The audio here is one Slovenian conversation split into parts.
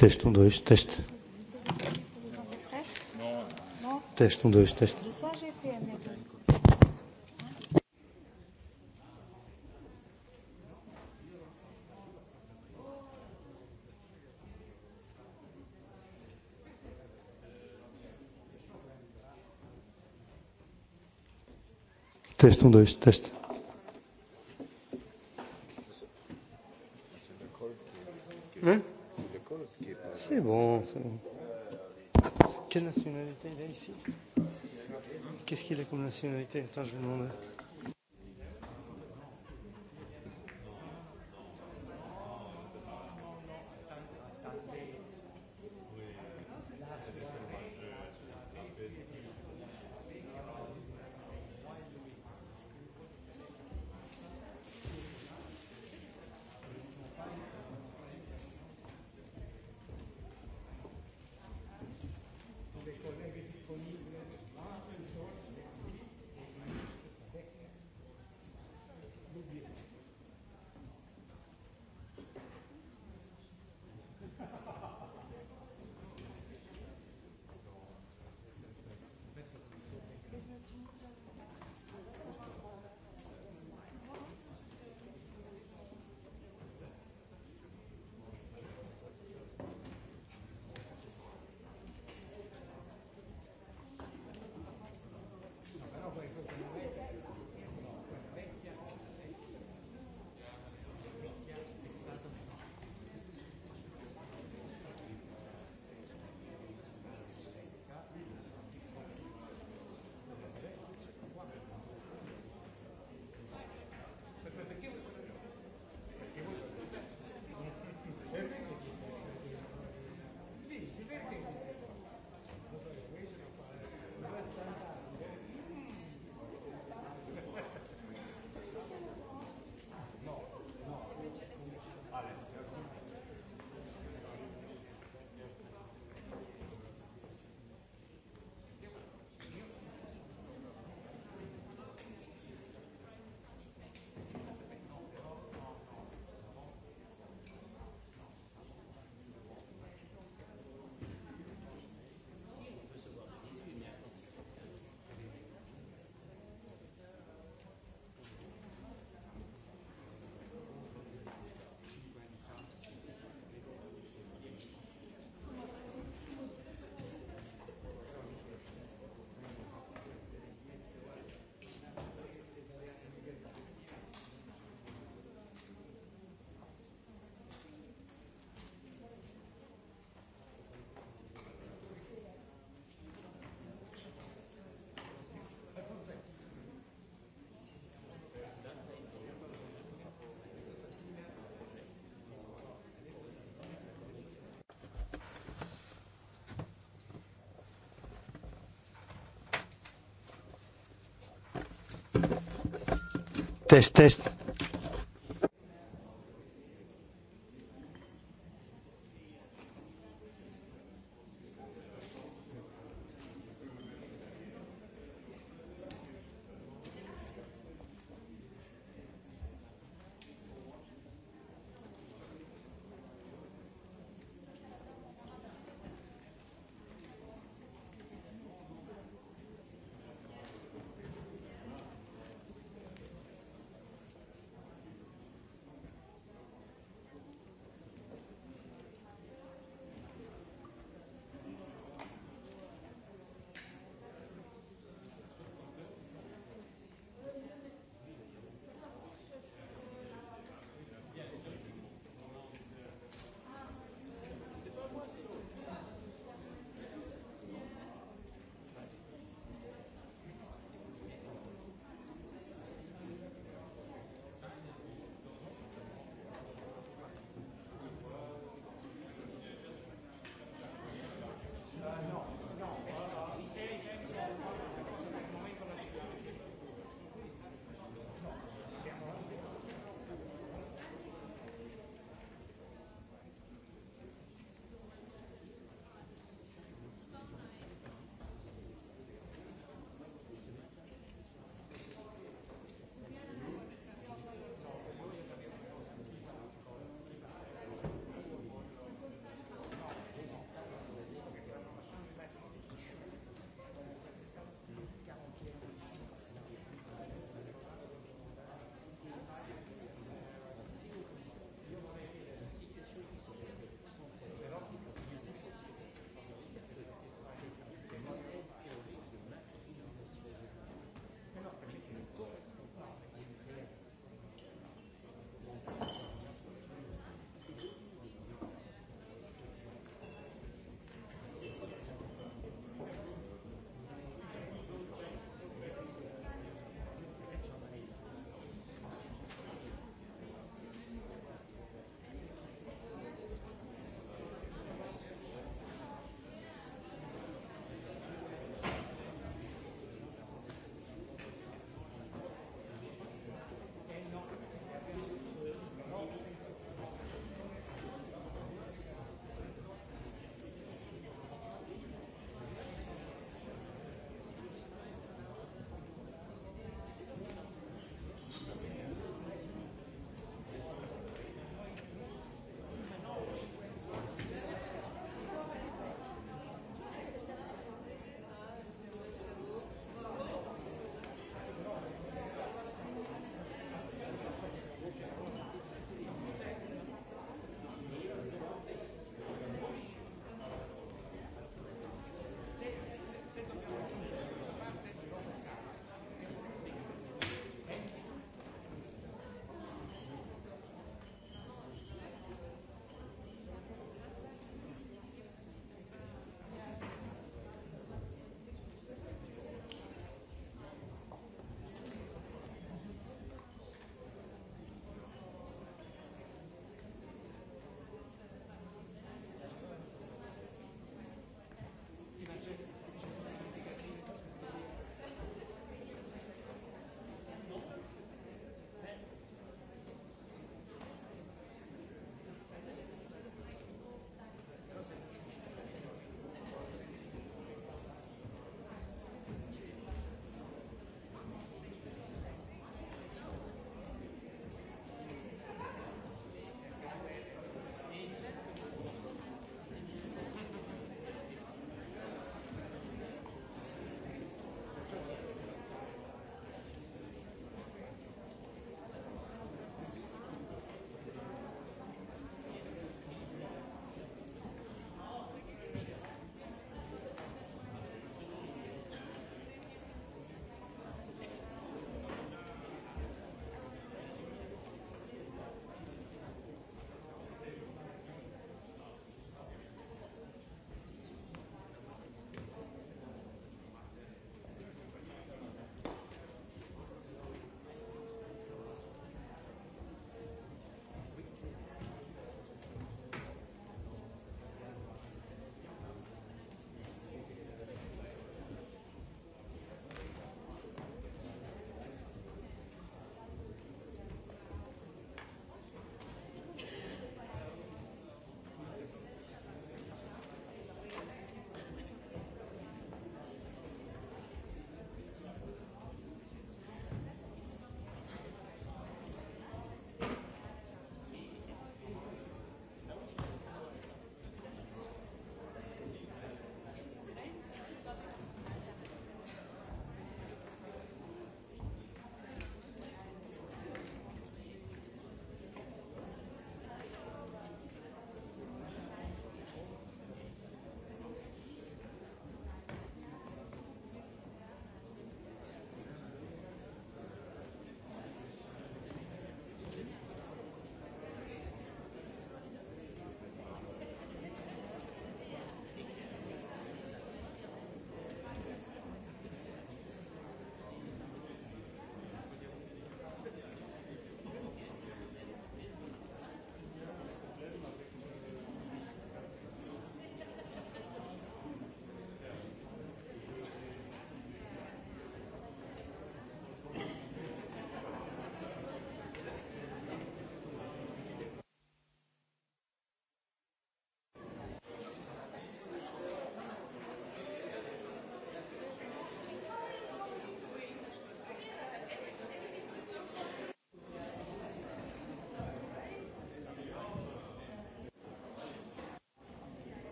Teste 1, um, 2, teste. Teste 1, um, 2, teste. Teste 1, um, 2, teste. qui est la Convention des États généraux Test, test.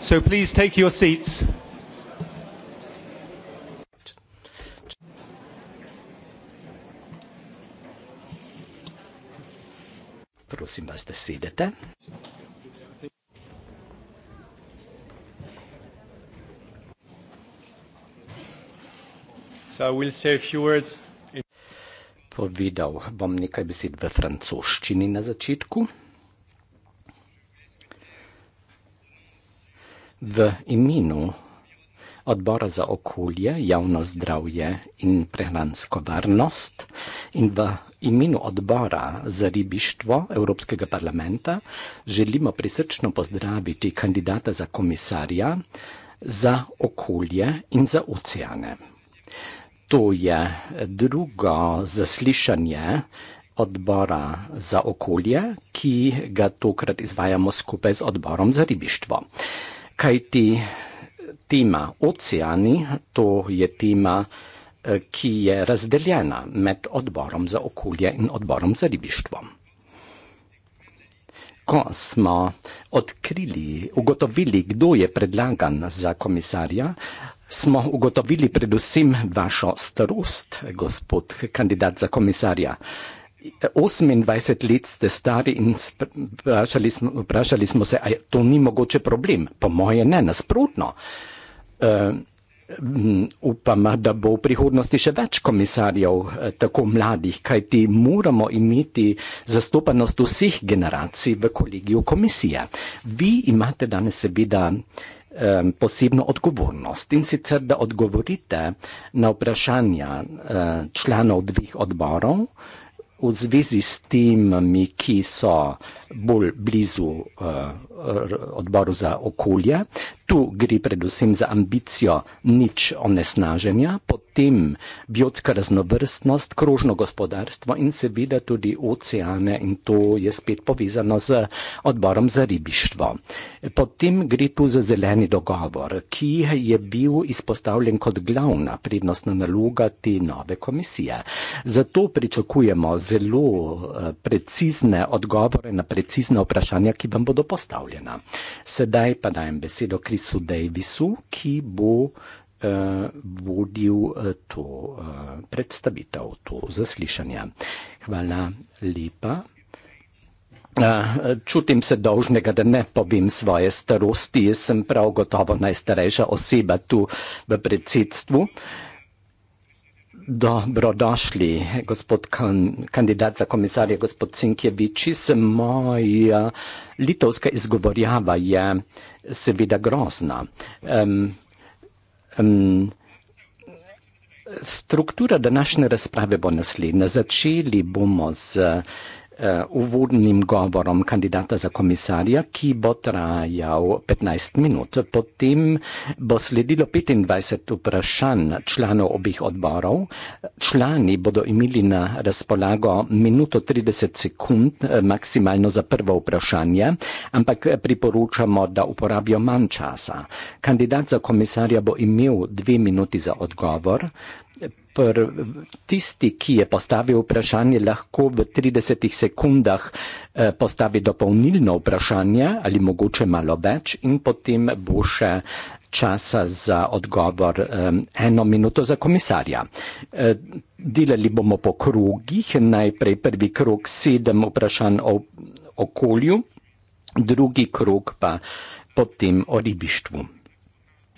So please take your seats. Prosim vas, da sedete. So I will say a few words in... Povedal bom nekaj besed v francoščini na začetku. V imenu odbora za okolje, javno zdravje in prehransko varnost in v imenu odbora za ribištvo Evropskega parlamenta želimo prisrčno pozdraviti kandidata za komisarja za okolje in za oceane. To je drugo zaslišanje odbora za okolje, ki ga tokrat izvajamo skupaj z odborom za ribištvo kaj ti tema oceani, to je tema, eh, ki je razdeljena med odborom za okolje in odborom za ribištvo. Ko smo odkrili, ugotovili, kdo je predlagan za komisarja, smo ugotovili predvsem vašo starost, gospod kandidat za komisarja. 28 let ste stari in vprašali smo, vprašali smo se, ali to ni mogoče problem. Po moje ne, nasprotno. Uh, upam, da bo v prihodnosti še več komisarjev eh, tako mladih, kajti moramo imeti zastopanost vseh generacij v kolegiju komisije. Vi imate danes seveda eh, posebno odgovornost in sicer, da odgovorite na vprašanja članov dveh odborov, v zvezi s temami, ki so bolj blizu uh, odboru za okolje, Tu gre predvsem za ambicijo nič onesnaženja, potem biotska raznovrstnost, krožno gospodarstvo in seveda tudi oceane in to je spet povezano z odborom za ribištvo. Potem gre tu za zeleni dogovor, ki je bil izpostavljen kot glavna prednostna naloga te nove komisije. Zato pričakujemo zelo eh, precizne odgovore na precizne vprašanja, ki vam bodo postavljena. Sedaj pa dajem besedo Kristjanu. Davisu Davisu, ki bo uh, vodil eh, to uh, predstavitev, to zaslišanje. Hvala lepa. Uh, čutim se dolžnega, da ne povem svoje starosti. Jaz sem prav gotovo najstarejša oseba tu v predsedstvu. Uh, Dobrodošli, gospod kan kandidat za komisarja, gospod Cinkjeviči. Moja litovska izgovorjava je seveda grozna. Um, um, struktura današnje razprave bo naslednja. Začeli bomo z uh, Eh, uvodnim govorom kandidata za komisarja, ki bo trajal 15 minut. Potem bo sledilo 25 vprašanj članov obih odborov. Člani bodo imeli na razpolago minuto 30 sekund eh, maksimalno za prvo vprašanje, ampak eh, priporočamo, da uporabijo manj časa. Kandidat za komisarja bo imel dve minuti za odgovor zoper tisti, ki je postavil vprašanje, lahko v 30 sekundah eh, postavi dopolnilno vprašanje ali mogoče malo več in potem bo še časa za odgovor eh, eno minuto za komisarja. Eh, delali bomo po krogih, najprej prvi krog sedem vprašanj o okolju, drugi krog pa potem o ribištvu.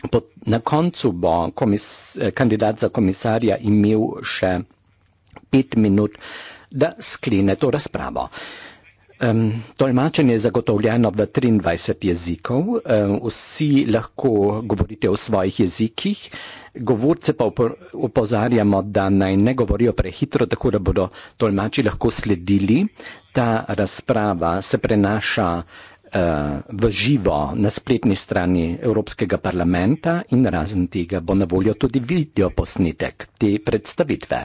Pot, na koncu bo komis, eh, kandidat za komisarja imel še pet minut, da sklene to razpravo. Um, tolmačenje je zagotovljeno v 23 jezikov, um, vsi lahko govorite v svojih jezikih, govorce pa upozarjamo, da naj ne govorijo prehitro, tako da bodo tolmači lahko sledili. Ta razprava se prenaša v živo na spletni strani Evropskega parlamenta in razen tega bo na voljo tudi video posnetek te predstavitve.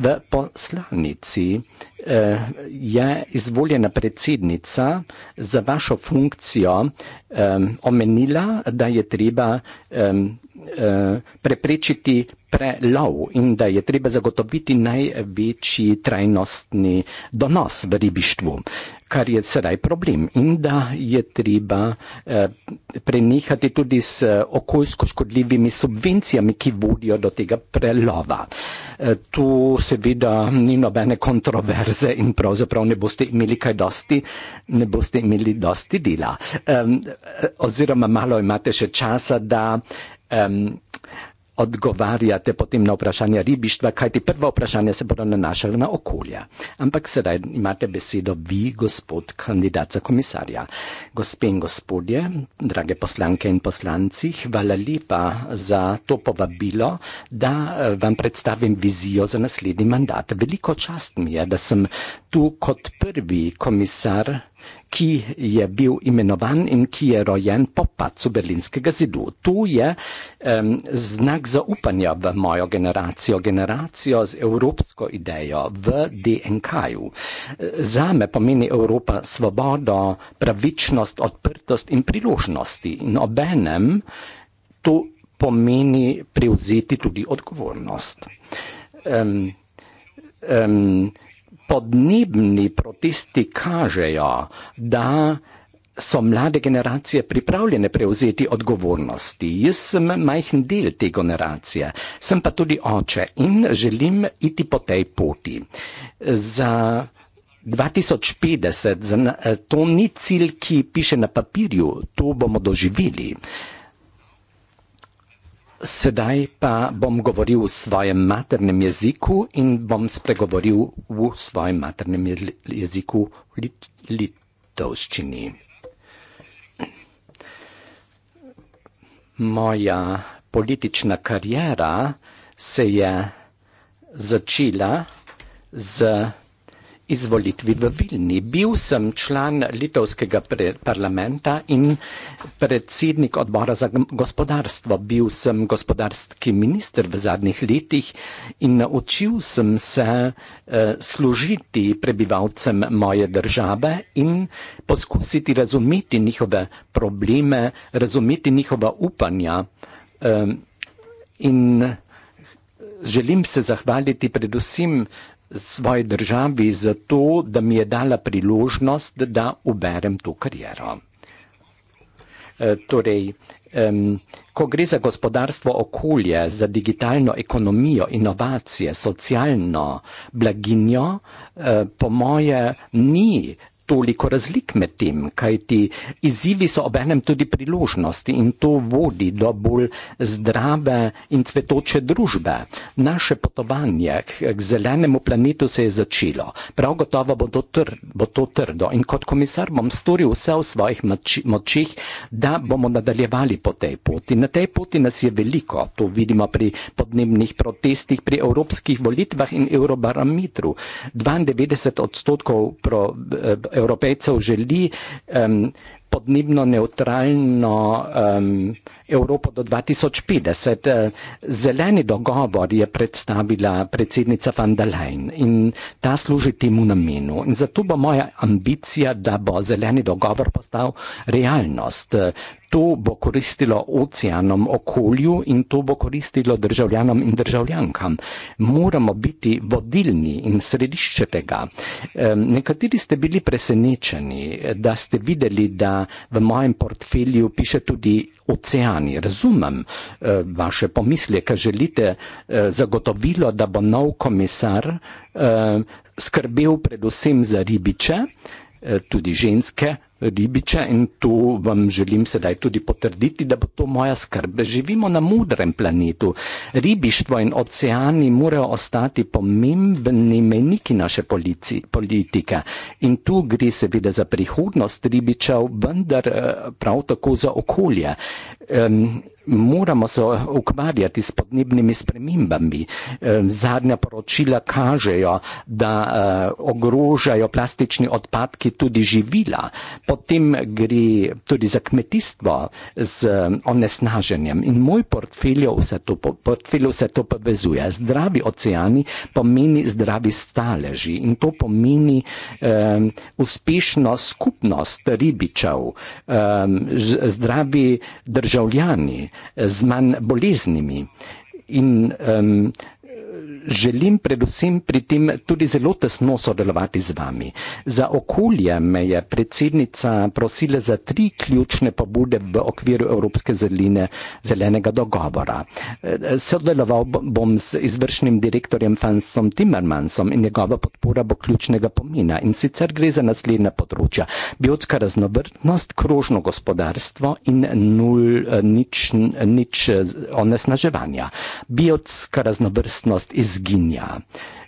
V poslanici eh, je izvoljena predsednica za vašo funkcijo eh, omenila, da je treba eh, Eh, preprečiti prelov in da je treba zagotoviti največji trajnostni donos v ribištvu, kar je sedaj problem in da je treba eh, prenehati tudi s eh, okoljsko škodljivimi subvencijami, ki vodijo do tega prelova. Tu seveda ni nobene kontroverze in pravzaprav ne boste imeli kaj dosti, ne boste imeli dosti dela. Oziroma malo imate še časa, da um, odgovarjate potem na vprašanje ribištva, kajti prvo vprašanje se bodo nanašali na okolje. Ampak sedaj imate besedo vi, gospod kandidat za komisarja. Gospe in gospodje, drage poslanke in poslanci, hvala lepa za to povabilo, da eh, vam predstavim vizijo za naslednji mandat. Veliko čast mi je, da sem tu kot prvi komisar ki je bil imenovan in ki je rojen po padcu berlinskega zidu. Tu je um, znak zaupanja v mojo generacijo, generacijo z evropsko idejo v DNK-ju. Za me pomeni Evropa svobodo, pravičnost, odprtost in priložnosti in obenem to pomeni prevzeti tudi odgovornost. Um, um, podnebni protesti kažejo, da so mlade generacije pripravljene prevzeti odgovornosti. Jaz sem majhen del te generacije, sem pa tudi oče in želim iti po tej poti. Za 2050 to ni cilj, ki piše na papirju, to bomo doživeli. Sedaj pa bom govoril v svojem maternem jeziku in bom spregovoril v svojem maternem jeziku lit litovščini. Moja politična karijera se je začela z izvolitvi v Vilni. Bil sem član litovskega parlamenta in predsednik odbora za gospodarstvo. Bil sem gospodarski minister v zadnjih letih in naučil sem se eh, služiti prebivalcem moje države in poskusiti razumeti njihove probleme, razumeti njihova upanja. Eh, in želim se zahvaliti predvsem svoji državi zato, da mi je dala priložnost, da uberem to karjero. E, torej, ko gre za gospodarstvo okolje, za digitalno ekonomijo, inovacije, socialno blaginjo, e, po moje ni toliko razlik med tem, kajti izzivi so obenem tudi priložnosti in to vodi do bolj zdrave in cvetoče družbe. Naše potovanje k, k zelenemu planetu se je začelo. Prav gotovo bo to, tr, bo to trdo in kot komisar bom storil vse v svojih moči, močih, da bomo nadaljevali po tej poti. Na tej poti nas je veliko, to vidimo pri podnebnih protestih, pri evropskih volitvah in eurobarometru. 92 odstotkov pro, eh, Evropejcev želi um, podnebno neutralno um, Evropo do 2050. Eh, zeleni dogovor je predstavila predsednica van der Leyen in ta služi temu namenu. In zato bo moja ambicija, da bo zeleni dogovor postal realnost. Eh, to bo koristilo oceanom, okolju in to bo koristilo državljanom in državljankam. Moramo biti vodilni in središče tega. Nekateri ste bili presenečeni, da ste videli, da v mojem portfelju piše tudi oceani. Razumem uh, vaše pomisleke, želite uh, zagotovilo, da bo nov komisar uh, skrbel predvsem za ribiče, uh, tudi ženske, ribiče in to vam želim sedaj tudi potrditi, da bo to moja skrb. Živimo na modrem planetu. Ribištvo in oceani morajo ostati pomembni meniki naše polici, politike. In tu gre seveda za prihodnost ribičev, vendar eh, prav tako za okolje. Um, moramo se ukvarjati s podnebnimi spremembami. Zadnja poročila kažejo, da eh, ogrožajo plastični odpadki tudi živila, potem gre tudi za kmetijstvo z onesnaženjem in moj portfelj vse, portfelj vse to povezuje. Zdravi oceani pomeni zdravi staleži in to pomeni um, uspešno skupnost ribičev, um, zdravi državljani, z manj boleznimi. In um, želim predvsem pri tem tudi zelo tesno sodelovati z vami. Za okolje me je predsednica prosila za tri ključne pobude v okviru Evropske zeline zelenega dogovora. E, sodeloval bom z izvršnim direktorjem Fansom Timmermansom in njegova podpora bo ključnega pomena. In sicer gre za naslednja področja. Biotska raznovrtnost, krožno gospodarstvo in nul, nič, nič onesnaževanja. Biotska raznovrstnost iz izginja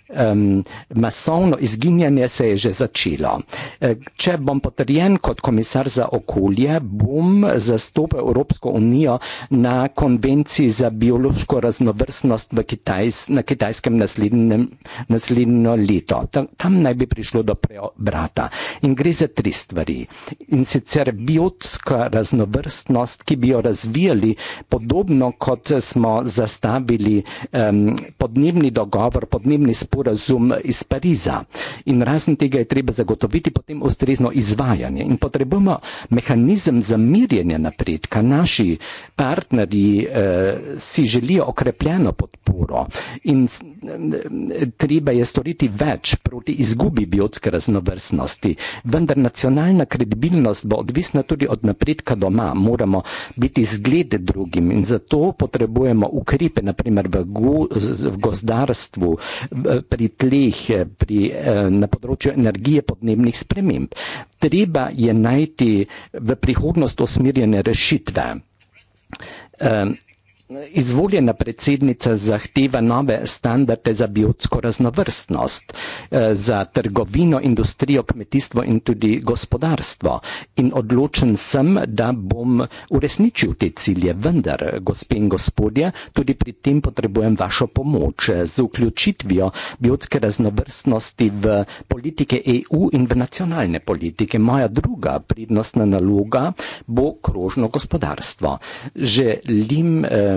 um, masovno izginjanje se je že začelo. E, če bom potrjen kot komisar za okolje, bom zastopil Evropsko unijo na konvenciji za biološko raznovrstnost Kitajs na kitajskem naslednjem, naslednjo leto. Tam, tam naj bi prišlo do preobrata. In gre za tri stvari. In sicer biotska raznovrstnost, ki bi jo razvijali podobno, kot smo zastavili um, podnebni dogovor, podnebni spolj sporazum iz Pariza. In razen tega je treba zagotoviti potem ustrezno izvajanje. In potrebujemo mehanizem za mirjenje napredka. Naši partnerji eh, si želijo okrepljeno podporo in eh, treba je storiti več proti izgubi biotske raznovrstnosti. Vendar nacionalna kredibilnost bo odvisna tudi od napredka doma. Moramo biti zgled drugim in zato potrebujemo ukrepe, naprimer v, go, v gozdarstvu, pri tleh, eh, pri, eh, na področju energije podnebnih sprememb. Treba je najti v prihodnost osmirjene rešitve. Ehm, Izvoljena predsednica zahteva nove standarde za biotsko raznovrstnost, eh, za trgovino, industrijo, kmetijstvo in tudi gospodarstvo. In odločen sem, da bom uresničil te cilje. Vendar, gospe in gospodje, tudi pri tem potrebujem vašo pomoč. Eh, z vključitvijo biotske raznovrstnosti v politike EU in v nacionalne politike. Moja druga pridnostna naloga bo krožno gospodarstvo. Želim, eh,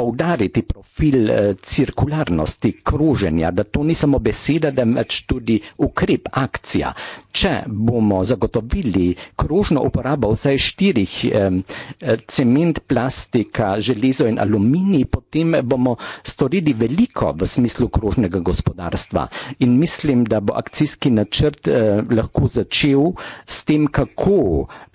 poudariti profil eh, cirkularnosti, kroženja, da to ni samo beseda, temveč tudi ukrep, akcija. Če bomo zagotovili krožno uporabo vsaj štirih eh, cement, plastika, železo in aluminij, potem bomo storili veliko v smislu krožnega gospodarstva. In mislim, da bo akcijski načrt eh, lahko začel s tem, kako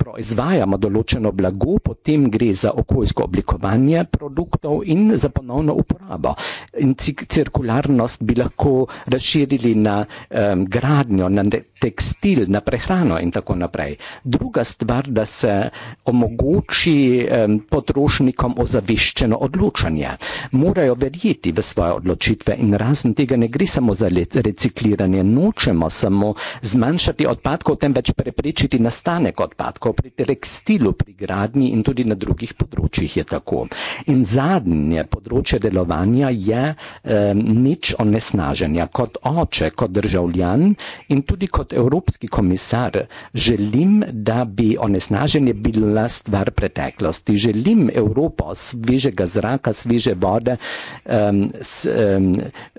proizvajamo določeno blago, potem gre za okoljsko oblikovanje produktov in za ponovno uporabo. In cirkularnost bi lahko razširili na um, gradnjo, na tekstil, na prehrano in tako naprej. Druga stvar, da se omogoči um, potrošnikom ozaveščeno odločanje. Morajo verjeti v svoje odločitve in razen tega ne gre samo za recikliranje. Nočemo samo zmanjšati odpadkov, temveč preprečiti nastanek odpadkov pri tekstilu, pri gradnji in tudi na drugih področjih je tako. In zadnji, delovanje, področje delovanja je eh, nič onesnaženja. Kot oče, kot državljan in tudi kot evropski komisar želim, da bi onesnaženje bila stvar preteklosti. Želim Evropo svežega zraka, sveže vode. Eh, s, eh,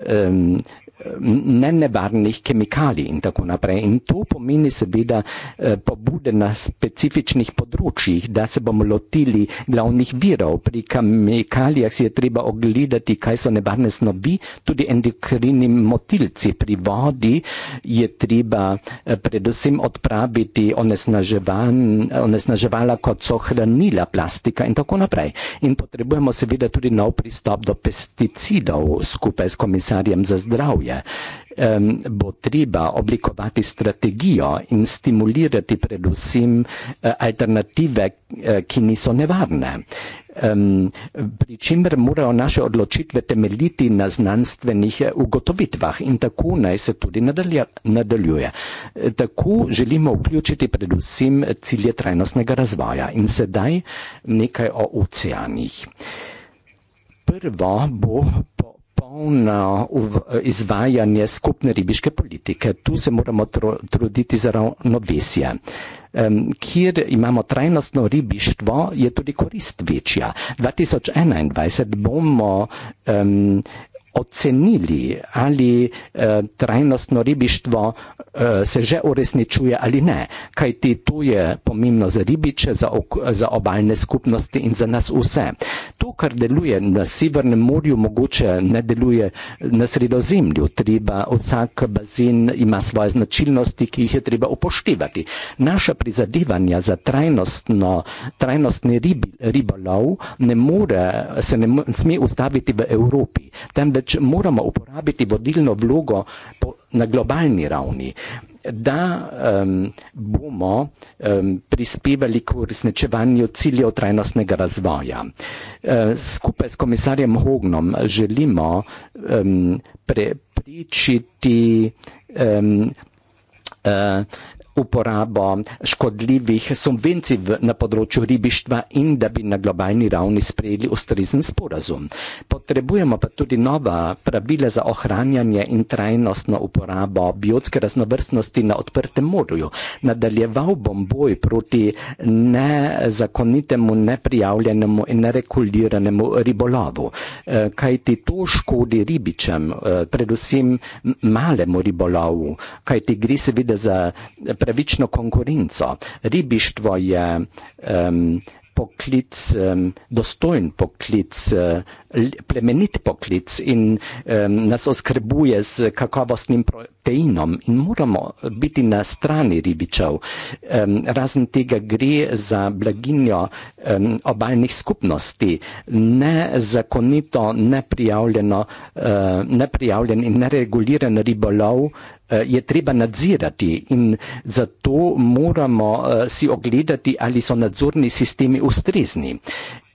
eh, ne nevarnih kemikalij in tako naprej. In to pomeni seveda eh, pobude na specifičnih področjih, da se bomo lotili glavnih virov. Pri kemikalijah si je treba ogledati, kaj so nevarne snovi, tudi endokrini motilci. Pri vodi je treba eh, predvsem odpraviti onesnaževala, kot so hranila plastika in tako naprej. In potrebujemo seveda tudi nov pristop do pesticidov skupaj s komisarjem za zdravje zdravje. Um, bo treba oblikovati strategijo in stimulirati predvsem eh, alternative, eh, ki niso nevarne. Um, Pričimer morajo naše odločitve temeljiti na znanstvenih eh, ugotovitvah in tako naj se tudi nadalja, nadaljuje. Tako želimo vključiti predvsem cilje trajnostnega razvoja in sedaj nekaj o oceanih. Prvo bo po polno izvajanje skupne ribiške politike. Tu se moramo tro, truditi za ravnovesje. Um, kjer imamo trajnostno ribištvo, je tudi korist večja. 2021 bomo. Um, ocenili, ali eh, trajnostno ribištvo eh, se že uresničuje ali ne. Kaj ti tu je pomembno za ribiče, za, ok za obaljne skupnosti in za nas vse. To, kar deluje na Severnem morju, mogoče ne deluje na Sredozemlju. Treba, vsak bazen ima svoje značilnosti, ki jih je treba upoštevati. Naša prizadevanja za trajnostni ribolov ne more, se ne sme ustaviti v Evropi, temveč namreč moramo uporabiti vodilno vlogo po, na globalni ravni, da um, bomo um, prispevali k uresničevanju ciljev trajnostnega razvoja. Uh, skupaj s komisarjem Hognom želimo um, preprečiti um, uh, uporabo škodljivih subvencij na področju ribištva in da bi na globalni ravni sprejeli ustrezen sporazum. Potrebujemo pa tudi nova pravila za ohranjanje in trajnostno uporabo biotske raznovrstnosti na odprtem morju. Nadaljeval bom boj proti nezakonitemu, neprijavljenemu in nereguliranemu ribolovu, eh, kajti to škodi ribičem, eh, predvsem malemu ribolovu, kajti gre seveda za pravično konkurenco. Ribištvo je um, poklic, um, dostojen poklic, um, plemenit poklic in um, nas oskrbuje z kakovostnim proteinom in moramo biti na strani ribičev. Um, razen tega gre za blaginjo um, obaljnih skupnosti, nezakonito, eh, neprijavljen uh, in nereguliran ribolov. Eh, je treba nadzirati in zato moramo eh, si ogledati, ali so nadzorni sistemi ustrezni.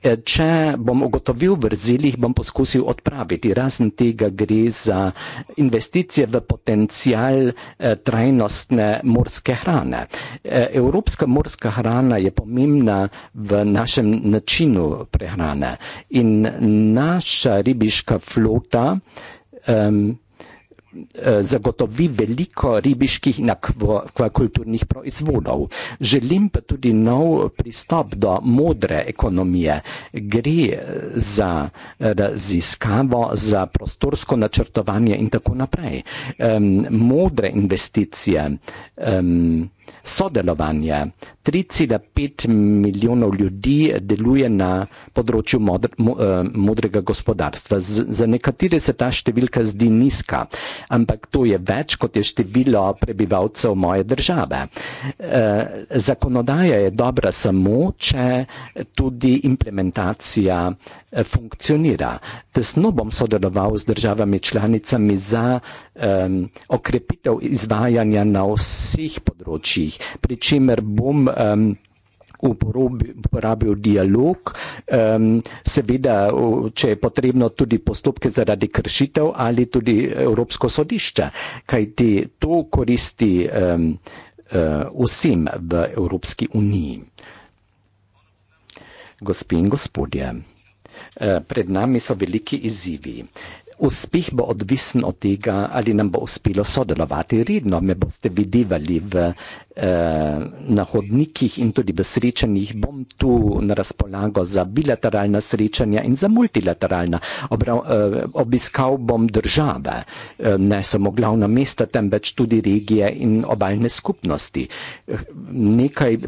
Eh, če bom ugotovil vrzel, jih bom poskusil odpraviti. Razen tega gre za investicije v potencial trajnostne morske hrane. Evropska morska hrana je pomembna v našem načinu prehrane in naša ribiška flota. Um, Eh, zagotovi veliko ribiških in akvakulturnih proizvodov. Želim pa tudi nov pristop do modre ekonomije. Gre eh, za raziskavo, za prostorsko načrtovanje in tako naprej. Um, modre investicije. Um, sodelovanje. 3,5 milijonov ljudi deluje na področju modre, eh, modrega gospodarstva. Z, za nekatere se ta številka zdi nizka, ampak to je več kot je število prebivalcev moje države. Eh, zakonodaja je dobra samo, če tudi implementacija funkcionira. Tesno bom sodeloval z državami članicami za um, okrepitev izvajanja na vseh področjih, pri čemer bom um, uporabil dialog, um, seveda, če je potrebno tudi postopke zaradi kršitev ali tudi eh, Evropsko sodišče, kajti to koristi um, uh, vsem v Evropski uniji. Gospe in gospodje. Eh, pred nami so veliki izzivi. Uspeh bo odvisen od tega, ali nam bo uspelo sodelovati. Redno me boste videli v Eh, na hodnikih in tudi v srečanjih. Bom tu na razpolago za bilateralna srečanja in za multilateralna. Obra, eh, obiskal bom države, eh, ne samo glavna mesta, temveč tudi regije in obaljne skupnosti. Nekaj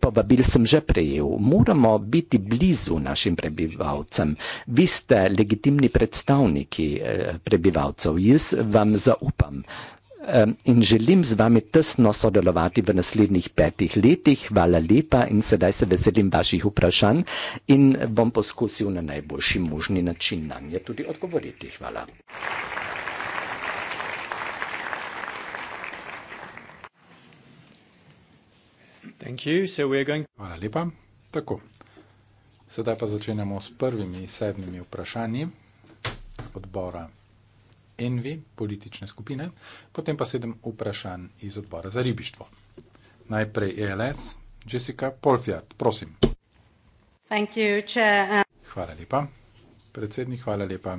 povabil sem že prejel. Moramo biti blizu našim prebivalcem. Vi ste legitimni predstavniki prebivalcev. Jaz vam zaupam um, in želim z vami tesno sodelovati v naslednjih petih letih. Hvala lepa in sedaj se veselim vaših vprašanj in bom poskusil na najboljši možni način na nje tudi odgovoriti. Hvala. Hvala lepa. Tako. Sedaj pa začenjamo s prvimi sedmimi vprašanji odbora. Envi, politične skupine, potem pa sedem vprašanj iz odbora za ribištvo. Najprej ELS, Jessica Polfjard, prosim. You, um, hvala lepa, predsednik, hvala lepa,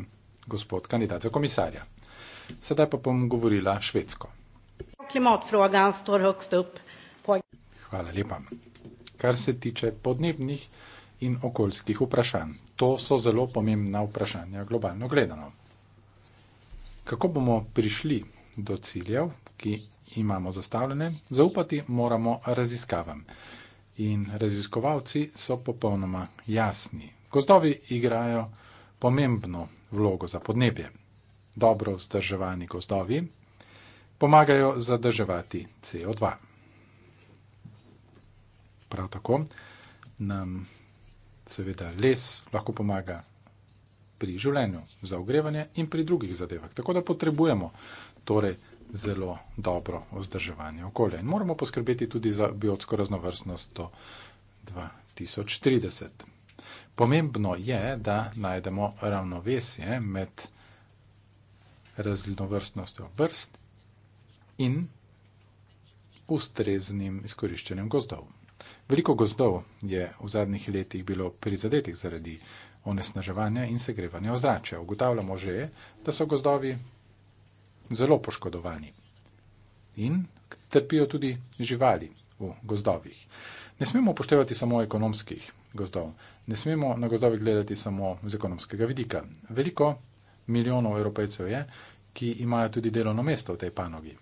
gospod kandidat za komisarja. Sedaj pa bom govorila švedsko. Hvala lepa. Kar se tiče podnebnih in okoljskih vprašanj, to so zelo pomembna vprašanja globalno gledano. Kako bomo prišli do ciljev, ki imamo zastavljene, zaupati moramo raziskavam. In raziskovalci so popolnoma jasni. Gozdovi igrajo pomembno vlogo za podnebje. Dobro vzdrževani gozdovi pomagajo zadrževati CO2. Prav tako nam seveda les lahko pomaga pri življenju, za ogrevanje in pri drugih zadevah. Tako da potrebujemo torej zelo dobro vzdrževanje okolja in moramo poskrbeti tudi za biotsko raznovrstnost do 2030. Pomembno je, da najdemo ravnovesje med raznovrstnostjo vrst in ustreznim izkoriščenjem gozdov. Veliko gozdov je v zadnjih letih bilo prizadetih zaradi onesnaževanja in segrevanja ozračja. Ugotavljamo že, da so gozdovi zelo poškodovani in trpijo tudi živali v gozdovih. Ne smemo upoštevati samo ekonomskih gozdov, ne smemo na gozdove gledati samo z ekonomskega vidika. Veliko milijonov evropejcev je, ki imajo tudi delovno mesto v tej panogi.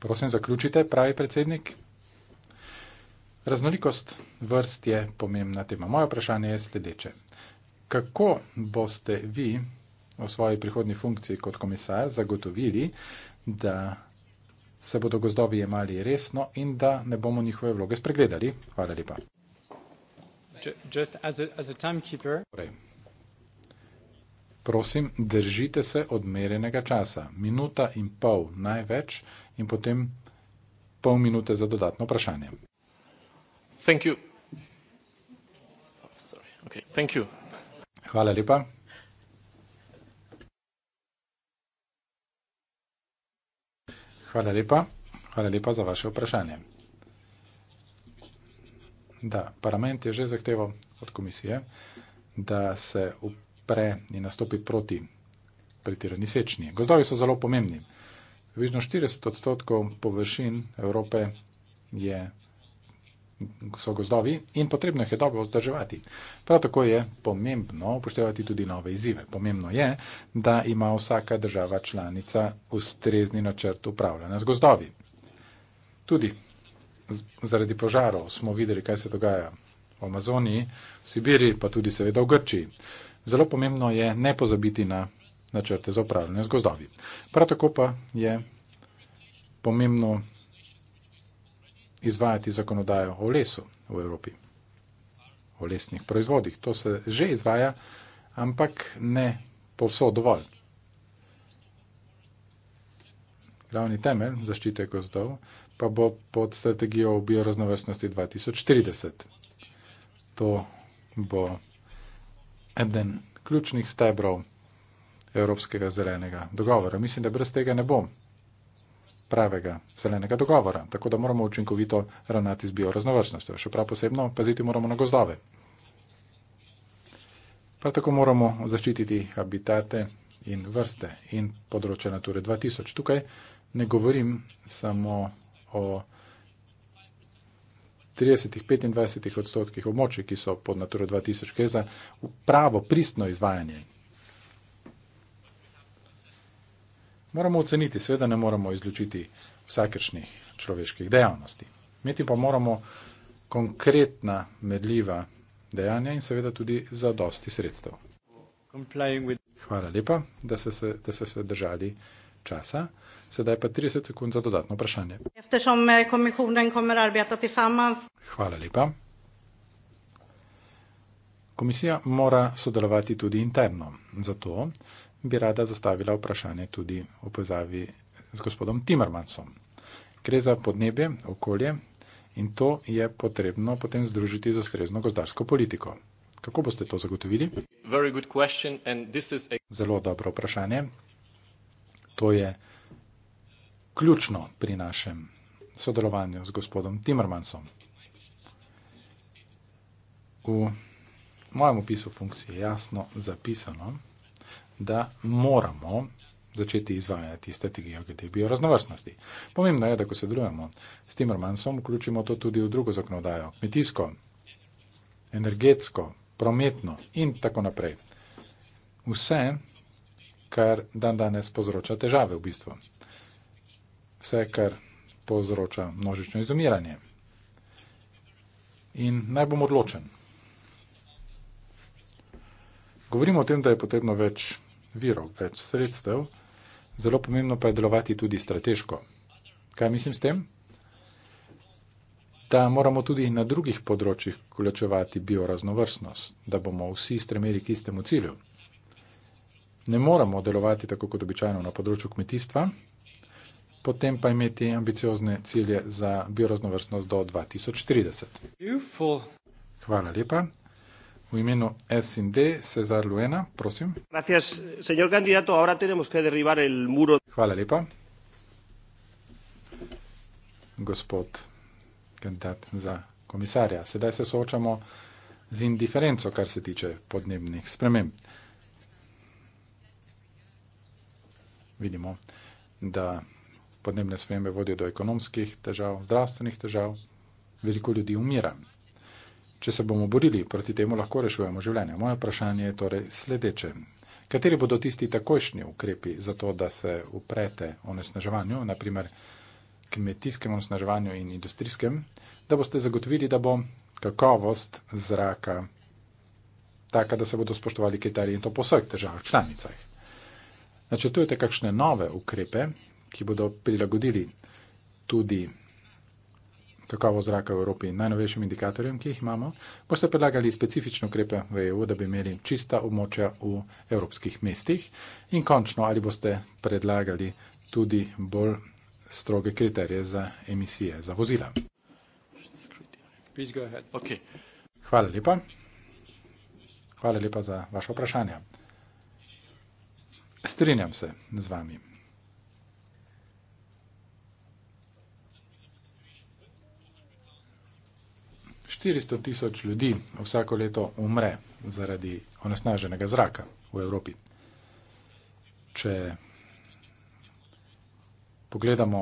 Prosim, zaključite, pravi predsednik. Raznolikost vrst je pomembna tema. Moje vprašanje je sledeče kako boste vi o svoji prihodni funkciji kot komisar zagotovili, da se bodo gozdovi jemali resno in da ne bomo njihove vloge spregledali. Hvala lepa. Torej, prosim, držite se odmerenega časa. Minuta in pol največ in potem pol minute za dodatno vprašanje. Thank you. Oh, sorry. Okay, thank you. Hvala lepa. Hvala lepa. Hvala lepa za vaše vprašanje. Da, parlament je že zahteval od komisije, da se upre in nastopi proti pretirani sečni. Gozdovi so zelo pomembni. Vižno 40 odstotkov površin Evrope je so gozdovi in potrebno jih je dobro vzdrževati. Prav tako je pomembno upoštevati tudi nove izzive. Pomembno je, da ima vsaka država članica ustrezni načrt upravljanja z gozdovi. Tudi zaradi požarov smo videli, kaj se dogaja v Amazoniji, v Sibiri, pa tudi seveda v Grčiji. Zelo pomembno je ne pozabiti na načrte za upravljanje z gozdovi. Prav tako pa je pomembno izvajati zakonodajo o lesu v Evropi, o lesnih proizvodih. To se že izvaja, ampak ne povsod dovolj. Glavni temelj zaščite gozdov pa bo pod strategijo o bioraznovrstnosti 2040. To bo eden ključnih stebrov Evropskega zelenega dogovora. Mislim, da brez tega ne bom pravega zelenega dogovora. Tako da moramo učinkovito ravnati z bioraznovrstnostjo. Še prav posebno paziti moramo na gozdove. Prav tako moramo zaščititi habitate in vrste in področje Nature 2000. Tukaj ne govorim samo o 30-25 odstotkih območij, ki so pod Nature 2000, gre za pravo pristno izvajanje moramo oceniti, seveda ne moramo izločiti vsakršnih človeških dejavnosti. Imeti pa moramo konkretna, medljiva dejanja in seveda tudi za dosti sredstev. Hvala lepa, da ste se, da ste se držali časa. Sedaj pa 30 sekund za dodatno vprašanje. Eh, Hvala lepa. Komisija mora sodelovati tudi interno. Zato bi rada zastavila vprašanje tudi o povezavi z gospodom Timmermansom. Gre za podnebje, okolje in to je potrebno potem združiti z ustrezno gozdarsko politiko. Kako boste to zagotovili? Zelo dobro vprašanje. To je ključno pri našem sodelovanju z gospodom Timmermansom. V mojem opisu funkcije je jasno zapisano, da moramo začeti izvajati strategijo glede bioraznovrstnosti. Pomembno je, da ko sodelujemo s tem romansom, vključimo to tudi v drugo zakonodajo, kmetijsko, energetsko, prometno in tako naprej. Vse, kar dan danes povzroča težave v bistvu. Vse, kar povzroča množično izumiranje. In naj bom odločen. Govorimo o tem, da je potrebno več virov, več sredstev, zelo pomembno pa je delovati tudi strateško. Kaj mislim s tem? Da moramo tudi na drugih področjih vključevati bioraznovrstnost, da bomo vsi stremeli k istemu cilju. Ne moramo delovati tako kot običajno na področju kmetijstva, potem pa imeti ambiciozne cilje za bioraznovrstnost do 2030. Hvala lepa. En imeno S D, César Luena, prosim. Gracias, señor candidato. Ahora tenemos que derribar el muro. Hvala lepa. Gospod kandidat za komisarja. Sedaj se soočamo z indiferenco, kar se tiče podnebnih sprememb. Vidimo, da podnebne spremembe vodijo do ekonomskih težav, zdravstvenih težav. Veliko ljudi umira. Če se bomo borili proti temu, lahko rešujemo življenje. Moje vprašanje je torej sledeče. Kateri bodo tisti takojšnji ukrepi za to, da se uprete onesnaževanju, naprimer kmetijskem onesnaževanju in industrijskem, da boste zagotovili, da bo kakovost zraka taka, da se bodo spoštovali kriteriji in to po svojih državah članicah? Načrtujete kakšne nove ukrepe, ki bodo prilagodili tudi kakovost zraka v Evropi najnovejšim indikatorjem, ki jih imamo, boste predlagali specifične ukrepe v EU, da bi imeli čista območja v evropskih mestih in končno ali boste predlagali tudi bolj stroge kriterije za emisije za vozila. Hvala lepa. Hvala lepa za vaše vprašanje. Strinjam se z vami. 400 tisoč ljudi vsako leto umre zaradi onesnaženega zraka v Evropi. Če pogledamo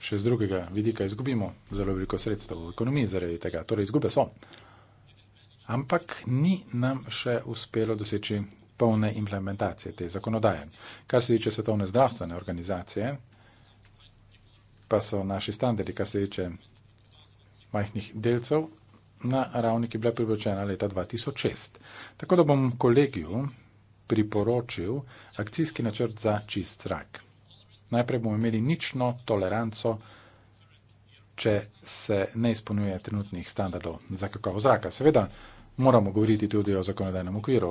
še z drugega vidika, izgubimo zelo veliko sredstev v ekonomiji zaradi tega. Torej, izgube so. Ampak ni nam še uspelo doseči polne implementacije te zakonodaje. Kar se tiče svetovne zdravstvene organizacije, pa so naši standardi, kar se tiče majhnih delcev na ravni, ki je bila priročena leta 2006. Tako da bom kolegiju priporočil akcijski načrt za čist zrak. Najprej bomo imeli nično toleranco, če se ne izpolnjuje trenutnih standardov za kakovost zraka. Seveda moramo govoriti tudi o zakonodajnem okviru,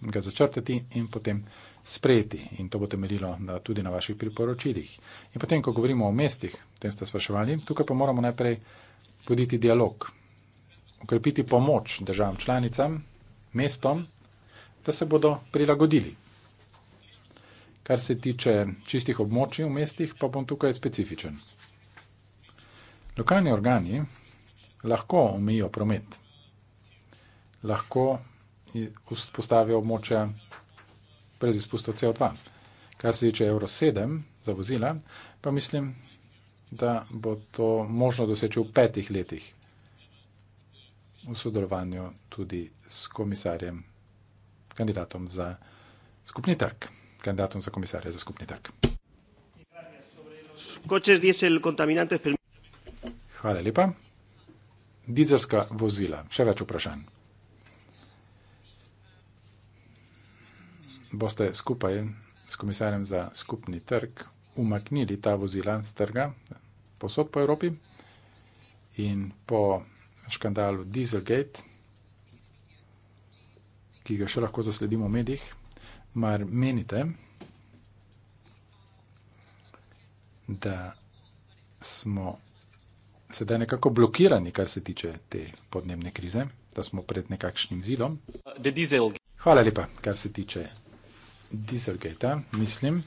ga začrtati in potem sprejeti. In to bo temeljilo na, tudi na vaših priporočilih. In potem, ko govorimo o mestih, tem ste spraševali, tukaj pa moramo najprej voditi dialog, ukrepiti pomoč državam članicam, mestom, da se bodo prilagodili. Kar se tiče čistih območij v mestih, pa bom tukaj specifičen. Lokalni organi lahko omejijo promet, lahko vzpostavijo območja brez izpustov CO2. Kar se tiče Euro 7 za vozila, pa mislim, da bo to možno doseči v petih letih v sodelovanju tudi s komisarjem, kandidatom za skupni trg, kandidatom za komisarja za skupni trg. Hvala lepa. Dizelska vozila, še več vprašanj. Boste skupaj s komisarjem za skupni trg umaknili ta vozila z trga, posod po Evropi. In po škandalu Dieselgate, ki ga še lahko zasledimo v medijih, mar menite, da smo sedaj nekako blokirani, kar se tiče te podnebne krize, da smo pred nekakšnim zidom? Hvala lepa, kar se tiče Dieselgate, mislim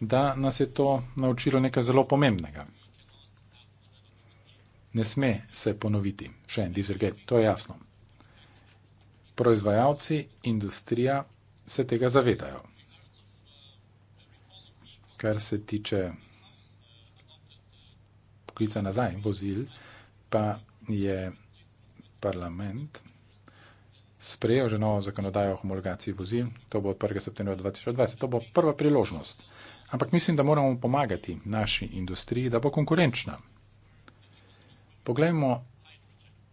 da nas je to naučilo nekaj zelo pomembnega. Ne sme se ponoviti, še en dizelgate, to je jasno. Proizvajalci, industrija se tega zavedajo. Kar se tiče poklica nazaj, vozil, pa je parlament sprejel že novo zakonodajo o homologaciji vozil, to bo od 1. septembra 2020, to bo prva priložnost ampak mislim, da moramo pomagati naši industriji, da bo konkurenčna. Poglejmo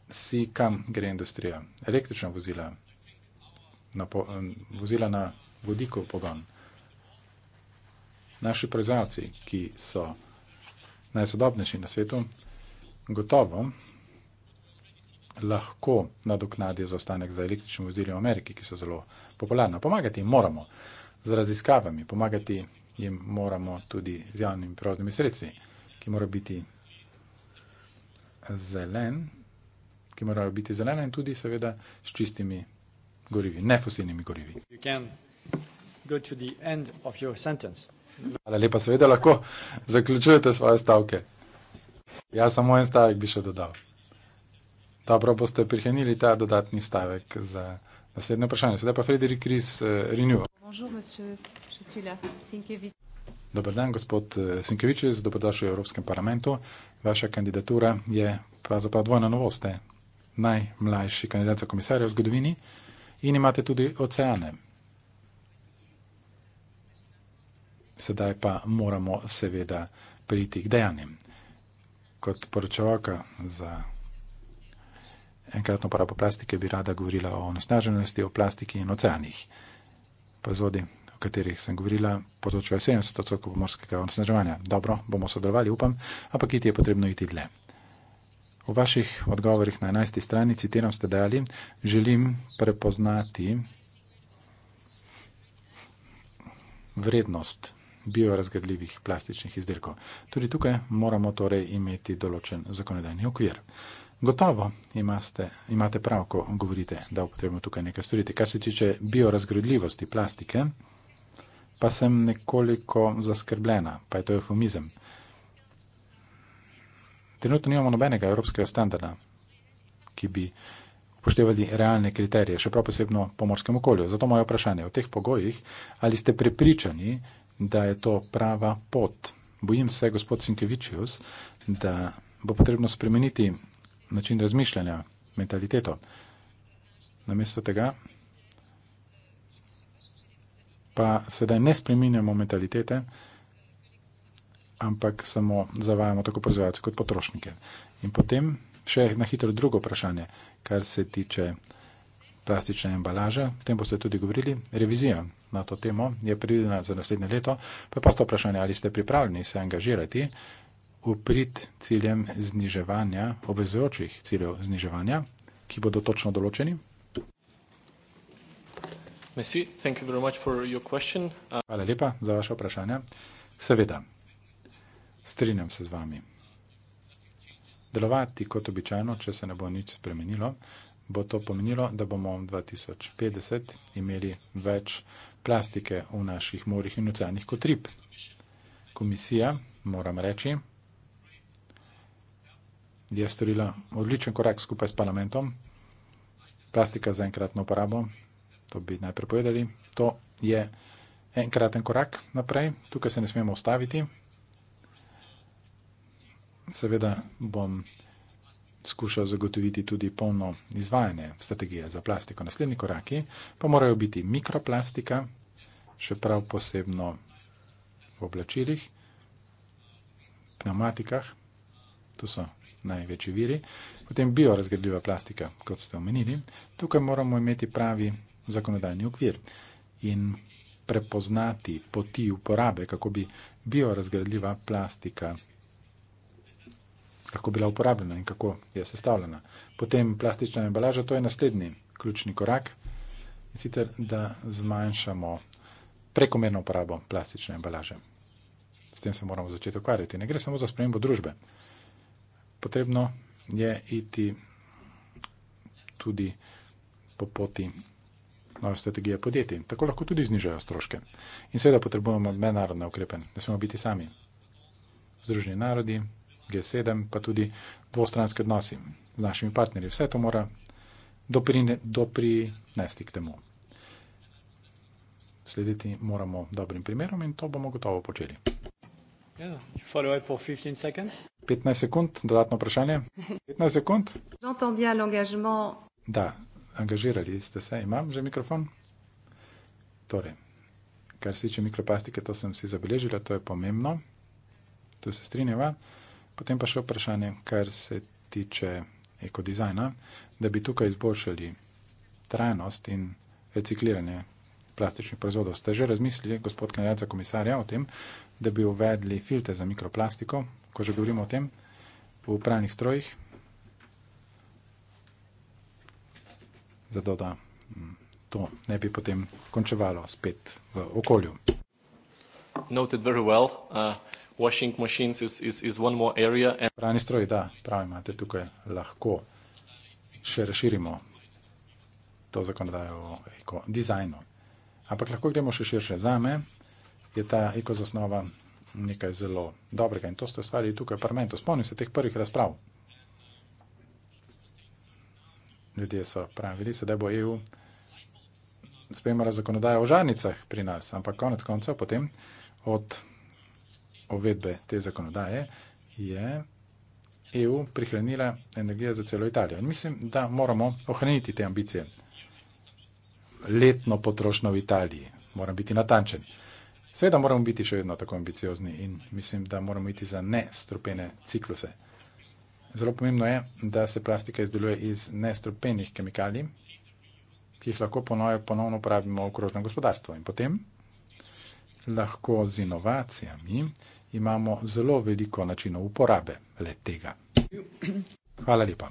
si, kam gre industrija. Električna vozila, na po, eh, vozila na vodikov pogon. Naši proizvajalci, ki so najsodobnejši na svetu, gotovo lahko nadoknadijo zaostanek za električnim vozilom v Ameriki, ki so zelo popularna. Pomagati moramo z raziskavami, pomagati jim moramo tudi z javnimi prostimi sredstvi, ki morajo biti zelen, ki morajo biti zelene in tudi seveda s čistimi gorivi, ne fosilnimi gorivi. Hvala lepa, seveda lahko zaključujete svoje stavke. Jaz samo en stavek bi še dodal. Dobro boste prihenili ta dodatni stavek za naslednje vprašanje. Sedaj pa Frederik Ries, uh, Renew. Bonjour, monsieur. Dobro dan, gospod eh, Sinkevič, dobrodošli v Evropskem parlamentu. Vaša kandidatura je pravzaprav dvojna novost. Najmlajši kandidat za komisarja v zgodovini in imate tudi oceane. Sedaj pa moramo seveda priti k dejanjem. Kot poročevalka za enkratno uporabo plastike bi rada govorila o onesnaženosti, o plastiki in oceanih. Pozodi, katerih sem govorila, potočuje 70 odstotkov pomorskega onesnaževanja. Dobro, bomo sodelovali, upam, ampak iti je potrebno iti dlje. V vaših odgovorih na 11. strani citiram ste dali, želim prepoznati vrednost biorazgradljivih plastičnih izdelkov. Tudi tukaj moramo torej imeti določen zakonodajni okvir. Gotovo imate, imate prav, ko govorite, da je potrebno tukaj nekaj storiti. Kar se tiče biorazgradljivosti plastike, pa sem nekoliko zaskrbljena, pa je to eufemizem. Trenutno nimamo nobenega evropskega standarda, ki bi upoštevali realne kriterije, še prav posebno pomorskem okolju. Zato moje vprašanje v teh pogojih, ali ste prepričani, da je to prava pot? Bojim se, gospod Sinkevičius, da bo potrebno spremeniti način razmišljanja, mentaliteto. Namesto tega pa sedaj ne spreminjamo mentalitete, ampak samo zavajamo tako proizvajalce kot potrošnike. In potem še na hitro drugo vprašanje, kar se tiče plastične embalaže, o tem boste tudi govorili, revizija na to temo je predvidena za naslednje leto, pa je pa to vprašanje, ali ste pripravljeni se angažirati uprit ciljem zniževanja, obvezujočih ciljev zniževanja, ki bodo točno določeni. Hvala lepa za vaše vprašanje. Seveda, strinjam se z vami. Delovati kot običajno, če se ne bo nič spremenilo, bo to pomenilo, da bomo v 2050 imeli več plastike v naših morjih in oceanih kot rib. Komisija, moram reči, je storila odličen korak skupaj s parlamentom. Plastika za enkratno uporabo to bi najprej povedali. To je enkraten korak naprej, tukaj se ne smemo ustaviti. Seveda bom skušal zagotoviti tudi polno izvajanje strategije za plastiko. Naslednji koraki pa morajo biti mikroplastika, še prav posebno v oblačilih, pneumatikah, tu so največji viri, potem biorazgradljiva plastika, kot ste omenili. Tukaj moramo imeti pravi zakonodajni okvir in prepoznati poti uporabe, kako bi biorazgradljiva plastika lahko bila uporabljena in kako je sestavljena. Potem plastična embalaža, to je naslednji ključni korak, in sicer da zmanjšamo prekomerno uporabo plastične embalaže. S tem se moramo začeti ukvarjati. Ne gre samo za spremembo družbe. Potrebno je iti tudi po poti nove strategije podjetij. Tako lahko tudi znižajo stroške. In seveda potrebujemo mednarodne ukrepe, ne smemo biti sami. Združeni narodi, G7, pa tudi dvostranske odnosi z našimi partnerji. Vse to mora doprinesti k temu. Slediti moramo dobrim primerom in to bomo gotovo počeli. 15 sekund, dodatno vprašanje. 15 sekund. Da, angažirali ste se, imam že mikrofon. Torej, kar se tiče mikroplastike, to sem si zabeležila, to je pomembno, to se strinjava. Potem pa še vprašanje, kar se tiče ekodizajna, da bi tukaj izboljšali trajnost in recikliranje plastičnih proizvodov. Ste že razmislili, gospod kandidatka komisarja, o tem, da bi uvedli filtre za mikroplastiko, ko že govorimo o tem, v upravnih strojih? zato da mm, to ne bi potem končevalo spet v okolju. Pravni uh, stroj, da, pravi imate tukaj, lahko še razširimo to zakonodajo o ekodizajnu. Ampak lahko gremo še širše. Za me je ta ekozasnova nekaj zelo dobrega in to ste ustvarili tukaj v parlamentu. Spomnim se teh prvih razprav ljudje so pravili, sedaj bo EU spremljala zakonodajo o žarnicah pri nas, ampak konec koncev potem od uvedbe te zakonodaje je EU prihranila energijo za celo Italijo. In mislim, da moramo ohraniti te ambicije. Letno potrošno v Italiji. Moram biti natančen. Seveda moramo biti še vedno tako ambiciozni in mislim, da moramo iti za nestrupene cikluse. Zelo pomembno je, da se plastika izdeluje iz nestrupenih kemikalij, ki jih lahko ponovno uporabimo v okrožnem gospodarstvu. In potem lahko z inovacijami imamo zelo veliko načinov uporabe le tega. Hvala lepa.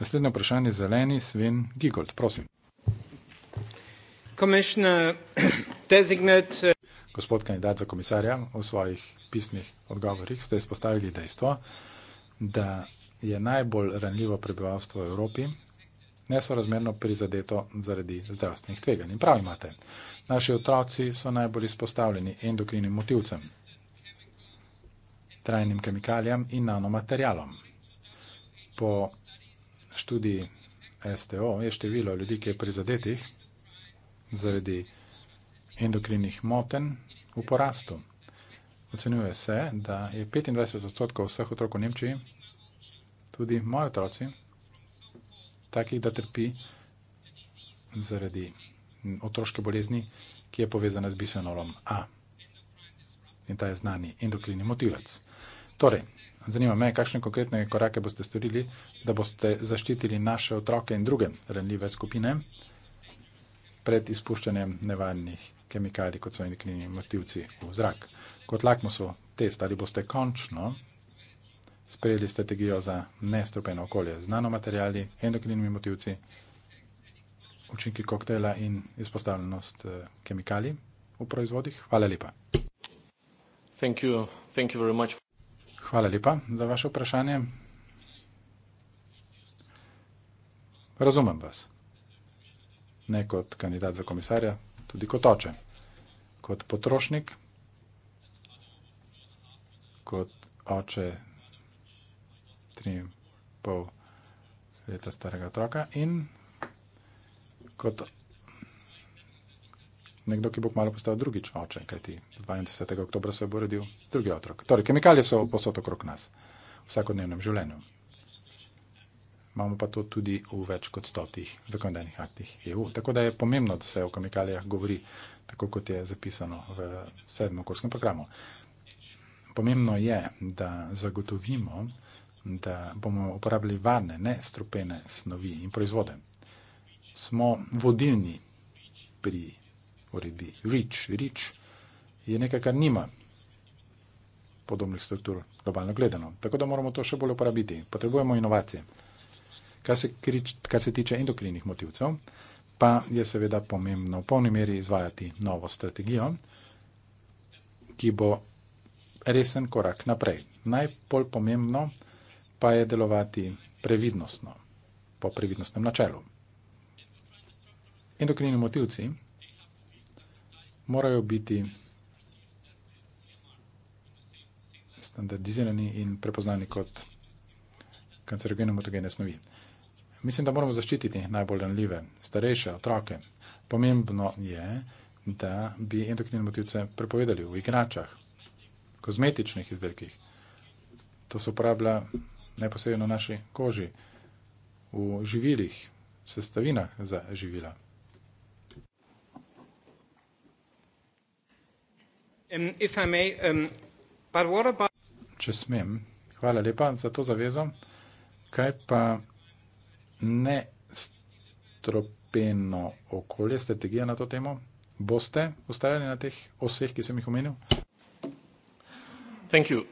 Naslednje vprašanje zeleni Sven Gigold, prosim. Uh, Gospod kandidat za komisarja, v svojih pisnih odgovorih ste izpostavili dejstvo, da je najbolj ranljivo prebivalstvo v Evropi nesorazmerno prizadeto zaradi zdravstvenih tveganj. Prav imate. Naši otroci so najbolj izpostavljeni endokrinim motivcem, trajnim kemikalijam in nanomaterialom. Po študiji STO je število ljudi, ki je prizadetih zaradi endokrinih moten v porastu. Ocenjuje se, da je 25 odstotkov vseh otrok v Nemčiji, tudi moji otroci, takih, da trpi zaradi otroške bolezni, ki je povezana z bisfenolom A. In ta je znani endokrini motivac. Torej, zanima me, kakšne konkretne korake boste storili, da boste zaščitili naše otroke in druge ranljive skupine pred izpuščanjem nevarnih kemikalij, kot so endokrini motivci v zrak kot lakmusov test, ali boste končno sprejeli strategijo za nestrupeno okolje z nanomaterijali, endokrinimi motivci, učinki koktela in izpostavljenost eh, kemikalij v proizvodih. Hvala lepa. Thank you. Thank you very much. Hvala lepa za vaše vprašanje. Razumem vas. Ne kot kandidat za komisarja, tudi kot oče. Kot potrošnik kot oče tri in pol leta starega otroka in kot nekdo, ki bo kmalo postal drugič oče, kajti 22. oktober se bo rodil drugi otrok. Torej, kemikalije so posod okrog nas, v vsakodnevnem življenju. Imamo pa to tudi v več kot stotih zakonodajnih aktih EU. Tako da je pomembno, da se o kemikalijah govori tako, kot je zapisano v sedmem okoljskem programu. Pomembno je, da zagotovimo, da bomo uporabljali varne, ne strupene snovi in proizvode. Smo vodilni pri uredbi. REACH, REACH je nekaj, kar nima podobnih struktur globalno gledano. Tako da moramo to še bolj uporabiti. Potrebujemo inovacije. Kar se, krič, kar se tiče endokrinih motivcev, pa je seveda pomembno v polni meri izvajati novo strategijo, ki bo resen korak naprej. Najbolj pomembno pa je delovati previdnostno, po previdnostnem načelu. Endokrini motivci morajo biti standardizirani in prepoznani kot kancerogene motogene snovi. Mislim, da moramo zaščititi najbolj ranljive, starejše otroke. Pomembno je, da bi endokrinne motivce prepovedali v igračah, kozmetičnih izdelkih. To se uporablja neposredno na naši koži, v živilih, sestavinah za živila. Um, may, um, about... Če smem, hvala lepa za to zavezo. Kaj pa ne stropeno okolje, strategija na to temo? Boste ustavili na teh oseh, ki sem jih omenil? Thank you.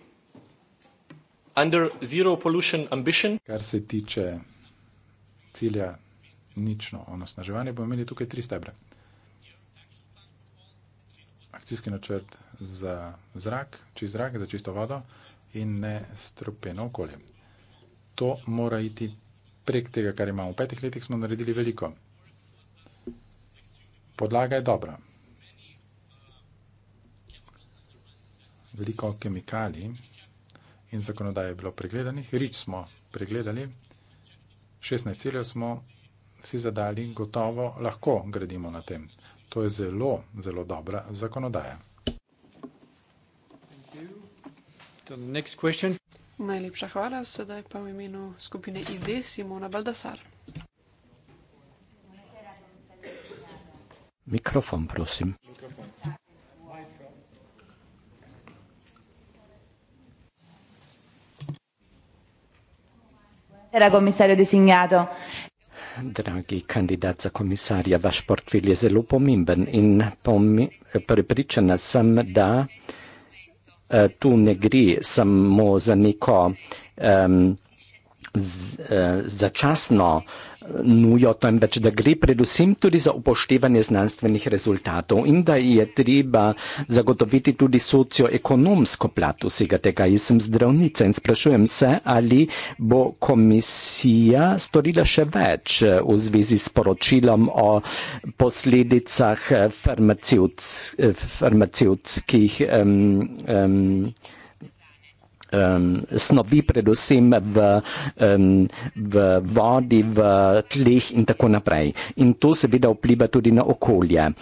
Under zero pollution ambition. Kar se tiče cilja nično onosnaževanje, bomo imeli tukaj tri stebre. Akcijski načrt za zrak, čist zrak, za čisto vodo in ne strupeno okolje. To mora iti prek tega, kar imamo. V petih letih smo naredili veliko. Podlaga je dobra. veliko kemikalij in zakonodaje je bilo pregledanih. Rič smo pregledali, 16 ciljev smo vsi zadali, gotovo lahko gradimo na tem. To je zelo, zelo dobra zakonodaja. Najlepša hvala, sedaj pa v imenu skupine ID Simona Baldasar. Mikrofon, prosim. Era komisarju designato. Dragi kandidat za komisarja, vaš portfel je zelo pomemben in pomi, eh, pripričana sem, da uh, tu ne gre samo za neko um, ehm, z, uh, začasno uh, nujo, temveč da gre predvsem tudi za upoštevanje znanstvenih rezultatov in da je treba zagotoviti tudi socioekonomsko plat vsega tega. Jaz sem zdravnica in sprašujem se, ali bo komisija storila še več eh, v zvezi s poročilom o posledicah eh, farmacijskih. Eh, um, um, um, snovi, predvsem v, um, v vodi, v tleh in tako naprej. In to seveda vpliva tudi na okolje.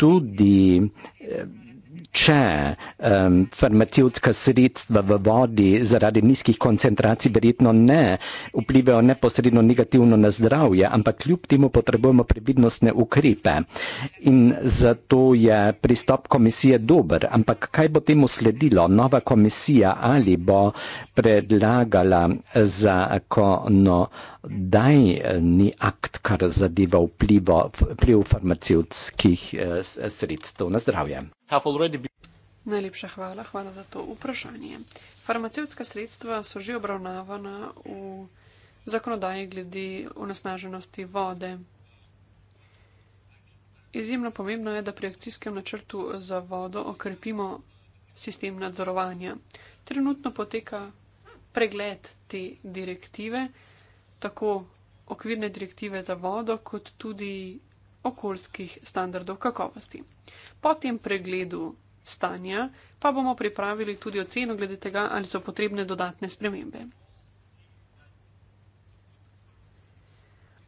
Tudi če um, farmacijska sredstva v vodi zaradi nizkih koncentracij verjetno ne vplivajo neposredno negativno na zdravje, ampak kljub temu potrebujemo previdnostne ukrepe. In zato je pristop komisije dober. Ampak kaj bo temu sledilo? Nova komisija ali bo predlagala zakono da eh, ni akt, kar zadeva vplivo, vpliv farmacijskih eh, sredstev na zdravje. Najlepša hvala, hvala za to vprašanje. Farmacijska sredstva so že obravnavana v zakonodaji glede onesnaženosti vode. Izjemno pomembno je, da pri akcijskem načrtu za vodo okrepimo sistem nadzorovanja. Trenutno poteka pregled te direktive tako okvirne direktive za vodo, kot tudi okoljskih standardov kakovosti. Po tem pregledu stanja pa bomo pripravili tudi oceno glede tega, ali so potrebne dodatne spremembe.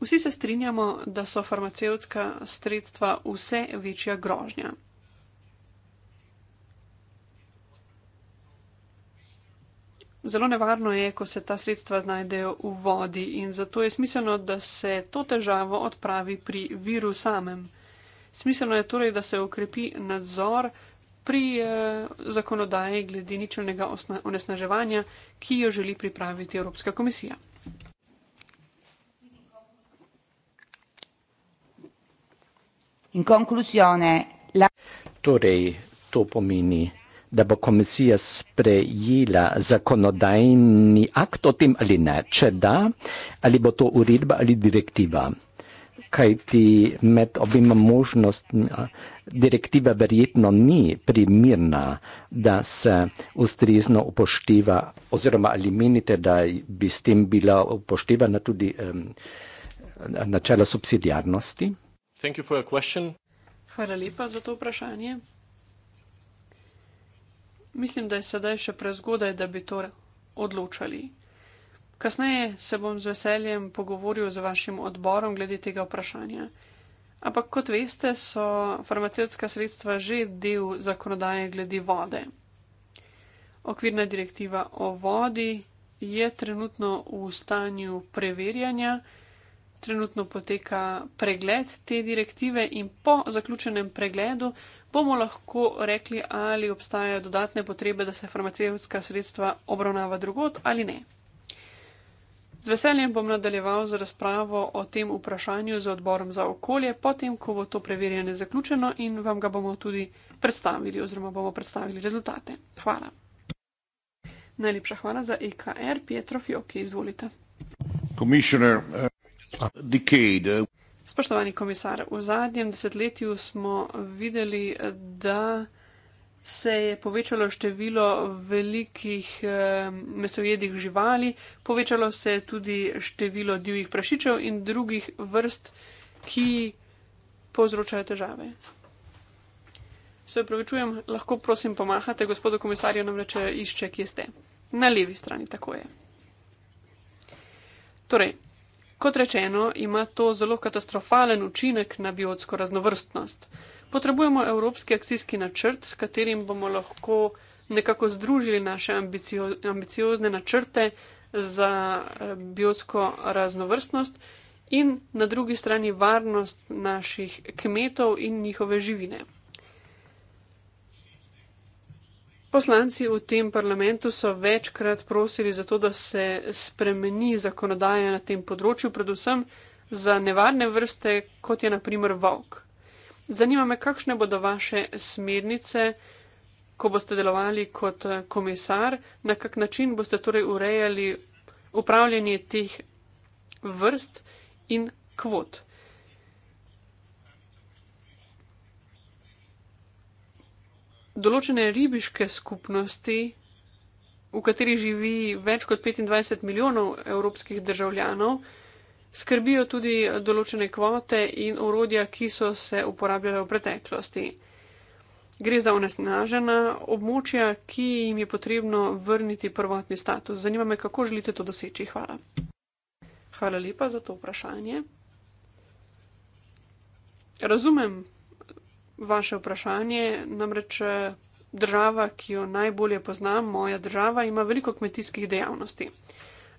Vsi se strinjamo, da so farmacevtska sredstva vse večja grožnja. Zelo nevarno je, ko se ta sredstva znajdejo v vodi in zato je smiselno, da se to težavo odpravi pri viru samem. Smiselno je torej, da se ukrepi nadzor pri eh, zakonodaji glede ničelnega onesnaževanja, ki jo želi pripraviti Evropska komisija. In konklusione. La... Torej, to pomeni da bo komisija sprejela zakonodajni akt o tem ali ne. Če da, ali bo to uredba ali direktiva. Kaj ti med obima možnostmi, direktiva verjetno ni primirna, da se ustrezno upošteva, oziroma ali menite, da bi s tem bila upoštevana tudi um, načela subsidijarnosti? Hvala lepa za to vprašanje mislim, da je sedaj še prezgodaj, da bi to odločali. Kasneje se bom z veseljem pogovoril z vašim odborom glede tega vprašanja. Ampak kot veste, so farmacevtska sredstva že del zakonodaje glede vode. Okvirna direktiva o vodi je trenutno v stanju preverjanja, trenutno poteka pregled te direktive in po zaključenem pregledu bomo lahko rekli, ali obstajajo dodatne potrebe, da se farmacevtska sredstva obravnava drugot ali ne. Z veseljem bom nadaljeval z razpravo o tem vprašanju z odborom za okolje, potem, ko bo to preverjanje zaključeno in vam ga bomo tudi predstavili oziroma bomo predstavili rezultate. Hvala. Najlepša hvala za EKR. Pietro Fioki, izvolite. Komisioner, uh, ah. decade. Uh... Spoštovani komisar, v zadnjem desetletju smo videli, da se je povečalo število velikih eh, mesojedih živali, povečalo se je tudi število divjih prašičev in drugih vrst, ki povzročajo težave. Se upravičujem, lahko prosim pomahate gospodu komisarju, namreč eh, išče, kje ste. Na levi strani tako je. Torej, Kot rečeno, ima to zelo katastrofalen učinek na biotsko raznovrstnost. Potrebujemo evropski akcijski načrt, s katerim bomo lahko nekako združili naše ambicio ambiciozne načrte za eh, biotsko raznovrstnost in na drugi strani varnost naših kmetov in njihove živine. Poslanci v tem parlamentu so večkrat prosili za to, da se spremeni zakonodaja na tem področju, predvsem za nevarne vrste, kot je naprimer volk. Zanima me, kakšne bodo vaše smernice, ko boste delovali kot eh, komisar, na kak način boste torej urejali upravljanje teh vrst in kvot. določene ribiške skupnosti, v kateri živi več kot 25 milijonov evropskih državljanov, skrbijo tudi določene kvote in orodja, ki so se uporabljale v preteklosti. Gre za onesnažena območja, ki jim je potrebno vrniti prvotni status. Zanima me, kako želite to doseči. Hvala. Hvala lepa za to vprašanje. Razumem vaše vprašanje. Namreč eh, država, ki jo najbolje poznam, moja država, ima veliko kmetijskih dejavnosti.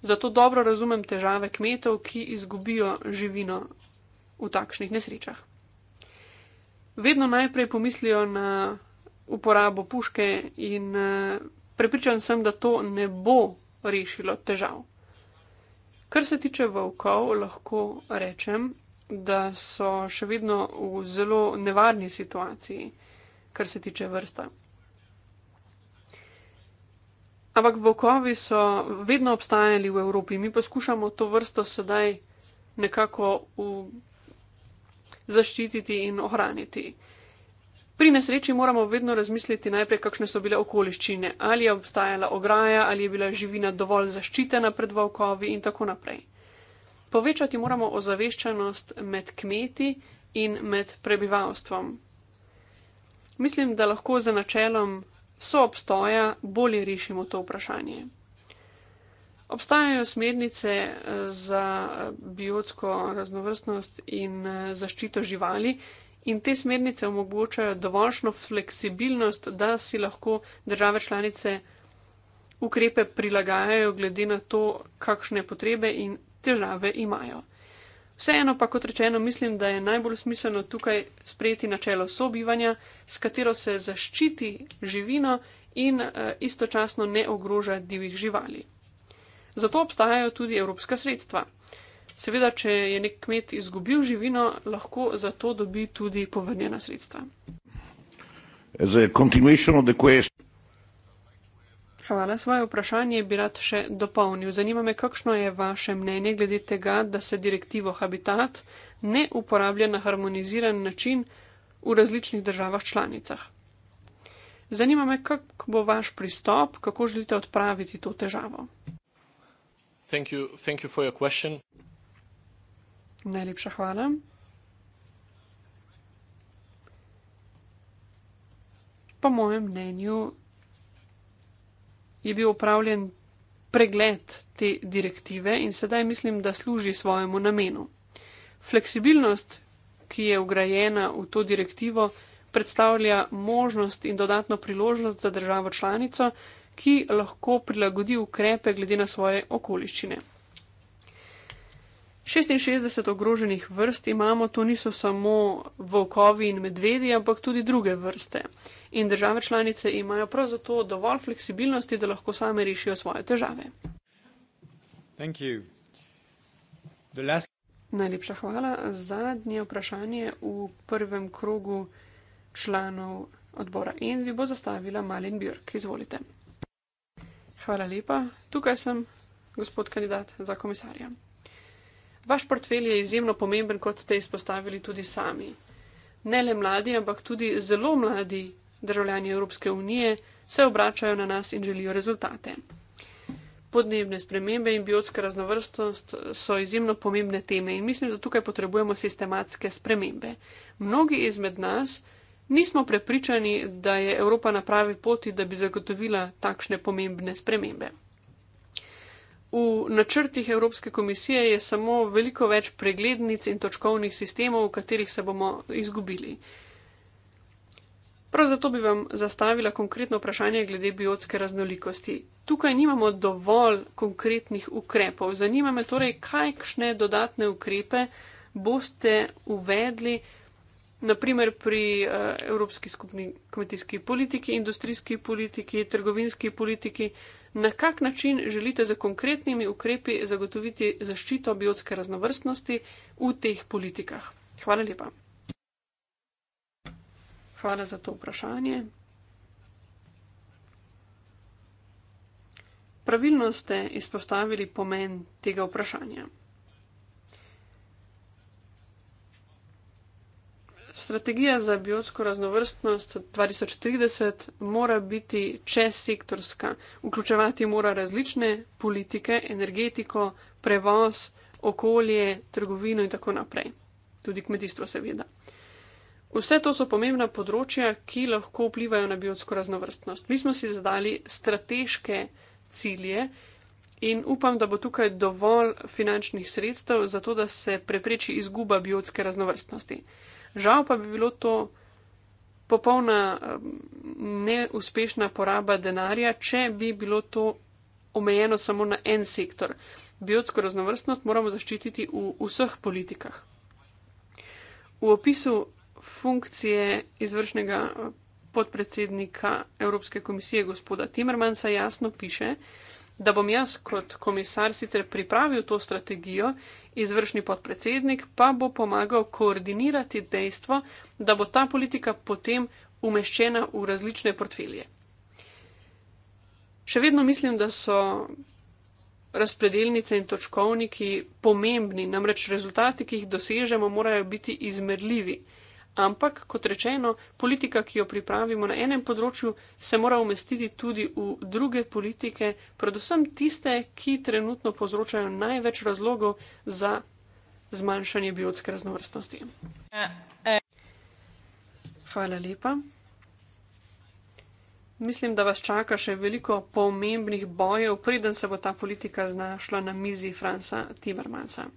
Zato dobro razumem težave kmetov, ki izgubijo živino v takšnih nesrečah. Vedno najprej pomislijo na uporabo puške in eh, prepričan sem, da to ne bo rešilo težav. Kar se tiče volkov, lahko rečem, da so še vedno v zelo nevarni situaciji, kar se tiče vrsta. Ampak vokovi so vedno obstajali v Evropi, mi poskušamo to vrsto sedaj nekako v... zaščititi in ohraniti. Pri nesreči moramo vedno razmisliti najprej, kakšne so bile okoliščine, ali je obstajala ograja, ali je bila živina dovolj zaščitena pred volkovi in tako naprej. Povečati moramo ozaveščenost med kmeti in med prebivalstvom. Mislim, da lahko z načelom soobstoja bolje rešimo to vprašanje. Obstajajo smernice eh, za biotsko raznovrstnost in eh, zaščito živali, in te smernice omogočajo dovoljšno fleksibilnost, da si lahko države članice ukrepe prilagajajo glede na to, kakšne potrebe in težave imajo. Vseeno pa, kot rečeno, mislim, da je najbolj smiselno tukaj sprejeti načelo sobivanja, s katero se zaščiti živino in e, istočasno ne ogroža divjih živali. Zato obstajajo tudi evropska sredstva. Seveda, če je nek kmet izgubil živino, lahko za to dobi tudi povrnjena sredstva. Hvala. Svoje vprašanje bi rad še dopolnil. Zanima me, kakšno je vaše mnenje glede tega, da se direktivo Habitat ne uporablja na harmoniziran način v različnih državah članicah. Zanima me, kak bo vaš pristop, kako želite odpraviti to težavo. Thank you, thank you for your question. Najlepša hvala. Po mojem mnenju je bil upravljen pregled te direktive in sedaj mislim, da služi svojemu namenu. Fleksibilnost, ki je ugrajena v to direktivo, predstavlja možnost in dodatno priložnost za državo članico, ki lahko prilagodi ukrepe glede na svoje okoliščine. 66 ogroženih vrst imamo, to niso samo volkovi in medvedi, ampak tudi druge vrste. In države članice imajo prav zato dovolj fleksibilnosti, da lahko same rešijo svoje težave. Last... Najlepša hvala. Zadnje vprašanje v prvem krogu članov odbora Envi bo zastavila Malin Björk. Izvolite. Hvala lepa. Tukaj sem, gospod kandidat za komisarja. Vaš portfelj je izjemno pomemben, kot ste izpostavili tudi sami. Ne le mladi, ampak tudi zelo mladi državljani Evropske unije se obračajo na nas in želijo rezultate. Podnebne spremembe in biotska raznovrstnost so izjemno pomembne teme in mislim, da tukaj potrebujemo sistematske spremembe. Mnogi izmed nas nismo prepričani, da je Evropa na pravi poti, da bi zagotovila takšne pomembne spremembe. V načrtih Evropske komisije je samo veliko več preglednic in točkovnih sistemov, v katerih se bomo izgubili. Prav zato bi vam zastavila konkretno vprašanje glede biotske raznolikosti. Tukaj nimamo dovolj konkretnih ukrepov. Zanima me torej, kakšne dodatne ukrepe boste uvedli, naprimer pri uh, Evropski skupni kmetijski politiki, industrijski politiki, trgovinski politiki, na kak način želite za konkretnimi ukrepi zagotoviti zaščito biotske raznovrstnosti v teh politikah? Hvala lepa. Hvala za to vprašanje. Pravilno ste izpostavili pomen tega vprašanja. strategija za biotsko raznovrstnost 2030 mora biti čezsektorska, vključevati mora različne politike, energetiko, prevoz, okolje, trgovino in tako naprej. Tudi kmetijstvo, seveda. Vse to so pomembna področja, ki lahko vplivajo na biotsko raznovrstnost. Mi smo si zadali strateške cilje in upam, da bo tukaj dovolj finančnih sredstev za to, da se prepreči izguba biotske raznovrstnosti. Žal pa bi bilo to popolna neuspešna poraba denarja, če bi bilo to omejeno samo na en sektor. Biotsko raznovrstnost moramo zaščititi v vseh politikah. V opisu funkcije izvršnega podpredsednika Evropske komisije gospoda Timmermansa jasno piše, da bom jaz kot komisar sicer pripravil to strategijo, izvršni podpredsednik pa bo pomagal koordinirati dejstvo, da bo ta politika potem umeščena v različne portfelje. Še vedno mislim, da so razpredelnice in točkovniki pomembni, namreč rezultati, ki jih dosežemo, morajo biti izmerljivi. Ampak, kot rečeno, politika, ki jo pripravimo na enem področju, se mora umestiti tudi v druge politike, predvsem tiste, ki trenutno povzročajo največ razlogov za zmanjšanje biotske raznovrstnosti. Hvala lepa. Mislim, da vas čaka še veliko pomembnih bojev, preden se bo ta politika znašla na mizi Franca Timermansa.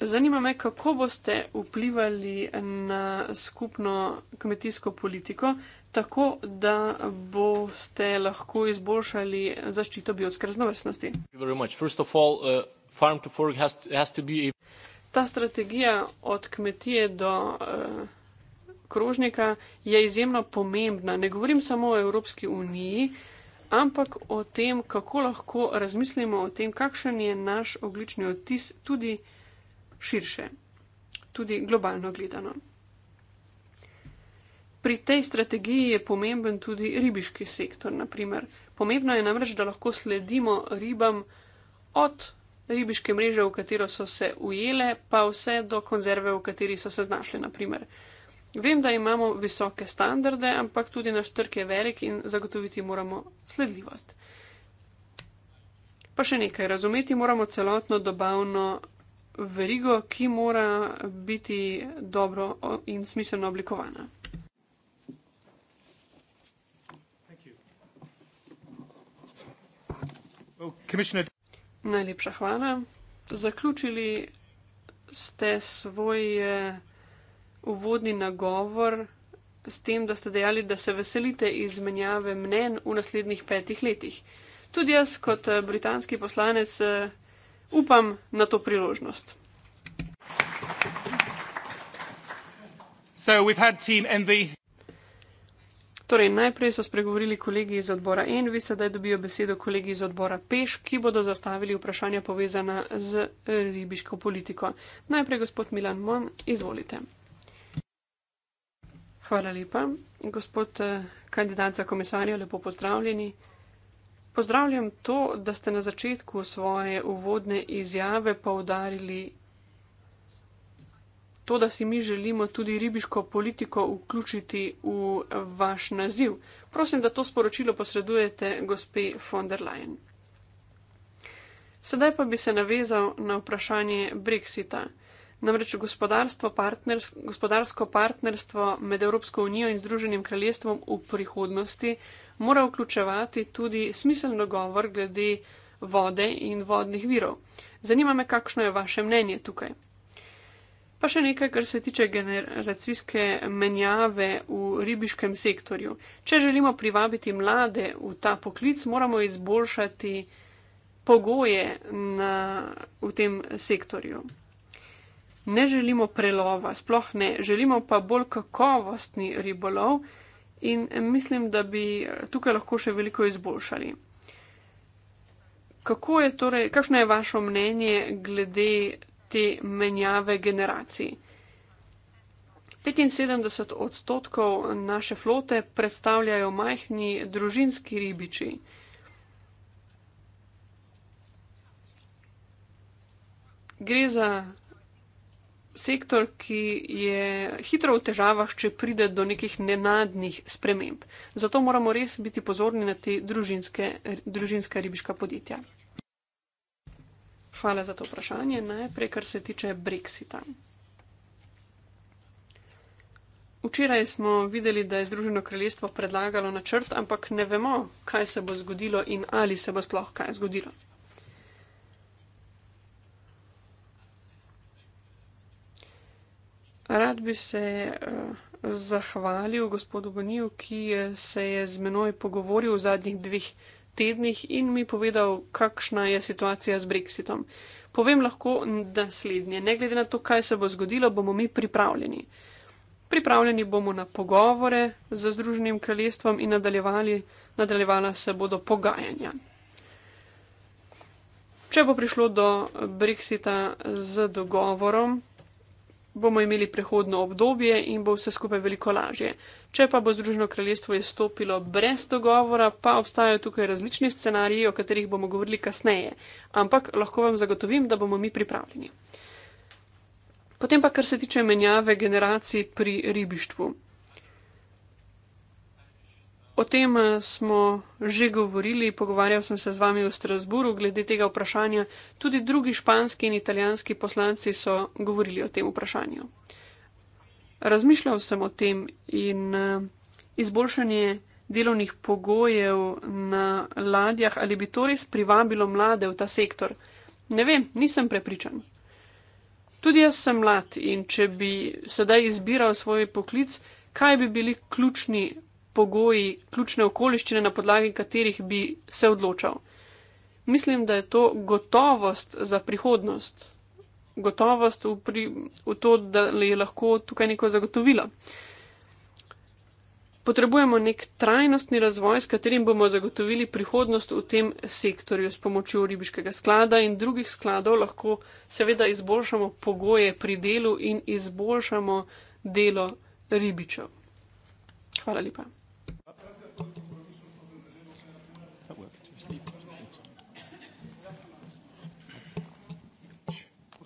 Zanima me, kako boste vplivali na skupno kmetijsko politiko, tako da boste lahko izboljšali zaščito biotske raznovrstnosti. All, uh, has to, has to a... Ta strategija od kmetije do. Uh, Krožnika je izjemno pomembna. Ne govorim samo o Evropski uniji, ampak o tem, kako lahko razmislimo o tem, kakšen je naš oglični odtis tudi uh, širše, tudi globalno gledano. Pri tej strategiji je pomemben tudi ribiški sektor. Naprimer. Pomembno je namreč, da lahko sledimo ribam od ribiške mreže, v katero so se ujele, pa vse do konzerve, v kateri so se znašle. Naprimer. Vem, da imamo visoke standarde, ampak tudi naš trg je velik in zagotoviti moramo sledljivost. Pa še nekaj, razumeti moramo celotno dobavno verigo, ki mora biti dobro in smiselno oblikovana. Najlepša hvala. Zaključili ste svoj eh, uvodni nagovor s tem, da ste dejali, da se veselite izmenjave mnen v naslednjih petih letih. Tudi jaz kot eh, britanski poslanec eh, upam na to priložnost. So we've had team envy. Torej, najprej so spregovorili kolegi iz odbora Envi, sedaj dobijo besedo kolegi iz odbora Peš, ki bodo zastavili vprašanja povezana z eh, ribiško politiko. Najprej gospod Milan Mon, izvolite. Hvala lepa. Gospod eh, kandidat za komisarja, lepo pozdravljeni. Pozdravljam to, da ste na začetku svoje uvodne izjave povdarili to, da si mi želimo tudi ribiško politiko vključiti v vaš naziv. Prosim, da to sporočilo posredujete gospe von der Leyen. Sedaj pa bi se navezal na vprašanje Brexita. Namreč partners, gospodarsko partnerstvo med Evropsko unijo in Združenim kraljestvom v prihodnosti mora vključevati tudi smiseln dogovor glede vode in vodnih virov. Zanima me, kakšno je vaše mnenje tukaj. Pa še nekaj, kar se tiče generacijske menjave v ribiškem sektorju. Če želimo privabiti mlade v ta poklic, moramo izboljšati pogoje na, v tem sektorju. Ne želimo prelova, sploh ne, želimo pa bolj kakovostni ribolov in mislim, da bi tukaj lahko še veliko izboljšali. Kako je torej, kakšno je vaše mnenje glede te menjave generacij? 75 odstotkov naše flote predstavljajo majhni družinski ribiči. Gre za sektor, ki je hitro v težavah, če pride do nekih nenadnih sprememb. Zato moramo res biti pozorni na te družinske, družinske ribiška podjetja. Hvala za to vprašanje. Najprej, kar se tiče Brexita. Včeraj smo videli, da je Združeno kraljestvo predlagalo načrt, ampak ne vemo, kaj se bo zgodilo in ali se bo sploh kaj zgodilo. Rad bi se uh, zahvalil gospodu Boniju, ki se je z menoj pogovoril v zadnjih dveh tednih in mi povedal, kakšna je situacija z Brexitom. Povem lahko naslednje. Ne glede na to, kaj se bo zgodilo, bomo mi pripravljeni. Pripravljeni bomo na pogovore z Združenim kraljestvom in nadaljevala se bodo pogajanja. Če bo prišlo do Brexita z dogovorom, bomo imeli prehodno obdobje in bo vse skupaj veliko lažje. Če pa bo Združeno kraljestvo izstopilo brez dogovora, pa obstajajo tukaj različni scenariji, o katerih bomo govorili kasneje, ampak lahko vam zagotovim, da bomo mi pripravljeni. Potem pa, kar se tiče menjave generacij pri ribištvu. O tem eh, smo že govorili, pogovarjal sem se z vami v Strasburu glede tega vprašanja. Tudi drugi španski in italijanski poslanci so govorili o tem vprašanju. Razmišljal sem o tem in eh, izboljšanje delovnih pogojev na ladjah, ali bi to res privabilo mlade v ta sektor. Ne vem, nisem prepričan. Tudi jaz sem mlad in če bi sedaj izbiral svoj poklic, kaj bi bili ključni pogoji, ključne okoliščine, na podlagi katerih bi se odločal. Mislim, da je to gotovost za prihodnost, gotovost v, pri, v to, da je lahko tukaj neko zagotovilo. Potrebujemo nek trajnostni razvoj, s katerim bomo zagotovili prihodnost v tem sektorju. S pomočjo ribiškega sklada in drugih skladov lahko seveda izboljšamo pogoje pri delu in izboljšamo delo ribičev. Hvala lepa.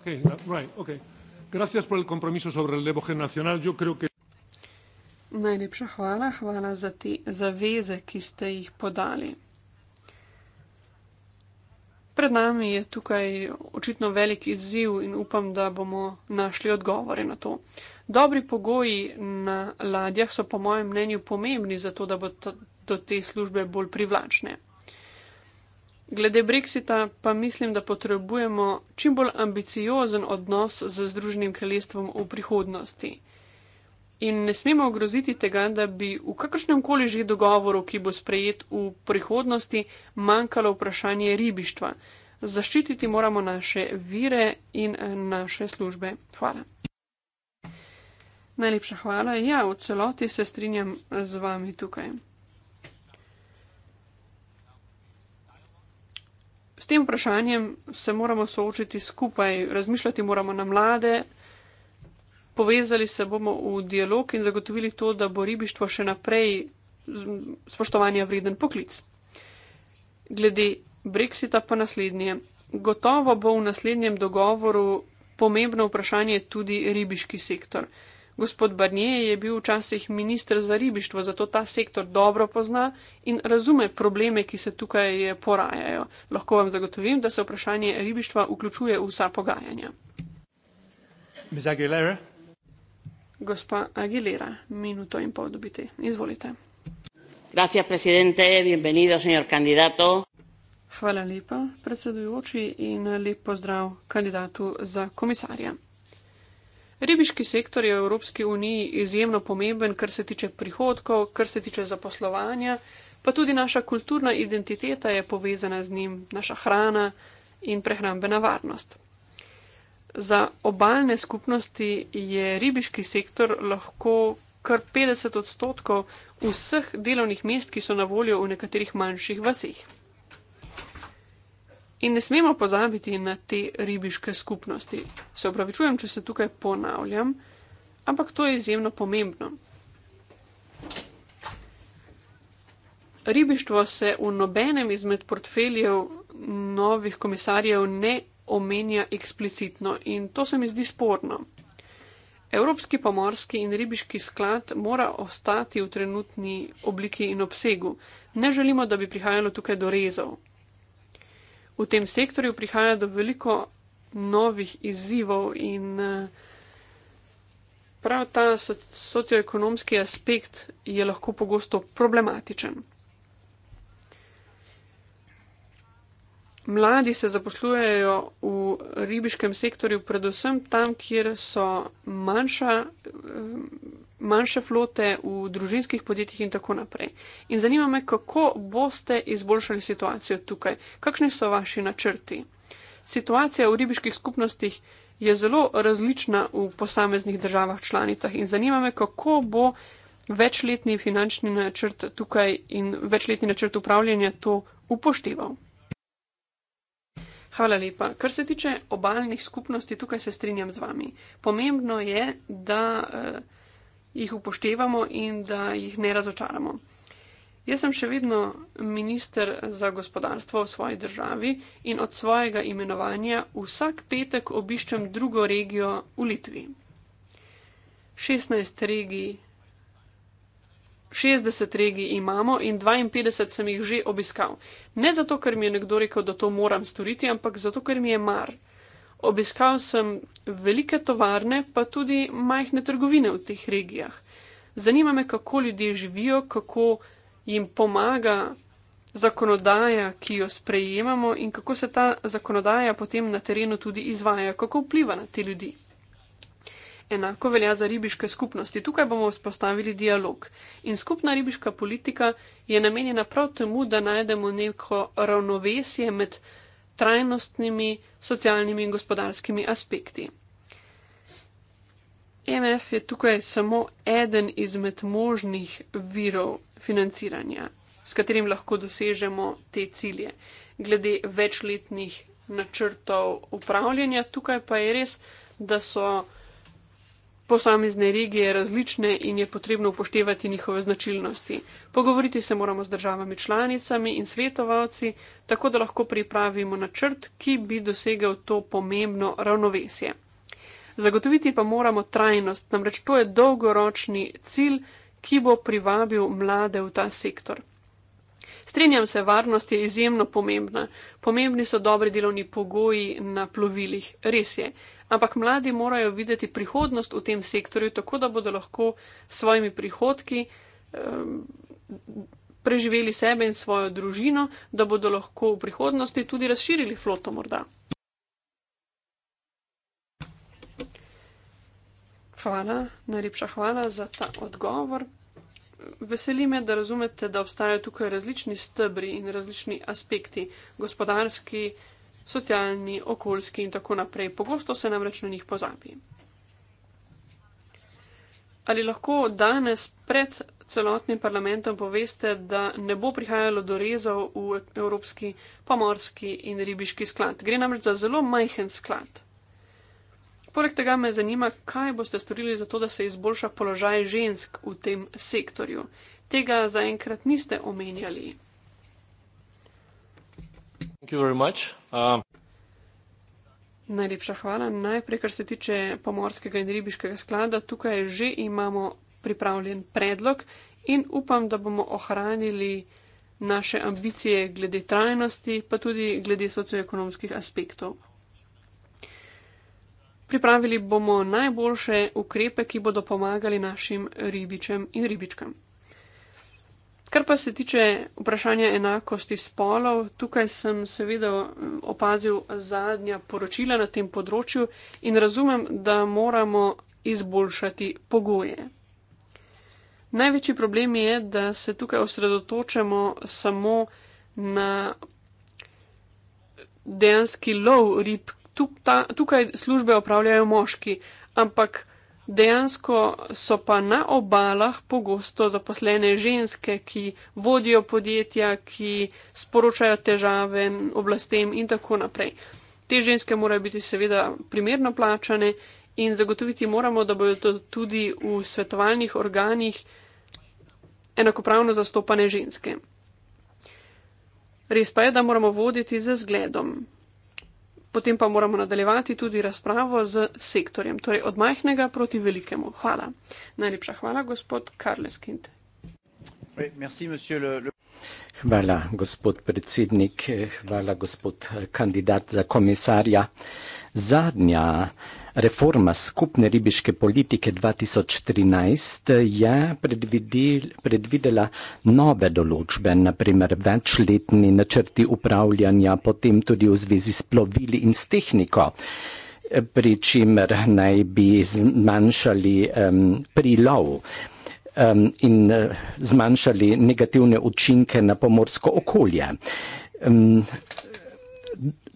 Okay, right, okay. Gracias por el compromiso sobre el Debo Generacional. Yo creo que. Najlepša hvala, hvala za te zaveze, ki ste jih podali. Pred nami je tukaj očitno velik izziv in upam, da bomo našli odgovore na to. Dobri pogoji na ladjah so po mojem mnenju pomembni za to, da bo do te službe bolj privlačne. Glede brexita pa mislim, da potrebujemo čim bolj ambiciozen odnos z Združenim kraljestvom v prihodnosti. In ne smemo ogroziti tega, da bi v kakršnem koli že dogovoru, ki bo sprejet v prihodnosti, manjkalo vprašanje ribištva. Zaščititi moramo naše vire in eh, naše službe. Hvala. Najlepša hvala. Ja, v celoti se strinjam z vami tukaj. S tem vprašanjem se moramo soočiti skupaj, razmišljati moramo na mlade, povezali se bomo v dialog in zagotovili to, da bo ribištvo še naprej spoštovanja vreden poklic. Glede Brexita pa naslednje. Gotovo bo v naslednjem dogovoru pomembno vprašanje tudi ribiški sektor. Gospod Barnije je bil včasih ministr za ribištvo, zato ta sektor dobro pozna in razume probleme, ki se tukaj eh, porajajo. Lahko vam zagotovim, da se vprašanje ribištva vključuje v vsa pogajanja. Ms. Aguilera. Gospa Aguilera, minuto in pol dobite. Izvolite. Hvala lepa, predsedujoči, in lep pozdrav kandidatu za komisarja. Ribiški sektor je v Evropski uniji izjemno pomemben, kar se tiče prihodkov, kar se tiče zaposlovanja, pa tudi naša kulturna identiteta je povezana z njim, naša hrana in prehrambena varnost. Za obaljne skupnosti je ribiški sektor lahko kar 50 odstotkov vseh delovnih mest, ki so na voljo v nekaterih manjših vaseh. In ne smemo pozabiti na te ribiške skupnosti. Se upravičujem, če se tukaj ponavljam, ampak to je izjemno pomembno. Ribištvo se v nobenem izmed portfeljev novih komisarjev ne omenja eksplicitno in to se mi zdi sporno. Evropski pomorski in ribiški sklad mora ostati v trenutni obliki in obsegu. Ne želimo, da bi prihajalo tukaj do rezov, v tem sektorju prihaja do veliko novih izzivov in eh, prav ta socioekonomski aspekt je lahko pogosto problematičen. Mladi se zaposlujejo v ribiškem sektorju, predvsem tam, kjer so manjša, eh, manjše flote, v družinskih podjetjih in tako naprej. In zanima me, kako boste izboljšali situacijo tukaj, kakšni so vaši načrti. Situacija v ribiških skupnostih je zelo različna v posameznih državah članicah in zanima me, kako bo večletni finančni načrt tukaj in večletni načrt upravljanja to upošteval. Hvala lepa. Kar se tiče obaljnih skupnosti, tukaj se strinjam z vami. Pomembno je, da eh, jih upoštevamo in da jih ne razočaramo. Jaz sem še vedno minister za gospodarstvo v svoji državi in od svojega imenovanja vsak petek obiščem drugo regijo v Litvi. 16 regij, 60 regij imamo in 52 sem jih že obiskal. Ne zato, ker mi je nekdo rekel, da to moram storiti, ampak zato, ker mi je mar. Obiskal sem velike tovarne, pa tudi majhne trgovine v teh regijah. Zanima me, kako ljudje živijo, kako jim pomaga zakonodaja, ki jo sprejemamo, in kako se ta zakonodaja potem na terenu tudi izvaja, kako vpliva na te ljudi. Enako velja za ribiške skupnosti. Tukaj bomo vzpostavili dialog. In skupna ribiška politika je namenjena prav temu, da najdemo neko ravnovesje med trajnostnimi, socialnimi in gospodarskimi aspekti. E MF je tukaj samo eden izmed možnih virov financiranja, s katerim lahko dosežemo te cilje, glede večletnih načrtov upravljanja. Tukaj pa je res, da so posamezne regije različne in je potrebno upoštevati njihove značilnosti. Pogovoriti se moramo z državami članicami in svetovalci, tako da lahko pripravimo načrt, ki bi dosegel to pomembno ravnovesje. Zagotoviti pa moramo trajnost, namreč to je dolgoročni cilj, ki bo privabil mlade v ta sektor. Strenjam se, varnost je izjemno pomembna. Pomembni so dobri delovni pogoji na plovilih. Res je ampak mladi morajo videti prihodnost v tem sektorju, tako da bodo lahko s svojimi prihodki um, preživeli sebe in svojo družino, da bodo lahko v prihodnosti tudi razširili floto morda. Hvala, najlepša hvala za ta odgovor. Veseli me, da razumete, da obstajajo tukaj različni stebri in različni aspekti, gospodarski, socialni, okoljski in tako naprej. Pogosto se namreč na njih pozabi. Ali lahko danes pred celotnim parlamentom poveste, da ne bo prihajalo do rezov v Evropski pomorski in ribiški sklad? Gre namreč za zelo majhen sklad. Poleg tega me zanima, kaj boste storili za to, da se izboljša položaj žensk v tem sektorju. Tega zaenkrat niste omenjali. Uh, Najlepša hvala. Najprej, kar se tiče pomorskega in ribiškega sklada, tukaj že imamo pripravljen predlog in upam, da bomo ohranili naše ambicije glede trajnosti, pa tudi glede socioekonomskih aspektov. Pripravili bomo najboljše ukrepe, ki bodo pomagali našim ribičem in ribičkam. Kar pa se tiče vprašanja enakosti spolov, tukaj sem seveda opazil zadnja poročila na tem področju in razumem, da moramo izboljšati pogoje. Največji problem je, da se tukaj osredotočamo samo na dejanski lov rib. Tukaj službe opravljajo moški, ampak dejansko so pa na obalah pogosto zaposlene ženske, ki vodijo podjetja, ki sporočajo težave oblastem in tako naprej. Te ženske morajo biti seveda primerno plačane in zagotoviti moramo, da bodo tudi v svetovalnih organih enakopravno zastopane ženske. Res pa je, da moramo voditi z zgledom potem pa moramo nadaljevati tudi razpravo z sektorjem, torej od majhnega proti velikemu. Hvala. Najlepša hvala, gospod Karles Kind. Hvala, gospod predsednik, hvala, gospod kandidat za komisarja. Zadnja. Reforma skupne ribiške politike 2013 je predvidel, predvidela nove določbe, naprimer večletni načrti upravljanja, potem tudi v zvezi s plovili in s tehniko, pri čimer naj bi zmanjšali um, prilov um, in zmanjšali negativne učinke na pomorsko okolje. Um,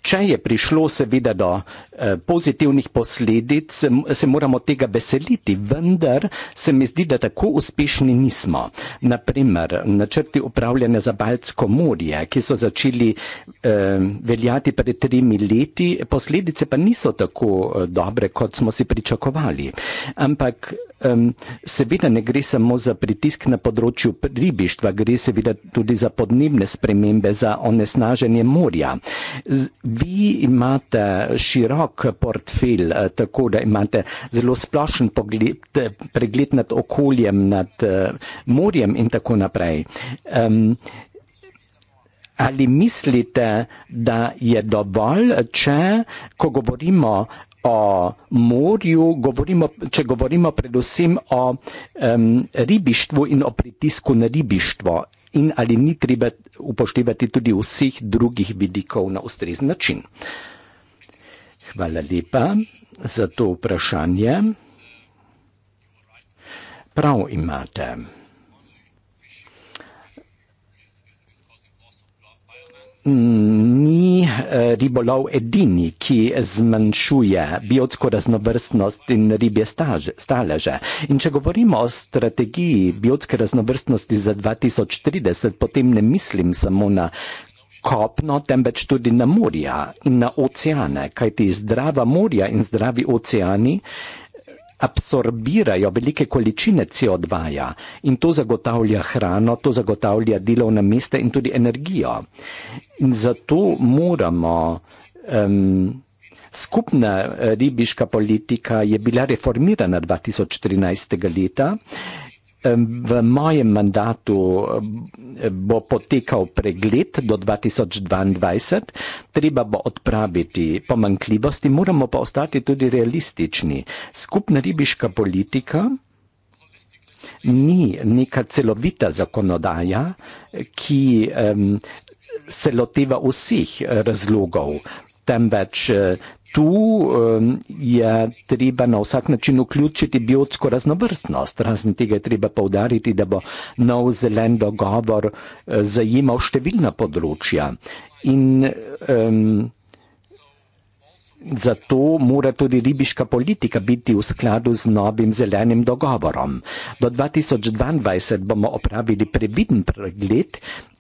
če je prišlo seveda do eh, pozitivnih posledic, se, se moramo tega veseliti, vendar se mi zdi, da tako uspešni nismo. Naprimer, načrti upravljanja za Baltsko morje, ki so začeli eh, veljati pred tremi leti, posledice pa niso tako eh, dobre, kot smo si pričakovali. Ampak eh, seveda ne gre samo za pritisk na področju ribištva, gre seveda tudi za podnebne spremembe, za onesnaženje morja. Z, Vi imate širok portfelj, eh, tako da imate zelo splošen pogled, eh, pregled nad okoljem, nad eh, morjem in tako naprej. Um, ali mislite, da je dovolj, če ko govorimo o morju, govorimo, če govorimo predvsem o um, ribištvu in o pritisku na ribištvo? in ali ni treba upoštevati tudi vseh drugih vidikov na ustrezen način. Hvala lepa za to vprašanje. Prav imate. ni eh, ribolov edini, ki zmanjšuje biotsko raznovrstnost in ribje staleže. In če govorimo o strategiji biotske raznovrstnosti za 2030, potem ne mislim samo na kopno, temveč tudi na morja in na oceane, kajti zdrava morja in zdravi oceani absorbirajo velike količine CO2 -ja in to zagotavlja hrano, to zagotavlja delovna mesta in tudi energijo. In zato moramo. Um, Skupna eh, ribiška politika je bila reformirana 2013. leta V mojem mandatu bo potekal pregled do 2022, treba bo odpraviti pomankljivosti, moramo pa ostati tudi realistični. Skupna ribiška politika ni neka celovita zakonodaja, ki um, se loteva vseh eh, razlogov, temveč eh, tu je treba na vsak način vključiti biotsko raznovrstnost. Razen tega je treba povdariti, da bo nov zelen dogovor eh, zajemal številna področja. In um, Zato mora tudi ribiška politika biti v skladu z novim zelenim dogovorom. Do 2022 bomo opravili previden pregled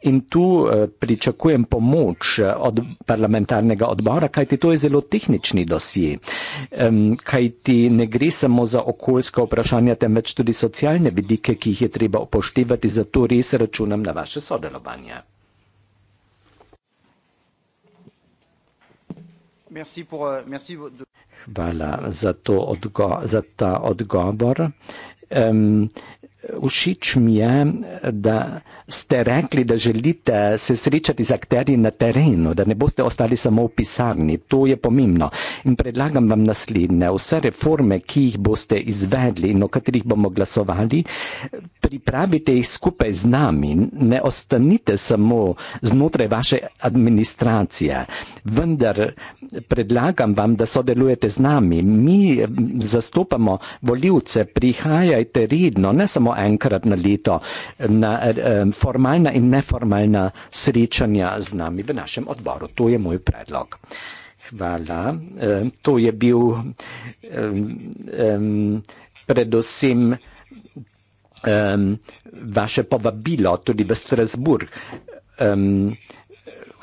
in tu eh, pričakujem pomoč eh, od parlamentarnega odbora, kajti to je zelo tehnični dosje. Kajti ne gre samo za okoljska vprašanja, temveč tudi socialne vidike, ki jih je treba upoštevati, zato res računam na vaše sodelovanje. Euh, Hvala za, odgo za ta odgovor. Um, Všeč mi je, da ste rekli, da želite se srečati z akterji na terenu, da ne boste ostali samo v pisarni. To je pomembno. In predlagam vam naslednje. Vse reforme, ki jih boste izvedli in o katerih bomo glasovali, pripravite jih skupaj z nami. Ne ostanite samo znotraj vaše administracije. Vendar predlagam vam, da sodelujete z nami. Mi zastopamo voljivce, prihajajte redno, ne samo samo enkrat na leto na eh, formalna in neformalna srečanja z nami v našem odboru. To je moj predlog. Hvala. Eh, to je bil eh, eh, predvsem. Um, vaše povabilo tudi v Strasburg. Um,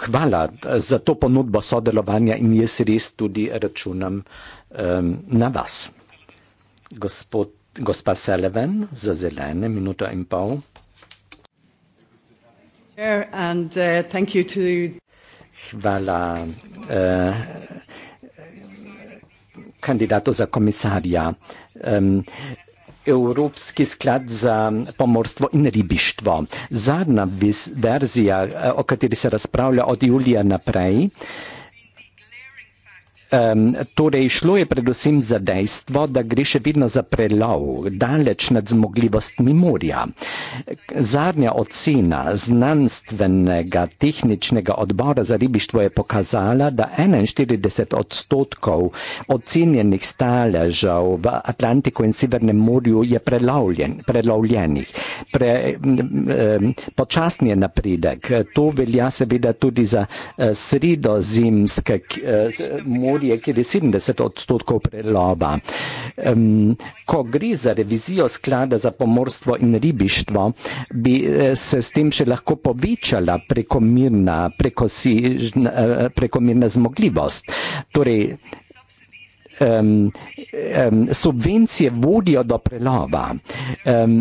hvala za to ponudbo sodelovanja in jaz res tudi računam um, na vas. Gospod Gospa Sullivan za zelene minuto in pol. And, uh, thank you to... Hvala uh, kandidatu za komisarja. Um, Evropski sklad za pomorstvo in ribištvo. Zadnja verzija, uh, o kateri se razpravlja od julija naprej, uh, Um, torej, šlo je predvsem za dejstvo, da gre še vedno za prelov, daleč nad zmogljivostmi morja. Zadnja ocena znanstvenega tehničnega odbora za ribištvo je pokazala, da 41 odstotkov ocenjenih staležev v Atlantiku in Severnem morju je prelovljen, prelovljenih. Pre, um, počasni je napredek. To velja seveda tudi za uh, eh, sredozimske uh, eh, morje podjetje 70 odstotkov preloba. Um, ko gre za revizijo sklada za pomorstvo in ribištvo, bi eh, se s tem še lahko povečala prekomirna, prekosi, eh, prekomirna zmogljivost. Torej, um, um, subvencije vodijo do preloba. Um,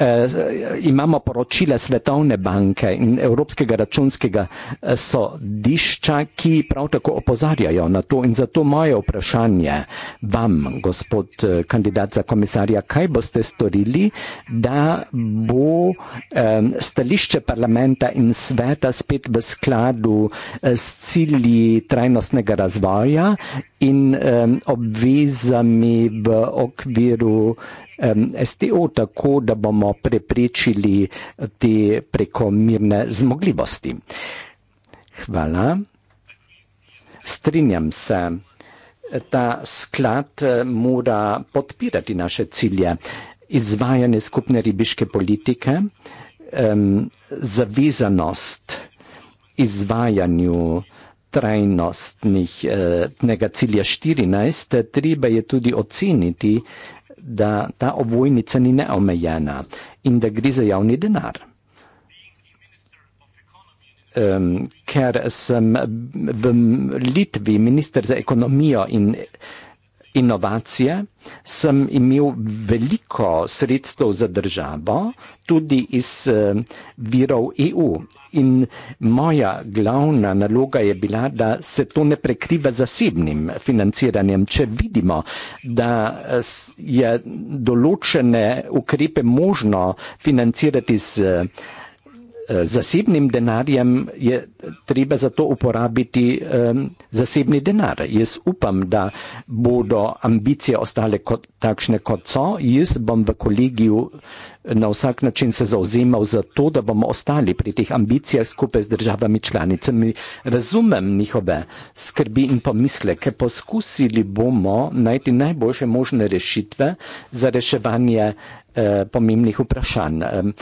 Eh, eh, imamo poročila Svetovne banke in Evropskega računskega eh, sodišča, ki prav tako opozarjajo na to. In zato moje vprašanje vam, gospod kandidat za komisarja, kaj boste storili, da bo stališče parlamenta in sveta spet v skladu s cilji trajnostnega razvoja in obvezami v okviru STO, tako da bomo preprečili te prekomirne zmogljivosti. Hvala. Strinjam se, ta sklad eh, mora podpirati naše cilje izvajanje skupne ribiške politike, um, zavezanost izvajanju trajnostnega eh, cilja 14, eh, treba je tudi oceniti, da ta ovojnica ni neomejena in da gre za javni denar. Um, ker sem v Litvi minister za ekonomijo in inovacije, sem imel veliko sredstev za državo, tudi iz eh, virov EU. In moja glavna naloga je bila, da se to ne prekriva zasebnim financiranjem. Če vidimo, da eh, je določene ukrepe možno financirati z Eh, zasebnim denarjem je treba za to uporabiti um, zasebni denar. Jaz upam, da bodo ambicije ostale kot, takšne, kot so. Jaz bom v kolegiju na vsak način se zauzemal za to, da bomo ostali pri teh ambicijah skupaj z državami članicami. Razumem njihove skrbi in pomisleke. Poskusili bomo najti najboljše možne rešitve za reševanje uh, pomembnih vprašanj. Um,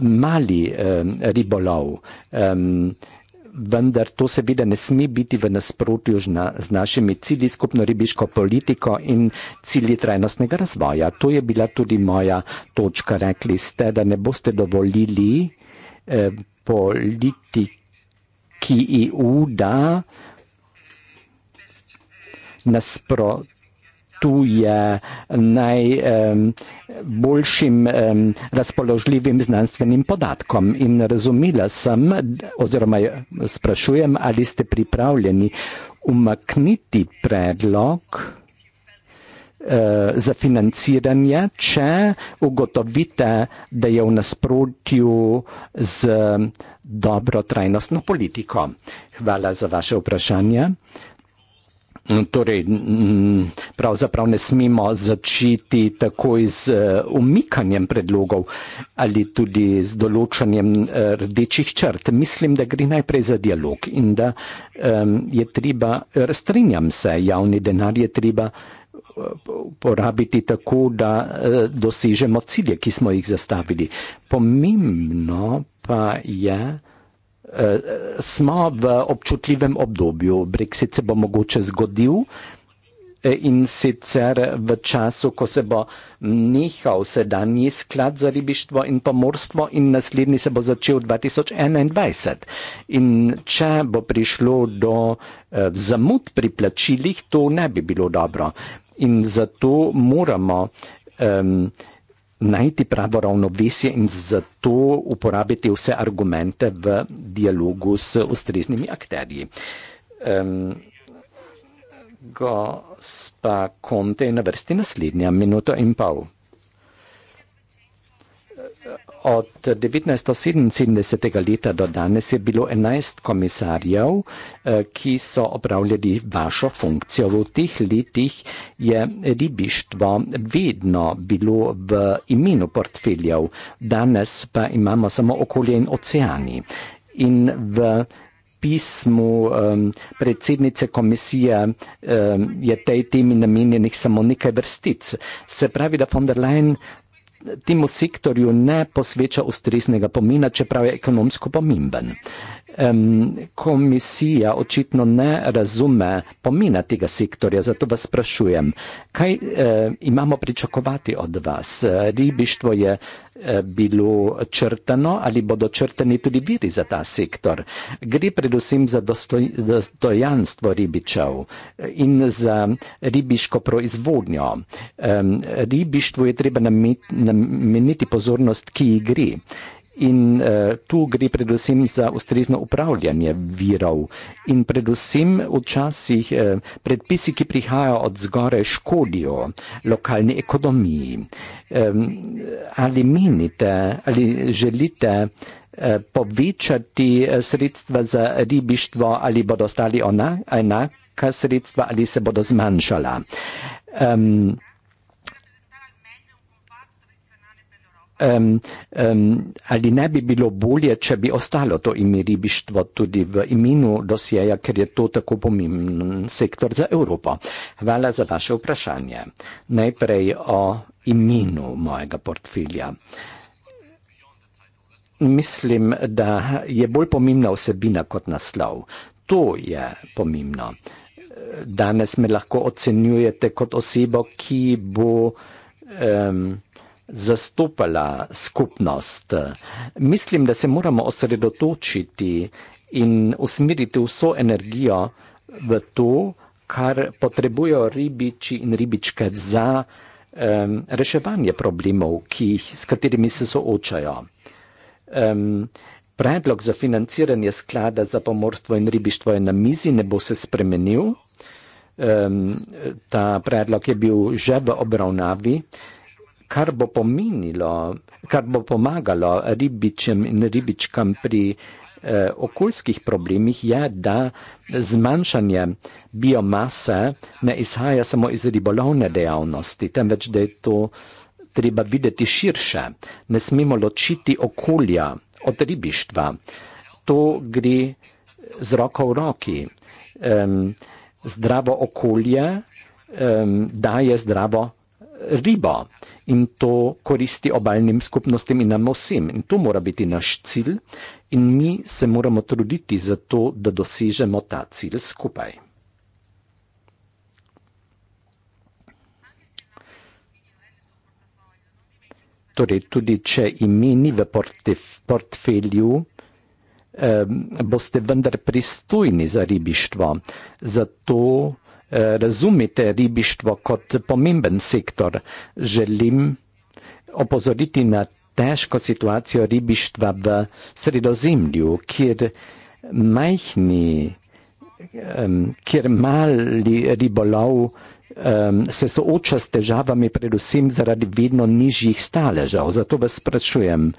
mali eh, ribolov. Eh, Vendar to seveda ne sme biti v nasprotju na, z našimi cilji skupno ribiško politiko in cilji trajnostnega razvoja. To je bila tudi moja točka. Rekli ste, da ne boste dovolili eh, politiki EU, da nasprotuje tu je najboljšim um, um, razpoložljivim znanstvenim podatkom. In razumela sem, oziroma sprašujem, ali ste pripravljeni umakniti predlog eh, za financiranje, če ugotovite, da je v nasprotju z dobro trajnostno politiko. Hvala za vaše vprašanje. Torej, pravzaprav ne smemo začeti takoj z eh, umikanjem predlogov ali tudi z določanjem eh, rdečih črt. Mislim, da gre najprej za dialog in da je treba, eh, strinjam se, javni denar je treba porabiti tako, da dosežemo cilje, ki smo jih zastavili. Pomembno pa je, Eh, smo v občutljivem obdobju. Brexit se bo mogoče zgodil eh, in sicer v času, ko se bo nehal sedanji sklad za ribištvo in pomorstvo in naslednji se bo začel 2021. In če bo prišlo do eh, zamud pri plačilih, to ne bi bilo dobro. In zato moramo. Um, najti pravo ravnovesje in zato uporabiti vse argumente v dialogu s ustreznimi akterji. Um, gospa Konte je na vrsti naslednja minuto in pol od 1977. leta do danes je bilo 11 komisarjev, eh, ki so opravljali vašo funkcijo. V teh letih je ribištvo vedno bilo v imenu portfeljev, danes pa imamo samo okolje in oceani. In v pismu um, predsednice komisije um, je tej temi namenjenih samo nekaj vrstic. Se pravi, da von der Leyen temu sektorju ne posveča ustreznega pomena, čeprav je ekonomsko pomemben. Um, komisija očitno ne razume pomena tega sektorja, zato vas sprašujem, kaj uh, imamo pričakovati od vas? Ribištvo je uh, Eh, bilo črtano ali bodo črtani tudi viri za ta sektor. Gre predvsem za dostoj, dostojanstvo ribičev eh, in za ribiško proizvodnjo. Ehm, ribištvu je treba nameniti pozornost, ki ji gre. In uh, tu gre predvsem za ustrezno upravljanje virov. In predvsem včasih uh, predpisi, ki prihajajo od zgore, škodijo lokalni ekonomiji. Um, ali menite, ali želite uh, povečati sredstva za ribištvo, ali bodo ostali ona, enaka sredstva, ali se bodo zmanjšala? Um, um, um, ali ne bi bilo bolje, če bi ostalo to ime ribištvo tudi v imenu dosjeja, ker je to tako pomemben sektor za Evropo. Hvala za vaše vprašanje. Najprej o imenu mojega portfelja. Mislim, da je bolj pomembna osebina kot naslov. To je pomembno. Danes me lahko ocenjujete kot osebo, ki bo um, zastopala skupnost. Mislim, da se moramo osredotočiti in usmeriti vso energijo v to, kar potrebujejo ribiči in ribičke za um, reševanje problemov, jih, s katerimi se soočajo. Um, predlog za financiranje sklada za pomorstvo in ribištvo je na mizi, ne bo se spremenil. Um, ta predlog je bil že v obravnavi kar bo pomenilo, kar bo pomagalo ribičem in ribičkam pri eh, okoljskih problemih, je, da zmanjšanje biomase ne izhaja samo iz ribolovne dejavnosti, temveč da je to treba videti širše. Ne smemo ločiti okolja od ribištva. To gre z roko v roki. Um, zdravo okolje um, daje zdravo riba in to koristi obalnim skupnostim in nam vsem. In to mora biti naš cilj in mi se moramo truditi za to, da dosežemo ta cilj skupaj. Torej, tudi če imeni v portf portfelju, eh, boste vendar pristojni za ribištvo. Zato razumite ribištvo kot pomemben sektor. Želim opozoriti na težko situacijo ribištva v sredozemlju, kjer majhni, kjer mali ribolov se sooča s težavami predvsem zaradi vedno nižjih staležav. Zato vas sprašujem,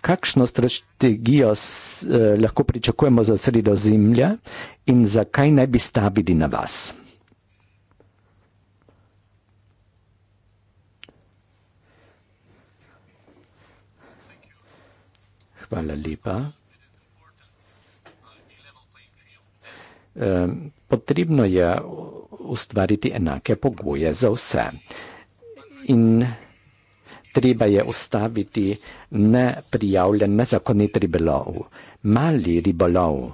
kakšno strategijo eh, lahko pričakujemo za sredozemlje in zakaj naj bi stavili na vas? Hvala lepa. Potrebno je ustvariti enake pogoje za vse. In treba je ustaviti neprijavljen, nezakonit ribolov. Mali ribolov um,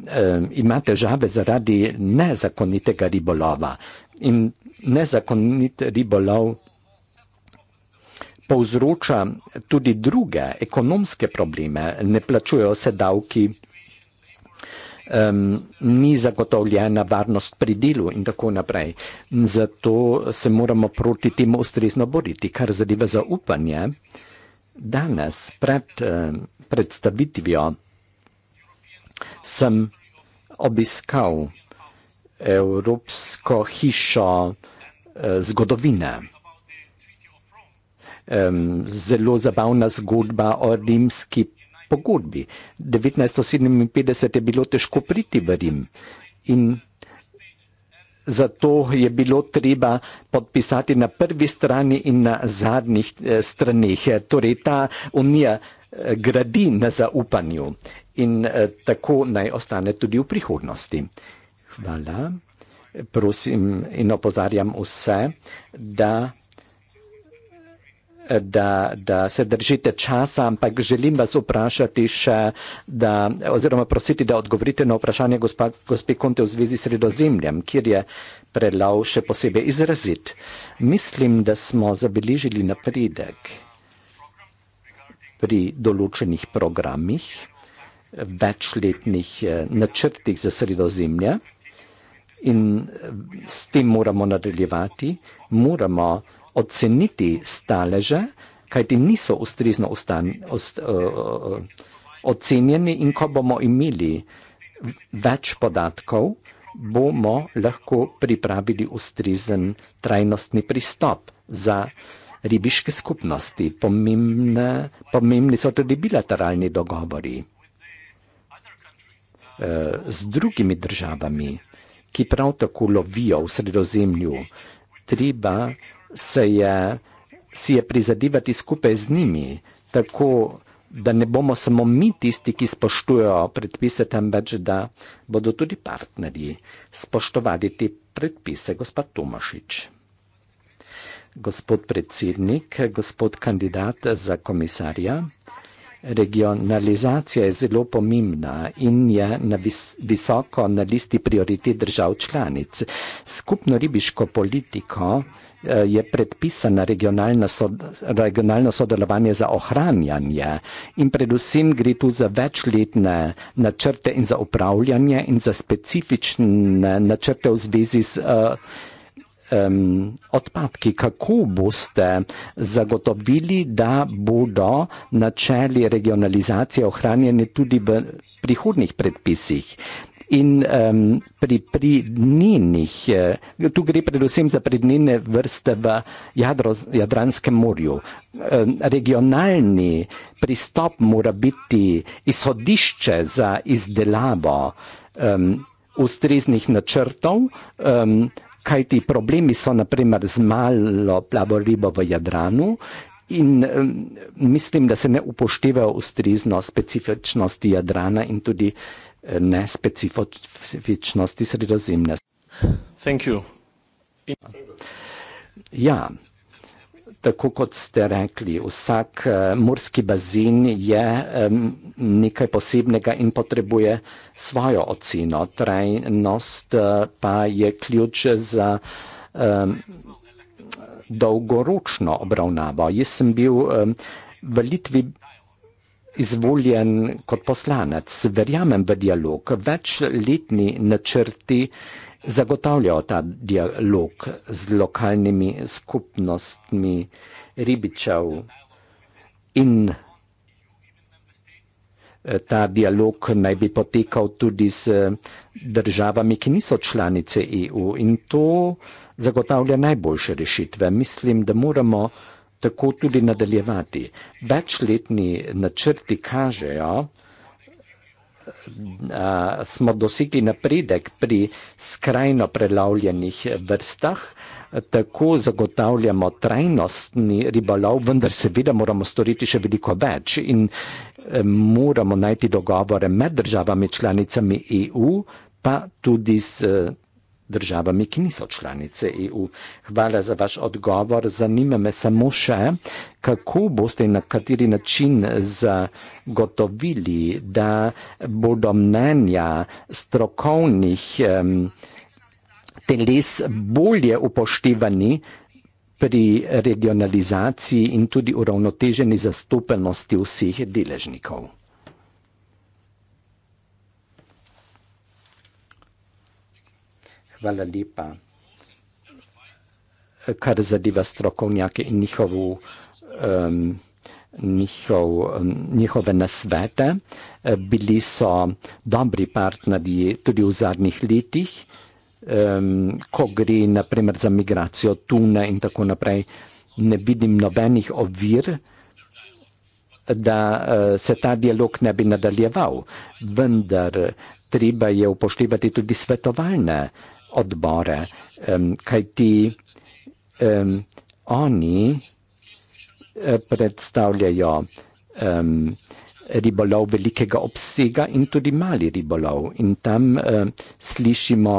um, ima težave zaradi nezakonitega ribolova. In nezakonit ribolov povzroča tudi druge ekonomske probleme, ne plačujejo se davki, um, ni zagotovljena varnost pri delu in tako naprej. Zato se moramo proti temu ustrezno boriti, kar zadeva zaupanje. Danes pred um, predstavitvijo sem obiskal Evropsko hišo uh, zgodovine um, zelo zabavna zgodba o rimski pogodbi. 1957 je bilo težko priti v Rim in zato je bilo treba podpisati na prvi strani in na zadnjih eh, straneh. Torej, ta unija eh, gradi na zaupanju in eh, tako naj ostane tudi v prihodnosti. Hvala. Prosim in opozarjam vse, da da, da se držite časa, ampak želim vas vprašati še, da, oziroma prositi, da odgovorite na vprašanje gospe Konte v zvezi s sredozemljem, kjer je predlav še posebej izrazit. Mislim, da smo zabeležili napredek pri določenih programih, večletnih eh, načrtih za sredozemlje in eh, s tem moramo nadaljevati. Moramo oceniti staleže, kajti niso ustrezno ustan, ost, uh, ocenjeni in ko bomo imeli več podatkov, bomo lahko pripravili ustrezen trajnostni pristop za ribiške skupnosti. Pomembne, pomembni so tudi bilateralni dogovori eh, z drugimi državami, ki prav tako lovijo v sredozemlju, treba se je, si je prizadevati skupaj z njimi, tako da ne bomo samo mi tisti, ki spoštujejo predpise, temveč da bodo tudi partnerji spoštovali te predpise, gospod Tomašič. Gospod predsednik, gospod kandidat za komisarja, Regionalizacija je zelo pomembna in je na vis visoko na listi prioritet držav članic. Skupno ribiško politiko eh, je predpisana regionalna so regionalno sodelovanje za ohranjanje in predvsem gre tu za večletne načrte in za upravljanje in za specifične načrte v zvezi z. Uh, um, odpadki, kako boste zagotovili, da bodo načeli regionalizacije ohranjene tudi v prihodnih predpisih. In um, pri pridninih, eh, tu gre predvsem za pridnine vrste v Jadro, Jadranskem morju, um, regionalni pristop mora biti izhodišče za izdelavo um, ustreznih načrtov. Um, kaj ti problemi so naprimer z malo plavo ribo v Jadranu in um, mislim, da se ne upoštevajo ustrezno specifičnosti Jadrana in tudi uh, ne specifičnosti sredozemlja. Thank you. In... Ja. Tako kot ste rekli, vsak uh, morski bazen je um, nekaj posebnega in potrebuje uh, svojo oceno. Trajnost eh, pa je ključ za um, dolgoročno obravnavo. Jaz sem bil um, v Litvi izvoljen kot poslanec. Verjamem v dialog. Večletni načrti zagotavljajo ta dialog z lokalnimi skupnostmi ribičev in Eh, ta dialog naj bi potekal tudi z eh, državami, ki niso članice EU in to zagotavlja najboljše rešitve. Mislim, da moramo tako tudi nadaljevati. Večletni načrti kažejo, da smo dosegli napredek pri skrajno prelavljenih vrstah, tako zagotavljamo trajnostni ribolov, vendar seveda moramo storiti še veliko več. In Eh, moramo najti dogovore med državami članicami EU, pa tudi s eh, državami, ki niso članice EU. Hvala za vaš odgovor. Zanima me samo še, kako boste in na kateri način zagotovili, da bodo mnenja strokovnih um, teles bolje upoštevani, pri regionalizaciji in tudi uravnoteženi zastopanosti vseh deležnikov. Hvala lepa. Kar zadeva strokovnjake in njihovu, um, njihov, um, njihove nasvete, bili so dobri partnerji tudi v zadnjih letih um, ko gre naprimer za migracijo tune in tako naprej, ne vidim nobenih ovir, da uh, se ta dialog ne bi nadaljeval. Vendar treba je upoštevati tudi svetovalne odbore, um, kaj ti um, oni eh, predstavljajo um, ribolov velikega obsega in tudi mali ribolov. In tam uh, slišimo,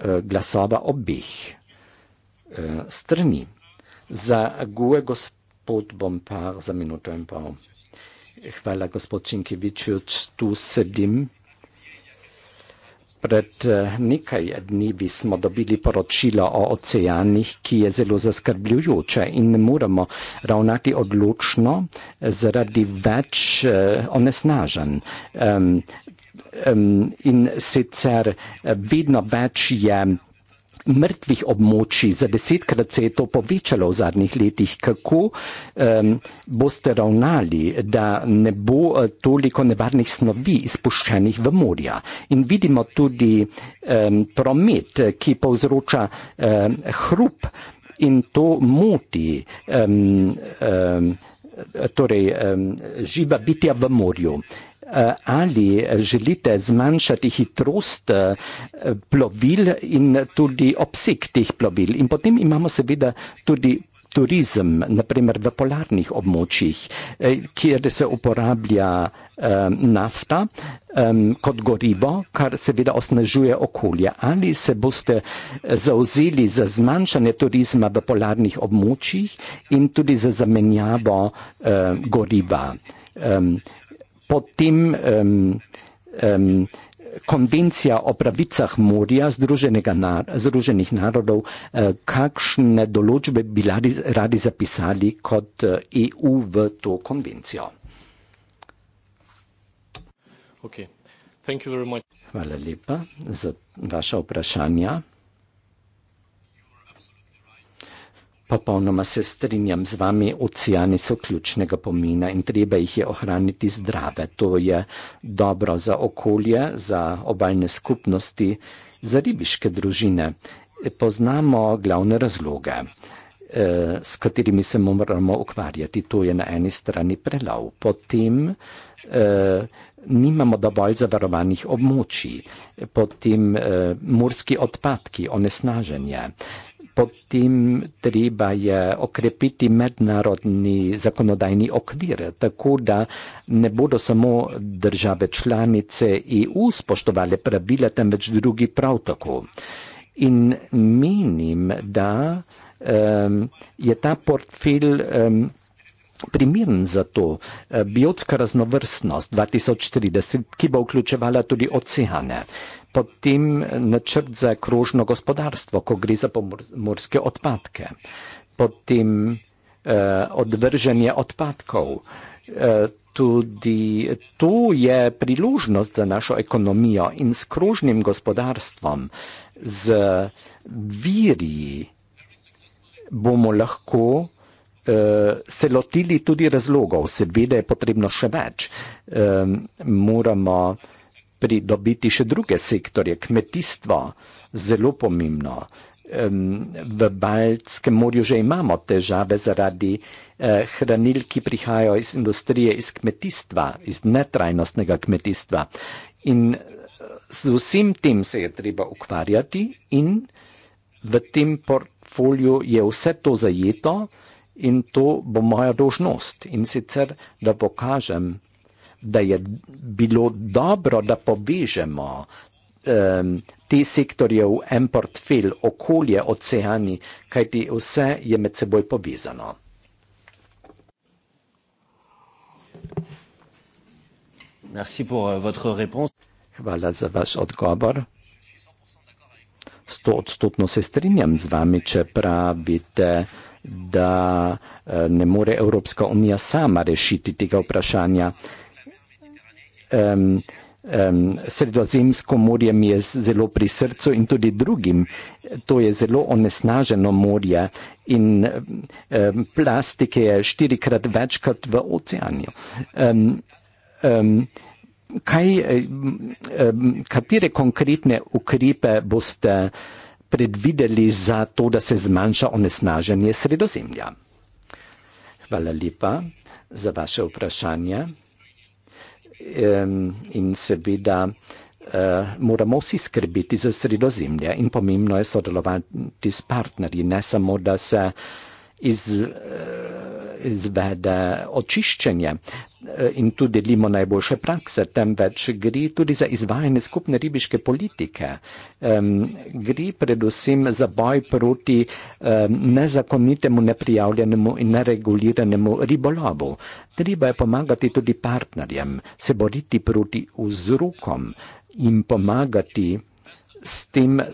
Eh, glasova obih eh, strani. Zagoje gospod bom par za minuto in pol. Hvala gospod Činkeviču, tu sedim. Pred eh, nekaj dnevi smo dobili poročilo o oceanih, ki je zelo zaskrbljujoče in ne moremo ravnati odločno zaradi več onesnažen in sicer eh, vedno več je mrtvih območij, za desetkrat se je to povečalo v zadnjih letih. Kako um, boste ravnali, da ne bo eh, toliko nevarnih snovi izpuščenih v morja? In vidimo tudi um, promet, ki povzroča um, hrup in to moti. Um, um, Torej, živa bitja v morju. Eh, ali eh, želite zmanjšati hitrost eh, plovil in tudi obseg teh plovil. In potem imamo seveda tudi turizem, naprimer v polarnih območjih, kjer se uporablja nafta kot gorivo, kar seveda osnažuje okolje. Ali se boste zauzeli za zmanjšanje turizma v polarnih območjih in tudi za zamenjavo goriva? potem um, um, konvencija o pravicah morja nar Združenih narodov, uh, kakšne določbe bi radi, radi zapisali kot EU e v to konvencijo. Okay. Hvala lepa za vaše vprašanje. Popolnoma se strinjam z vami, oceani so ključnega pomena in treba jih je ohraniti zdrave. To je dobro za okolje, za obaljne skupnosti, za ribiške družine. Poznamo glavne razloge, eh, s katerimi se moramo ukvarjati. To je na eni strani prelov, potem eh, nimamo dovolj zavarovanih območij, potem eh, morski odpadki, onesnaženje potem treba je okrepiti mednarodni zakonodajni okvir, tako da ne bodo samo države članice EU spoštovali pravila, temveč drugi prav tako. In menim, da um, je ta portfelj um, primern za to. Biotska raznovrstnost 2030, ki bo vključevala tudi oceane. Uh, potem načrt za krožno gospodarstvo, ko gre za pomorske odpadke, potem eh, odvrženje odpadkov. Eh, Tudi to je priložnost za našo ekonomijo in s krožnim gospodarstvom, z viri bomo lahko uh, se lotili tudi razlogov. Seveda je potrebno še več. Uh, moramo uh, pridobiti še druge sektorje, kmetijstvo, zelo pomembno. V Baltskem morju že imamo težave zaradi eh, hranil, ki prihajajo iz industrije, iz kmetijstva, iz netrajnostnega kmetijstva. In z vsem tem se je treba ukvarjati in v tem portfolju je vse to zajeto in to bo moja dožnost. In sicer, da pokažem, da je bilo dobro, da povežemo um, te sektorje v en portfelj, okolje, oceani, kajti vse je med seboj povezano. Euh, Hvala za vaš odgovor. Sto odstotno se strinjam z vami, če pravite, da eh, ne more Evropska unija sama rešiti tega vprašanja um, um, sredozemsko morje mi je zelo pri srcu in tudi drugim. To je zelo onesnaženo morje in um, plastike je štirikrat večkrat v oceanju. Um, um, kaj, um, katere konkretne ukrepe boste predvideli za to, da se zmanjša onesnaženje sredozemlja? Hvala lepa za vaše vprašanje um, in seveda uh, moramo vsi skrbeti za sredozemlje in pomembno je sodelovati s partnerji, ne samo da se iz. Uh, izvede očiščenje eh, in tu delimo najboljše prakse, temveč gre tudi za izvajanje skupne ribiške politike. Um, gre predvsem za boj proti um, nezakonitemu, neprijavljenemu in nereguliranemu ribolovu. Treba je pomagati tudi partnerjem, se boriti proti vzrokom in pomagati s tem eh,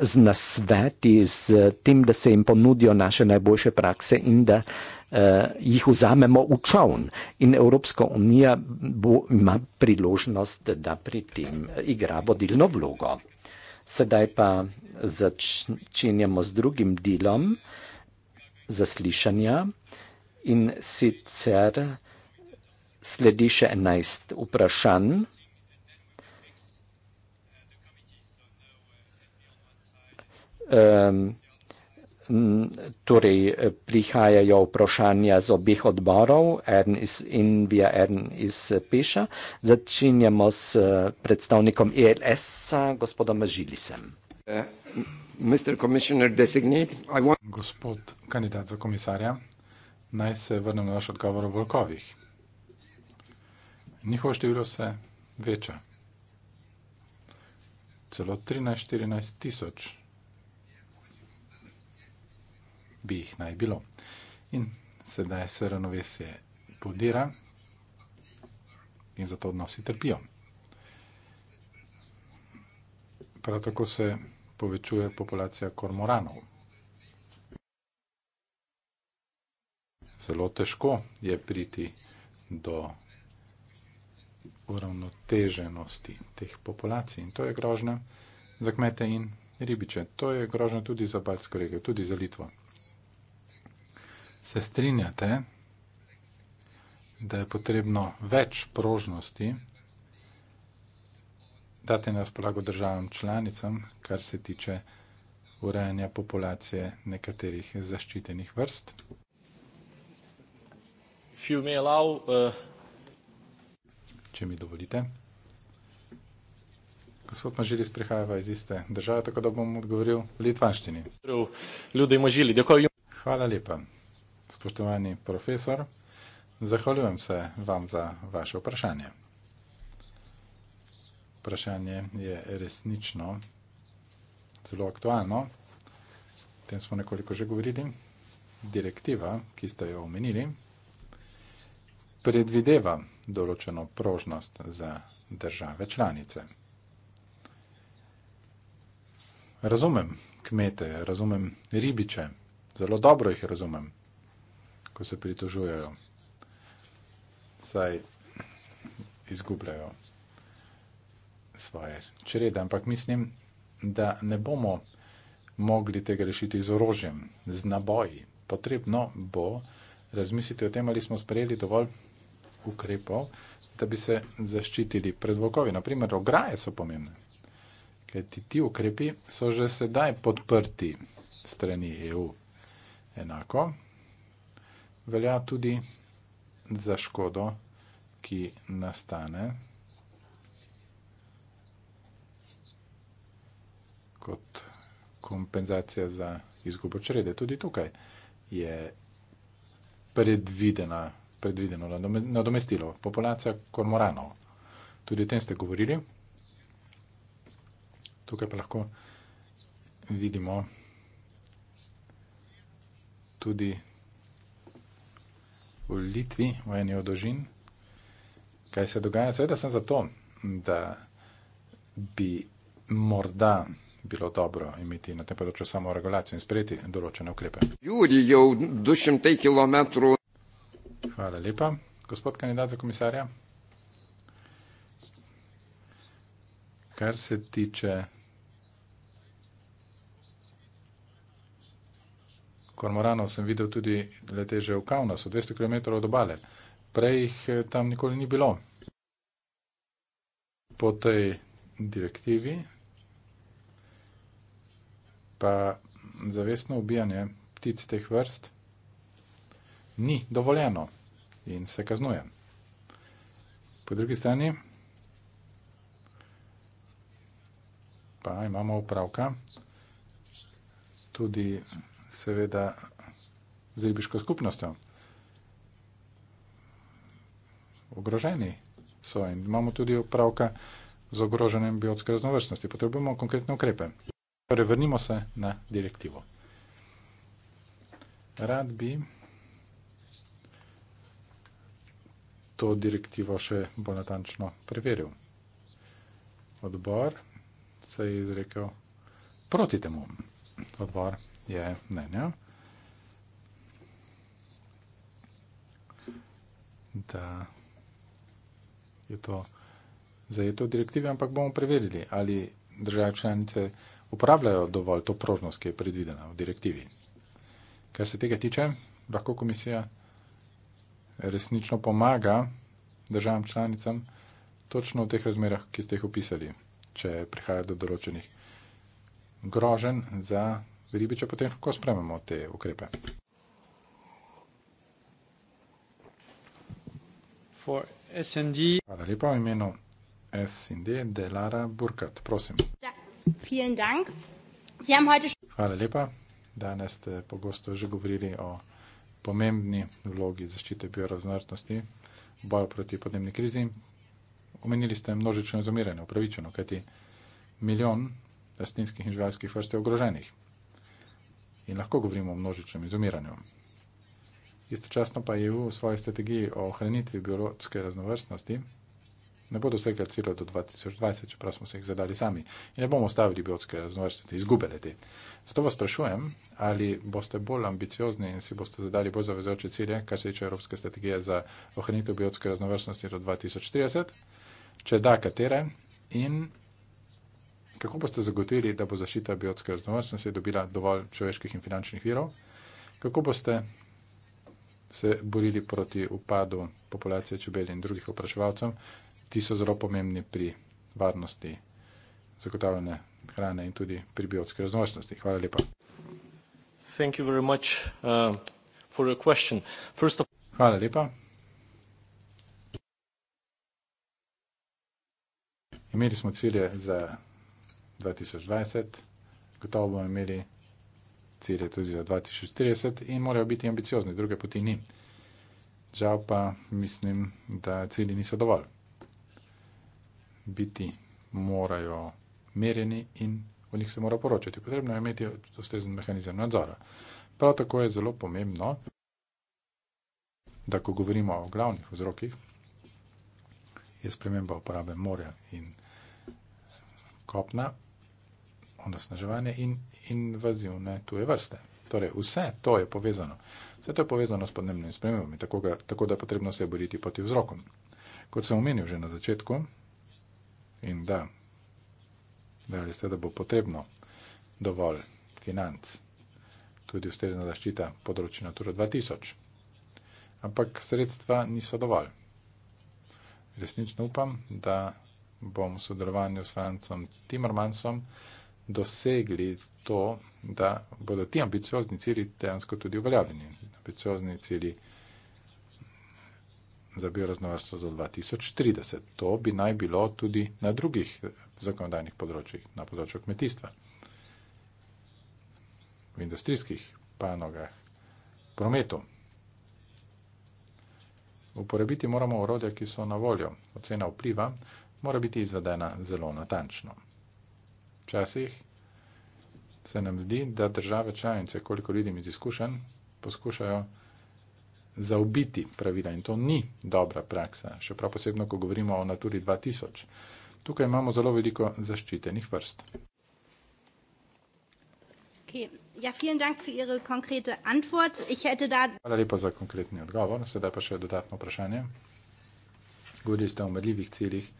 z nasveti, s tem, da se jim ponudijo naše najboljše prakse in da uh, jih vzamemo v čovn. In Evropska unija bo, ima priložnost, da pri tem eh, igra vodilno vlogo. Sedaj pa začenjamo z drugim delom zaslišanja in sicer sledi še 11 vprašanj. torej prihajajo vprašanja z obih odborov, en iz Indije, en iz Peša. Začenjamo s eh, predstavnikom ELS-a, gospodom Žilisem. Eh, Gospod kandidat za komisarja, naj se vrnem na vaš odgovor o volkovih. Njihovo število se veča. Celo 13-14 tisoč bi jih naj bilo. In sedaj se ravnovesje podira in zato odnosi trpijo. Prav tako se povečuje populacija kormoranov. Zelo težko je priti do uravnoteženosti teh populacij in to je grožnja za kmete in ribiče. To je grožnja tudi za Baljsko regijo, tudi za Litvo se strinjate, da je potrebno več prožnosti dati na spolago državam članicam, kar se tiče urejanja populacije nekaterih zaščitenih vrst. Uh, Če mi dovolite. Gospod Mažiris prihajava iz iste države, tako da bom odgovoril v litvanščini. Hvala lepa spoštovani profesor. Zahvaljujem se vam za vaše vprašanje. Vprašanje je resnično zelo aktualno. O tem smo nekoliko že govorili. Direktiva, ki ste jo omenili, predvideva določeno prožnost za države članice. Razumem kmete, razumem ribiče, zelo dobro jih razumem ko se pritožujejo, saj izgubljajo svoje črede. Ampak mislim, da ne bomo mogli tega rešiti z orožjem, z naboji. Potrebno bo razmisliti o tem, ali smo sprejeli dovolj ukrepov, da bi se zaščitili pred vokovi. Naprimer, ograje so pomembne, ker ti, ti ukrepi so že sedaj podprti strani EU. Enako, velja tudi za škodo, ki nastane kot kompenzacija za izgubo črede. Tudi tukaj je predvidena, predvideno nadomestilo populacija kormoranov. Tudi o tem ste govorili. Tukaj pa lahko vidimo tudi v Litvi, v eni od ožin. Kaj se dogaja? Seveda sem zato, da bi morda bilo dobro imeti na tem področju samo regulacijo in sprejeti določene ukrepe. Hvala lepa, gospod kandidat za komisarja. Kar se tiče kormoranov sem videl tudi leteže v Kavna, so 200 km od obale. Prej jih eh, tam nikoli ni bilo. Po tej direktivi pa zavestno ubijanje ptic teh vrst ni dovoljeno in se kaznuje. Po drugi strani pa imamo upravka tudi seveda z ribiško skupnostjo. Ogroženi so in imamo tudi upravka z ogroženjem biotske raznovrstnosti. Potrebujemo konkretne ukrepe. Torej, vrnimo se na direktivo. Rad bi to direktivo še bolj natančno preveril. Odbor se je izrekel proti temu. Odbor je mnenja, da je to zajeto v direktivi, ampak bomo preverili, ali države članice uporabljajo dovolj to prožnost, ki je predvidena v direktivi. Kar se tega tiče, lahko komisija resnično pomaga državam članicam točno v teh razmerah, ki ste jih opisali, če prihaja do določenih grožen za ribiče, potem kako sprememo te ukrepe? Hvala lepa v imenu SND Delara Burkat, prosim. Ja, Hvala lepa. Danes ste pogosto že govorili o pomembni vlogi zaščite bioraznartnosti, boju proti podnebni krizi. Omenili ste množično izumiranje, upravičeno, kajti milijon rastlinskih in živalskih vrst je ogroženih in lahko govorimo o množičnem izumiranju. Istočasno pa EU v svoji strategiji o ohranitvi biologske raznovrstnosti ne bo dosegla cilja do 2020, čeprav smo se jih zadali sami in ne bomo ustavili biologske raznovrstnosti, izgubili te. Zato vas sprašujem, ali boste bolj ambiciozni in si boste zadali bolj zavezujoče cilje, kar se tiče Evropske strategije za ohranitev biologske raznovrstnosti do 2030, če da, katere in Kako pa ste zagotovili, da bo zaščita biotske raznovrstnosti dobila dovolj človeških in finančnih virov? Kako boste se borili proti upadu populacije čebel in drugih opraševalcev? Ti so zelo pomembni pri varnosti zagotavljanja hrane in tudi pri biotske raznovrstnosti. Hvala lepa. Much, uh, of... Hvala lepa. Imeli smo cilje za. 2020, gotovo bomo imeli cilje tudi za 2030 in morajo biti ambiciozni, druge poti ni. Žal pa mislim, da cilji niso dovolj. Biti morajo merjeni in o njih se mora poročati. Potrebno je imeti ustrezen mehanizem nadzora. Prav tako je zelo pomembno, da ko govorimo o glavnih vzrokih, je sprememba uporabe morja in kopna, onosnaževanje in invazivne tuje vrste. Torej, vse to je povezano. Vse to je povezano s podnebnimi spremembami, tako, tako da je potrebno se boriti proti vzrokom. Kot sem omenil že na začetku, in da, da, ste, da bo potrebno dovolj financ, tudi ustrezna zaščita področja Natura 2000. Ampak sredstva niso dovolj. Resnično upam, da bom v sodelovanju s Francom Timmermansom dosegli to, da bodo ti ambiciozni cilji dejansko tudi uveljavljeni. Ambiciozni cilji za bioraznovarstvo do 2030. To bi naj bilo tudi na drugih zakonodajnih področjih, na področju kmetijstva, v industrijskih panogah, prometu. Uporabiti moramo orodja, ki so na voljo. Ocena vpliva mora biti izvedena zelo natančno. Včasih se nam zdi, da države članice, koliko vidim iz izkušenj, poskušajo zaobiti pravila in to ni dobra praksa, še prav posebno, ko govorimo o Naturi 2000. Tukaj imamo zelo veliko zaščitenih vrst. Ja, Hvala lepa za konkretni odgovor, sedaj pa še dodatno vprašanje. Govorili ste o merljivih ciljih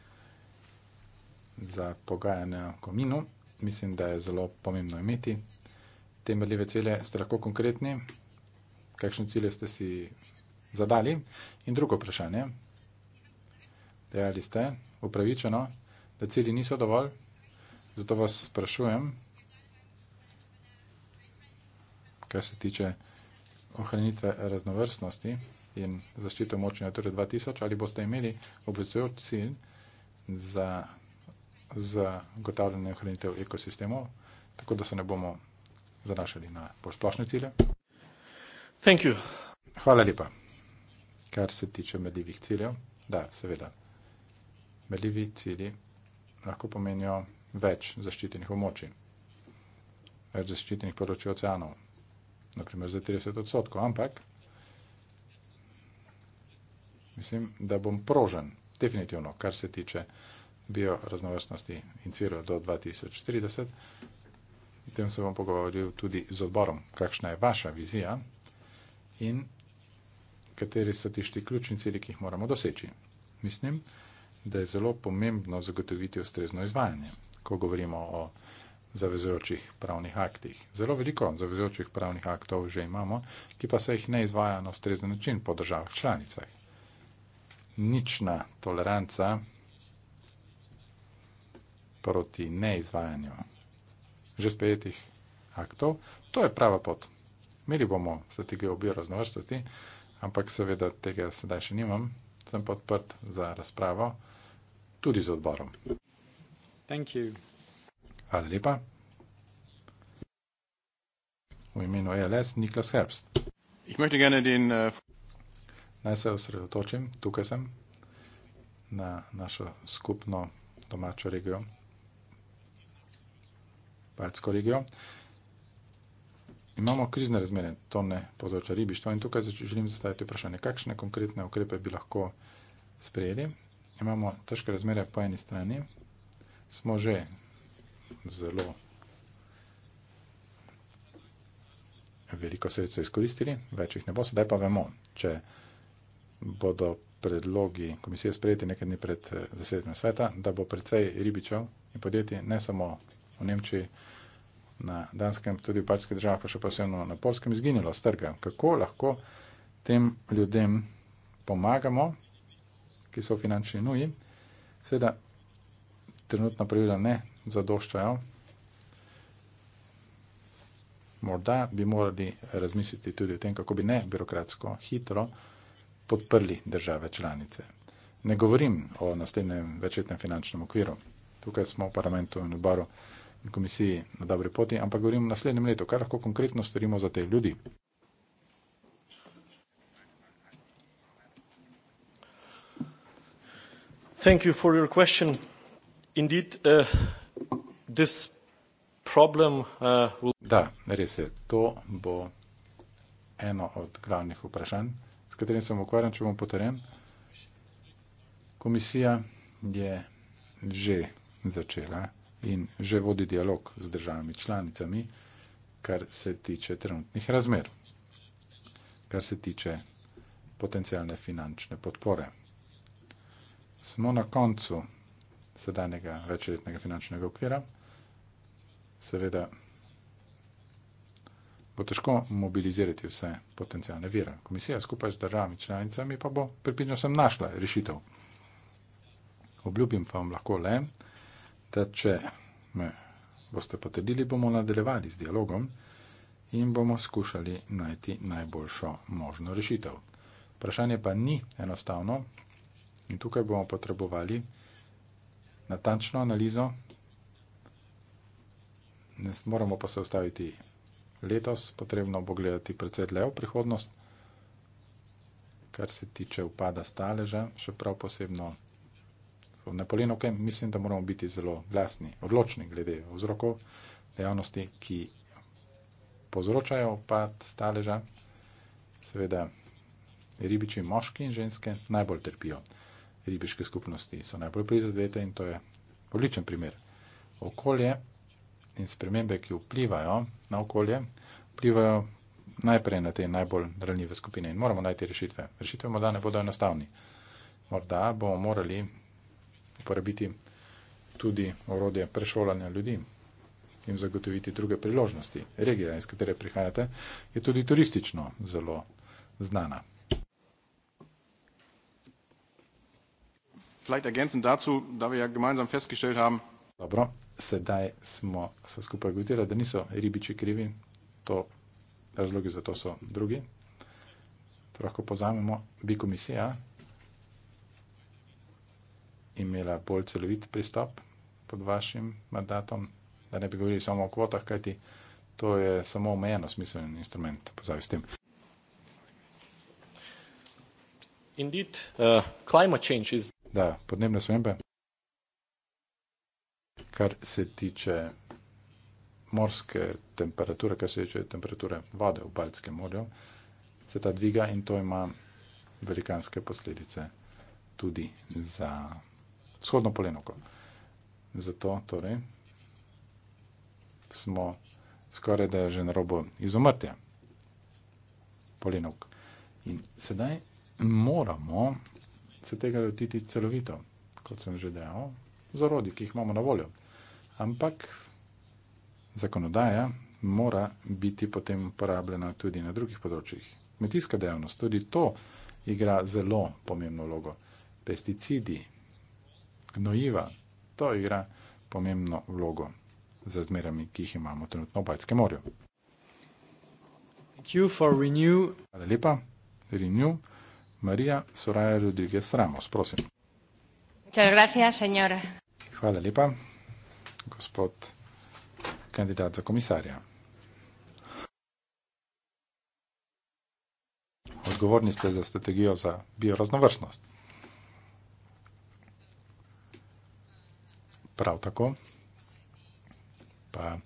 za pogajanje o kominu mislim, da je zelo pomembno imeti. Te merljive cele ste lahko konkretni, kakšne cilje ste si zadali. In drugo vprašanje, dejali ste upravičeno, da cilji niso dovolj, zato vas sprašujem, kar se tiče ohranitve raznovrstnosti in zaščito moči na torej 2000, ali boste imeli obvezujoč cilj za za gotavljanje ohranitev ekosistemov, tako da se ne bomo zanašali na posplošne cilje. Thank you. Hvala lepa. Kar se tiče medljivih ciljev, da, seveda, medljivi cilji lahko pomenijo več zaščitenih območij, več zaščitenih področji oceanov, naprimer za 30 odsotkov, ampak mislim, da bom prožen, definitivno, kar se tiče medljivih ciljev, bioraznovrstnosti in cilju do 2030. O tem se bom pogovoril tudi z odborom, kakšna je vaša vizija in kateri so tišti ključni cilji, ki jih moramo doseči. Mislim, da je zelo pomembno zagotoviti ustrezno izvajanje, ko govorimo o zavezujočih pravnih aktih. Zelo veliko zavezujočih pravnih aktov že imamo, ki pa se jih ne izvaja na ustrezen način po državah članicah. Nična toleranca proti neizvajanju že sprejetih aktov. To je prava pot. Imeli bomo strategijo obi raznovrstnosti, ampak seveda tega sedaj še nimam. Sem podprt za razpravo tudi z odborom. Thank you. Hvala lepa. V imenu ELS Niklas Herbst. Ich möchte gerne den, uh... Naj se osredotočim, tukaj sem, na našo skupno domačo regijo. Baltsko regijo. Imamo krizne razmere, to ne povzroča ribištvo in tukaj želim zastaviti vprašanje, kakšne konkretne ukrepe bi lahko sprejeli. Imamo težke razmere po eni strani, smo že zelo veliko sredstva izkoristili, več jih ne bo, sedaj pa vemo, če bodo predlogi komisije sprejeti nekaj dni pred eh, zasedbenem sveta, da bo predvsej ribičev in podjetij ne samo v Nemčiji, na Danskem, tudi v parčkih državah, pa še posebno na Polskem, izginilo s trga. Kako lahko tem ljudem pomagamo, ki so v finančni nuji? Seveda, trenutna pravila ne zadoščajo. Morda bi morali razmisliti tudi o tem, kako bi ne birokratsko hitro podprli države članice. Ne govorim o naslednjem večletnem finančnem okviru. Tukaj smo v parlamentu in odboru in komisiji na dobri poti, ampak govorim o naslednjem letu, kaj lahko konkretno storimo za te ljudi. Thank you for your question. Indeed, uh, this problem uh, will. Da, res je, to bo eno od glavnih vprašanj, s katerim sem ukvarjan, če bom potrjen. Komisija je že začela in že vodi dialog z državami članicami, kar se tiče trenutnih razmer, kar se tiče potencijalne finančne podpore. Smo na koncu sedanjega večletnega finančnega okvira. Seveda bo težko mobilizirati vse potencijalne vire. Komisija skupaj z državami članicami pa bo pripričano sem našla rešitev. Obljubim vam lahko le, da da če me boste potrdili, bomo nadaljevali z dialogom in bomo skušali najti najboljšo možno rešitev. Vprašanje pa ni enostavno in tukaj bomo potrebovali natančno analizo. Ne moramo pa se ustaviti letos, potrebno bo gledati predvsej dlje v prihodnost, kar se tiče upada staleža, še prav posebno na polenovke, mislim, da moramo biti zelo glasni, odločni glede vzrokov dejavnosti, ki povzročajo pad staleža. Seveda, ribiči, moški in ženske najbolj trpijo. Ribiške skupnosti so najbolj prizadete in to je odličen primer. Okolje in spremembe, ki vplivajo na okolje, vplivajo najprej na te najbolj ranljive skupine in moramo najti rešitve. Rešitve morda ne bodo enostavni. Morda bomo morali uporabiti tudi orodje prešolanja ljudi in zagotoviti druge priložnosti. Regija, iz katere prihajate, je tudi turistično zelo znana. Ja Dobro, sedaj smo se skupaj ugotovili, da niso ribiči krivi, to razlogi za to so drugi. Lahko pozamemo, bi komisija imela bolj celovit pristop pod vašim mandatom, da ne bi govorili samo o kvotah, kajti to je samo omejeno smiselni instrument, pozavi s tem. Indeed, uh, is... Da, podnebne spremembe, kar se tiče morske temperature, kar se tiče temperature vode v Baltskem morju, se ta dviga in to ima velikanske posledice tudi za vzhodno polenovko. Zato torej, smo skoraj da že na robu izumrtja polenovk. In sedaj moramo se tega lotiti celovito, kot sem že dejal, z orodji, ki jih imamo na voljo. Ampak zakonodaja mora biti potem uporabljena tudi na drugih področjih. Kmetijska dejavnost, tudi to igra zelo pomembno vlogo. Pesticidi, gnojiva, to igra pomembno vlogo za zmerami, ki jih imamo trenutno v Baljskem morju. Hvala lepa, Renew. Marija Soraya Rodriguez Ramos, prosim. Gracias, Hvala lepa, gospod kandidat za komisarja. Odgovorni ste za strategijo za bioraznovrstnost. Prav tako. Pa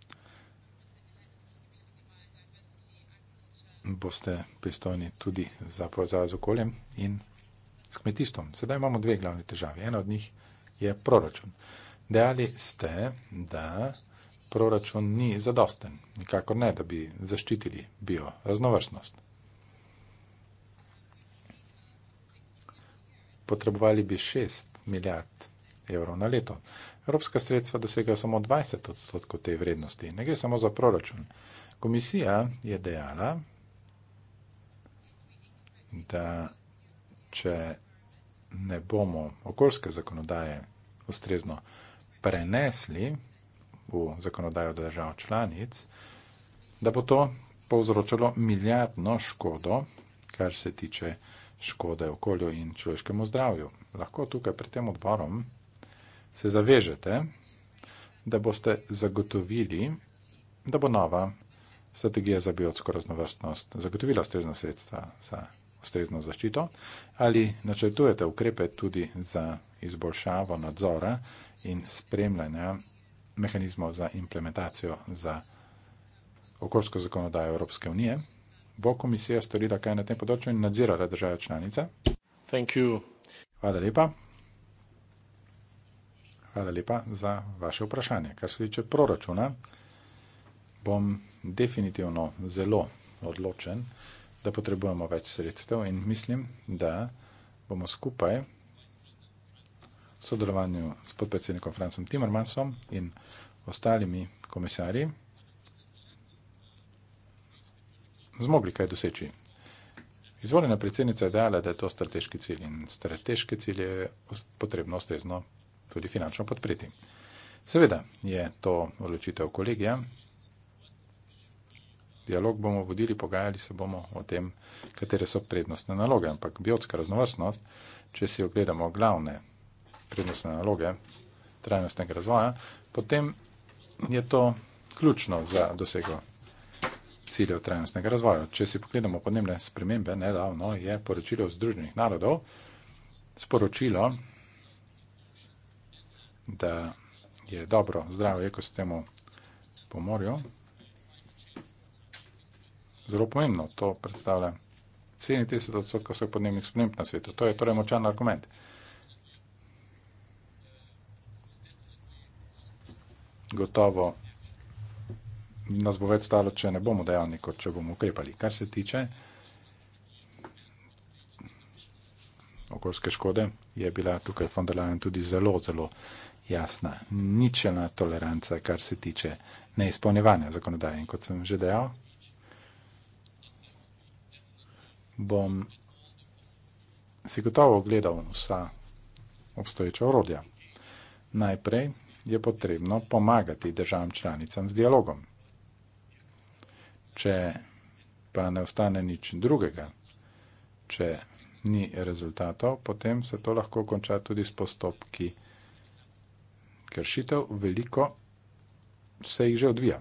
boste pristojni tudi za povezave z okoljem in s kmetijstvom. Sedaj imamo dve glavne težave. Ena od njih je proračun. Dejali ste, da proračun ni zadosten, nikakor ne, da bi zaščitili bioraznovrstnost. Potrebovali bi 6 milijard evrov na leto. Evropska sredstva dosegajo samo 20 odstotkov te vrednosti, ne gre samo za proračun. Komisija je dejala, da če ne bomo okoljske zakonodaje ustrezno prenesli v zakonodajo držav članic, da bo to povzročalo milijardno škodo, kar se tiče škode okolju in človeškemu zdravju. Lahko tukaj pred tem odborom se zavežete, da boste zagotovili, da bo nova strategija za biotsko raznovrstnost zagotovila ustrezna sredstva za ustrezno zaščito, ali načrtujete ukrepe tudi za izboljšavo nadzora in spremljanja mehanizmov za implementacijo za okoljsko zakonodajo Evropske unije. Bo komisija storila kaj na tem področju in nadzirala države članice? Thank you. Hvala lepa hvala lepa za vaše vprašanje. Kar se tiče proračuna, bom definitivno zelo odločen, da potrebujemo več sredstev in mislim, da bomo skupaj v sodelovanju s podpredsednikom Francom Timmermansom in ostalimi komisarji zmogli kaj doseči. Izvoljena predsednica je dejala, da je to strateški cilj in strateške cilje je potrebno ustrezno tudi finančno podpreti. Seveda je to odločitev kolegija. Dialog bomo vodili, pogajali se bomo o tem, katere so prednostne naloge, ampak biotska raznovrstnost, če si ogledamo glavne prednostne naloge trajnostnega razvoja, potem je to ključno za dosego ciljev trajnostnega razvoja. Če si pogledamo podnebne spremembe, nedavno je poročilo Združenih narodov sporočilo, da je dobro, zdravo ekosistemu po morju. Zelo pomembno to predstavlja 37 odstotkov vseh podnebnih sprememb na svetu. To je torej močan argument. Gotovo nas bo več stalo, če ne bomo dejavni, kot če bomo ukrepali. Kar se tiče okoljske škode, je bila tukaj von der Leyen tudi zelo, zelo jasna, ničena toleranca, kar se tiče neizpolnjevanja zakonodaje. In kot sem že dejal, bom si gotovo ogledal vsa obstoječa orodja. Najprej je potrebno pomagati državam članicam z dialogom. Če pa ne ostane nič drugega, če ni rezultatov, potem se to lahko konča tudi s postopki kršitev veliko, se jih že odvija.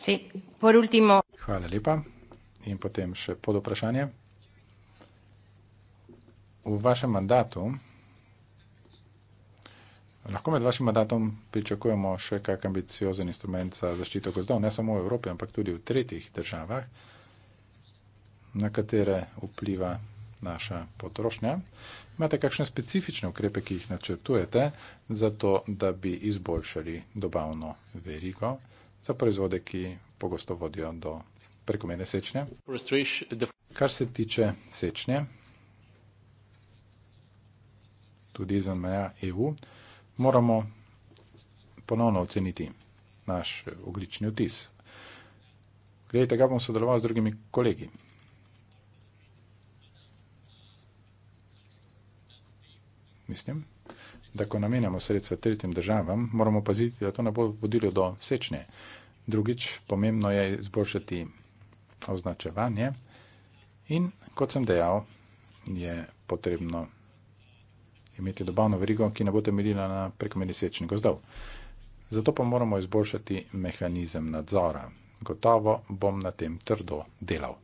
Si, por último. Hvala lepa. In potem še pod vprašanje. V vašem mandatu, lahko med vašim mandatom pričakujemo še kak ambiciozen instrument za zaščito gozdov, ne samo v Evropi, ampak tudi v tretjih državah, na katere vpliva naša potrošnja. Imate kakšne specifične ukrepe, ki jih načrtujete, zato da bi izboljšali dobavno verigo za proizvode, ki pogosto vodijo do prekomene sečnje? Kar se tiče sečnje, tudi za meja EU, moramo ponovno oceniti naš oglični vtis. Glede tega bom sodeloval z drugimi kolegi. mislim, da ko namenjamo sredstva tretjim državam, moramo paziti, da to ne bo vodilo do sečne. Drugič, pomembno je izboljšati označevanje in, kot sem dejal, je potrebno imeti dobavno verigo, ki ne bo temeljila na prekomeni sečni gozdov. Zato pa moramo izboljšati mehanizem nadzora. Gotovo bom na tem trdo delal.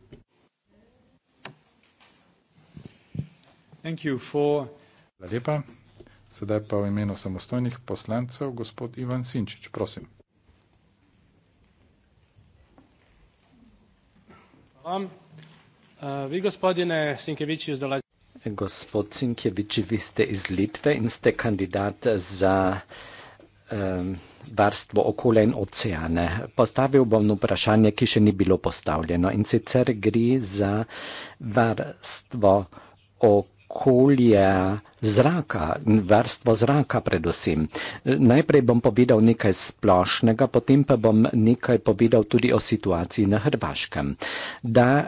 Thank you for Hvala lepa. Sedaj pa v imenu samostojnih poslancev gospod Ivan Sinčič, prosim. Hvala. Uh, vi, gospodine Sinkeviči, izdolaj. Gospod Sinkevič, vi ste iz Litve in ste kandidat za um, varstvo okolja in oceane. Postavil bom vprašanje, ki še ni bilo postavljeno in sicer gre za varstvo okolja okolje zraka, vrstvo zraka predvsem. Najprej bom povedal nekaj splošnega, potem pa bom nekaj povedal tudi o situaciji na Hrvaškem. Da,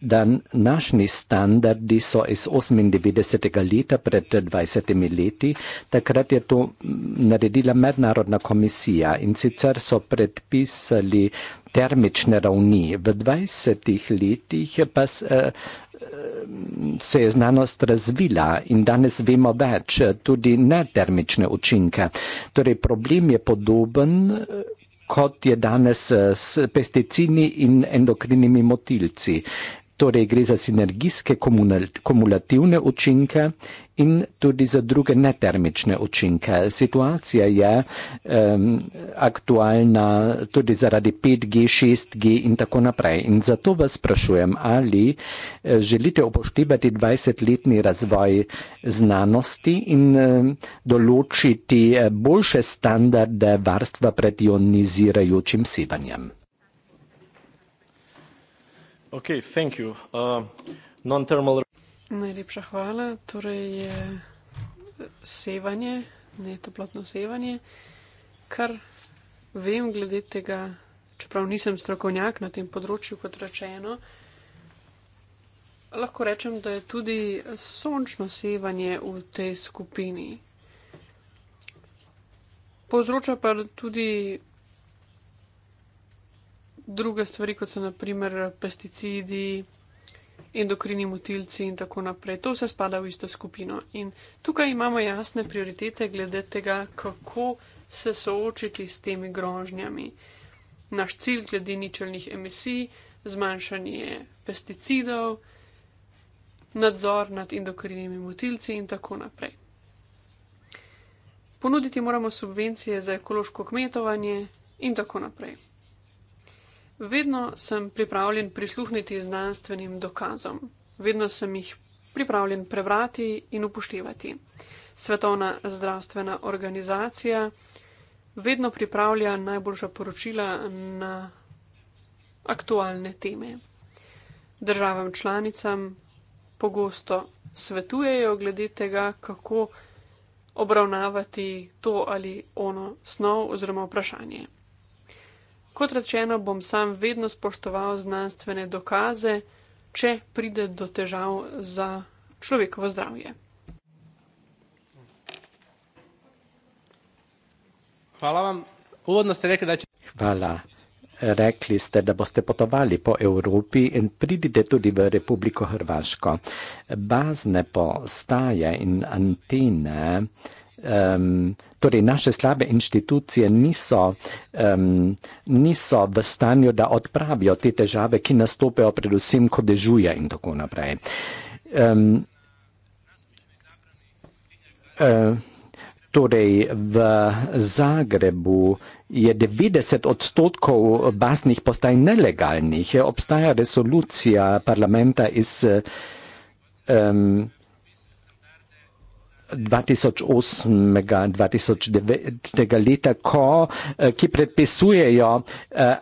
da našni standardi so iz 98. leta pred 20 leti, takrat je to naredila mednarodna komisija in sicer so predpisali termične ravni. V 20 letih pa eh, se je znanost razvila in danes vemo več, tudi netermične učinke. Torej, problem je podoben, kot je danes s pesticidi in endokrinimi motilci torej gre za sinergijske kumulativne učinke in tudi za druge netermične učinke. Situacija je um, aktualna tudi zaradi 5G, 6G in tako naprej. In zato vas sprašujem, ali eh, želite upoštevati 20-letni razvoj znanosti in um, določiti eh, boljše standarde varstva pred ionizirajočim sevanjem. Ok, thank you. Uh, non-thermal. Najlepša hvala. Torej, sevanje, netoplotno sevanje, kar vem glede tega, čeprav nisem strokovnjak na tem področju, kot rečeno, lahko rečem, da je tudi sončno sevanje v tej skupini. Povzroča pa tudi druge stvari, kot so naprimer pesticidi, endokrini motilci in tako naprej. To vse spada v isto skupino. In tukaj imamo jasne prioritete glede tega, kako se soočiti s temi grožnjami. Naš cilj glede ničelnih emisij, zmanjšanje pesticidov, nadzor nad endokrinimi motilci in tako naprej. Ponuditi moramo subvencije za ekološko kmetovanje in tako naprej. Vedno sem pripravljen prisluhniti znanstvenim dokazom, vedno sem jih pripravljen prebrati in upoštevati. Svetovna zdravstvena organizacija vedno pripravlja najboljša poročila na aktualne teme. Državam članicam pogosto svetujejo glede tega, kako obravnavati to ali ono snov oziroma vprašanje. Kot rečeno, bom sam vedno spoštoval znanstvene dokaze, če pride do težav za človekovo zdravje. Hvala vam. Uvodno ste rekli, da če. Hvala. Rekli ste, da boste potovali po Evropi in pridite tudi v Republiko Hrvaško. Bazne postaje in antene um, torej naše slabe inštitucije niso, um, niso v stanju, da odpravijo te težave, ki nastopejo predvsem, ko dežuje in tako naprej. Um, uh, Torej, v Zagrebu je 90 odstotkov basnih postaj nelegalnih. Obstaja resolucija parlamenta iz um, 2008-2009 leta, ko, eh, ki predpisujejo eh,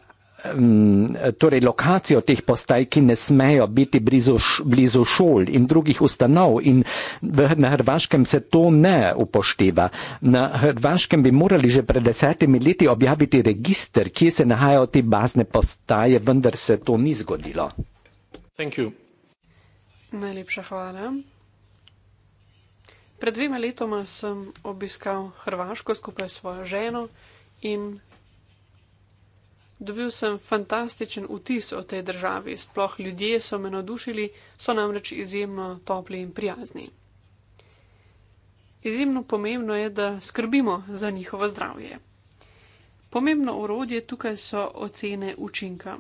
torej lokacijo teh postaj, ki ne smejo biti blizu, blizu šol in drugih ustanov in v, na Hrvaškem se to ne upošteva. Na Hrvaškem bi morali že pred desetimi leti objaviti register, kje se nahajajo te bazne postaje, vendar se to ni zgodilo. Najlepša hvala. Pred dvema letoma sem obiskal Hrvaško skupaj s svojo ženo in dobil sem fantastičen vtis o tej državi. Sploh ljudje so me navdušili, so namreč izjemno topli in prijazni. Izjemno pomembno je, da skrbimo za njihovo zdravje. Pomembno orodje tukaj so ocene učinka.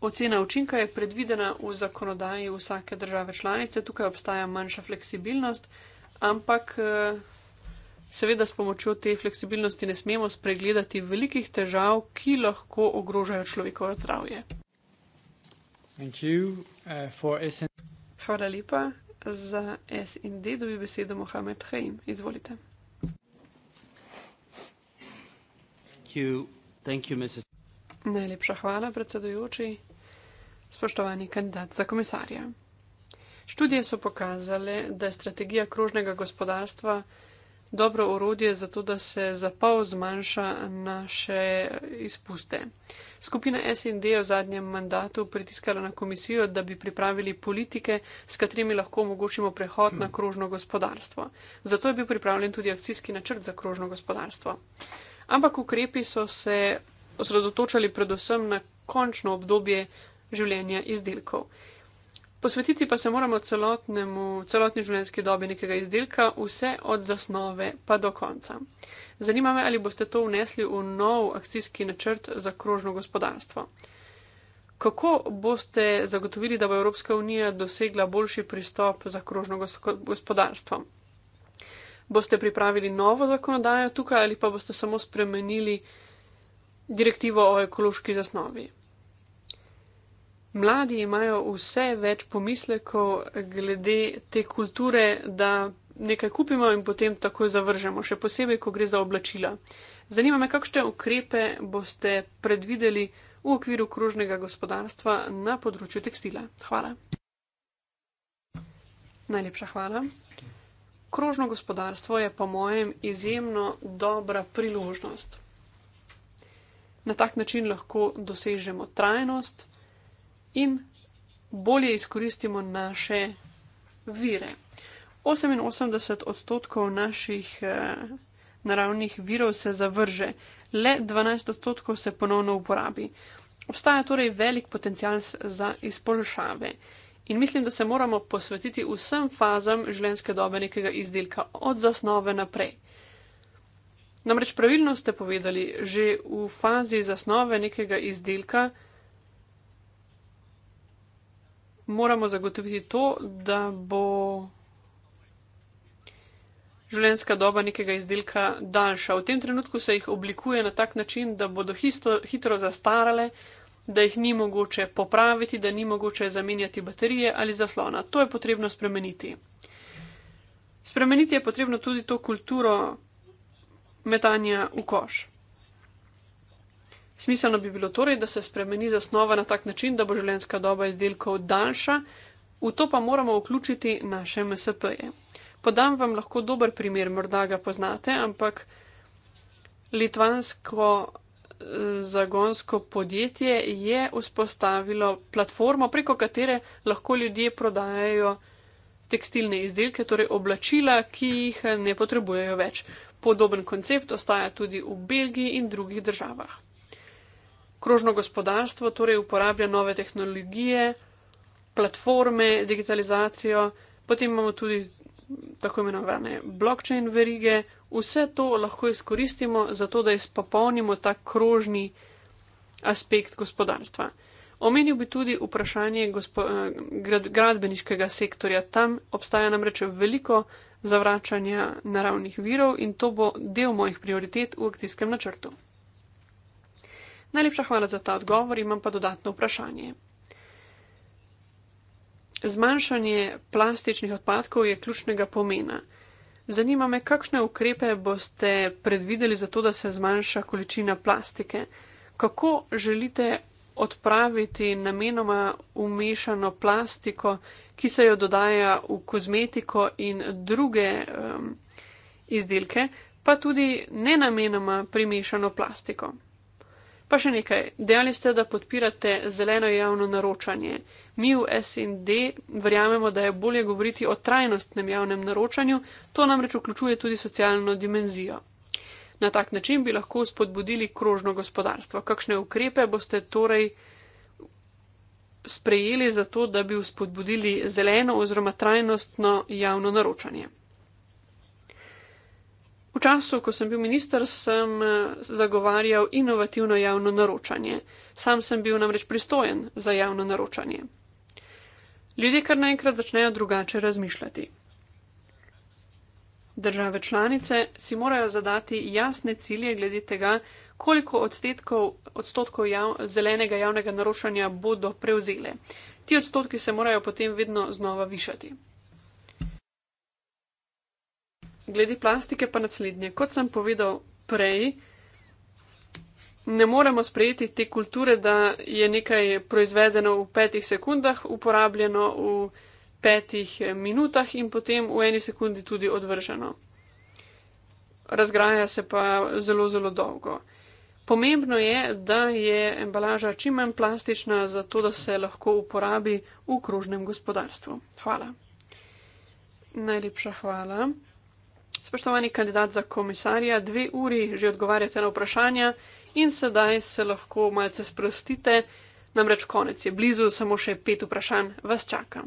Ocena učinka je predvidena v zakonodaji vsake države članice, tukaj obstaja manjša fleksibilnost, ampak eh, seveda s pomočjo te fleksibilnosti ne smemo spregledati velikih težav, ki lahko ogrožajo človekovo zdravje. Eh, hvala lepa za SND, dobi besedo Mohamed Haim. Izvolite. Thank you. Thank you, Najlepša hvala, predsedujoči. Spoštovani kandidat za komisarja. Študije so pokazale, da je strategija krožnega gospodarstva dobro orodje za to, da se za pol zmanjša naše izpuste. Skupina SND je v zadnjem mandatu pritiskala na komisijo, da bi pripravili politike, s katerimi lahko omogočimo prehod na krožno gospodarstvo. Zato je bil pripravljen tudi akcijski načrt za krožno gospodarstvo. Ampak ukrepi so se osredotočali predvsem na končno obdobje življenja izdelkov. Posvetiti pa se moramo celotnemu, celotni življenjski dobi nekega izdelka, vse od zasnove pa do konca. Zanima me, ali boste to vnesli v nov akcijski načrt za krožno gospodarstvo. Kako boste zagotovili, da bo Evropska unija dosegla boljši pristop za krožno gospodarstvo? Boste pripravili novo zakonodajo tukaj ali pa boste samo spremenili direktivo o ekološki zasnovi? Mladi imajo vse več pomislekov glede te kulture, da nekaj kupimo in potem takoj zavržemo, še posebej, ko gre za oblačila. Zanima me, kakšne ukrepe boste predvideli v okviru krožnega gospodarstva na področju tekstila. Hvala. Najlepša hvala. Krožno gospodarstvo je po mojem izjemno dobra priložnost. Na tak način lahko dosežemo trajnost, in bolje izkoristimo naše vire. 88 odstotkov naših eh, naravnih virov se zavrže, le 12 odstotkov se ponovno uporabi. Obstaja torej velik potencial za izboljšave. In mislim, da se moramo posvetiti vsem fazam življenjske dobe nekega izdelka, od zasnove naprej. Namreč pravilno ste povedali, že v fazi zasnove nekega izdelka moramo zagotoviti to, da bo življenjska doba nekega izdelka daljša. V tem trenutku se jih oblikuje na tak način, da bodo histo, hitro zastarale, da jih ni mogoče popraviti, da ni mogoče zamenjati baterije ali zaslona. To je potrebno spremeniti. Spremeniti je potrebno tudi to kulturo metanja v koš. Smiselno bi bilo torej, da se spremeni zasnova na tak način, da bo življenjska doba izdelkov daljša, v to pa moramo vključiti naše MSP-je. Podam vam lahko dober primer, morda ga poznate, ampak litvansko eh, zagonsko podjetje je vzpostavilo platformo, preko katere lahko ljudje prodajajo tekstilne izdelke, torej oblačila, ki jih ne potrebujejo več. Podoben koncept ostaja tudi v Belgiji in drugih državah krožno gospodarstvo, torej uporablja nove tehnologije, platforme, digitalizacijo, potem imamo tudi tako imenovane blockchain verige. Vse to lahko izkoristimo za to, da izpopolnimo ta krožni aspekt gospodarstva. Omenil bi tudi vprašanje eh, gradbeniškega sektorja. Tam obstaja namreč veliko zavračanja naravnih virov in to bo del mojih prioritet v akcijskem načrtu. Najlepša hvala za ta odgovor, imam pa dodatno vprašanje. Zmanjšanje plastičnih odpadkov je ključnega pomena. Zanima me, kakšne ukrepe boste predvideli za to, da se zmanjša količina plastike? Kako želite odpraviti namenoma umešano plastiko, ki se jo dodaja v kozmetiko in druge um, izdelke, pa tudi nenamenoma primešano plastiko? Pa še nekaj, dejali ste, da podpirate zeleno javno naročanje. Mi v SND verjamemo, da je bolje govoriti o trajnostnem javnem naročanju, to namreč vključuje tudi socialno dimenzijo. Na tak način bi lahko spodbudili krožno gospodarstvo. Kakšne ukrepe boste torej sprejeli za to, da bi spodbudili zeleno oziroma trajnostno javno naročanje? V času, ko sem bil minister, sem eh, zagovarjal inovativno javno naročanje. Sam sem bil namreč pristojen za javno naročanje. Ljudje kar naenkrat začnejo drugače razmišljati. Države članice si morajo zadati jasne cilje glede tega, koliko odstotkov jav, zelenega javnega naročanja bodo prevzele. Ti odstotki se morajo potem vedno znova višati glede plastike pa naslednje. Kot sem povedal prej, ne moremo sprejeti te kulture, da je nekaj proizvedeno v petih sekundah, uporabljeno v petih eh, minutah in potem v eni sekundi tudi odvrženo. Razgraja se pa zelo, zelo dolgo. Pomembno je, da je embalaža čim manj plastična, zato da se lahko uporabi v kružnem gospodarstvu. Hvala. Najlepša hvala. Spoštovani kandidat za komisarja, dve uri že odgovarjate na vprašanja in sedaj se lahko malce sprostite, namreč konec je blizu, samo še pet vprašanj vas čaka.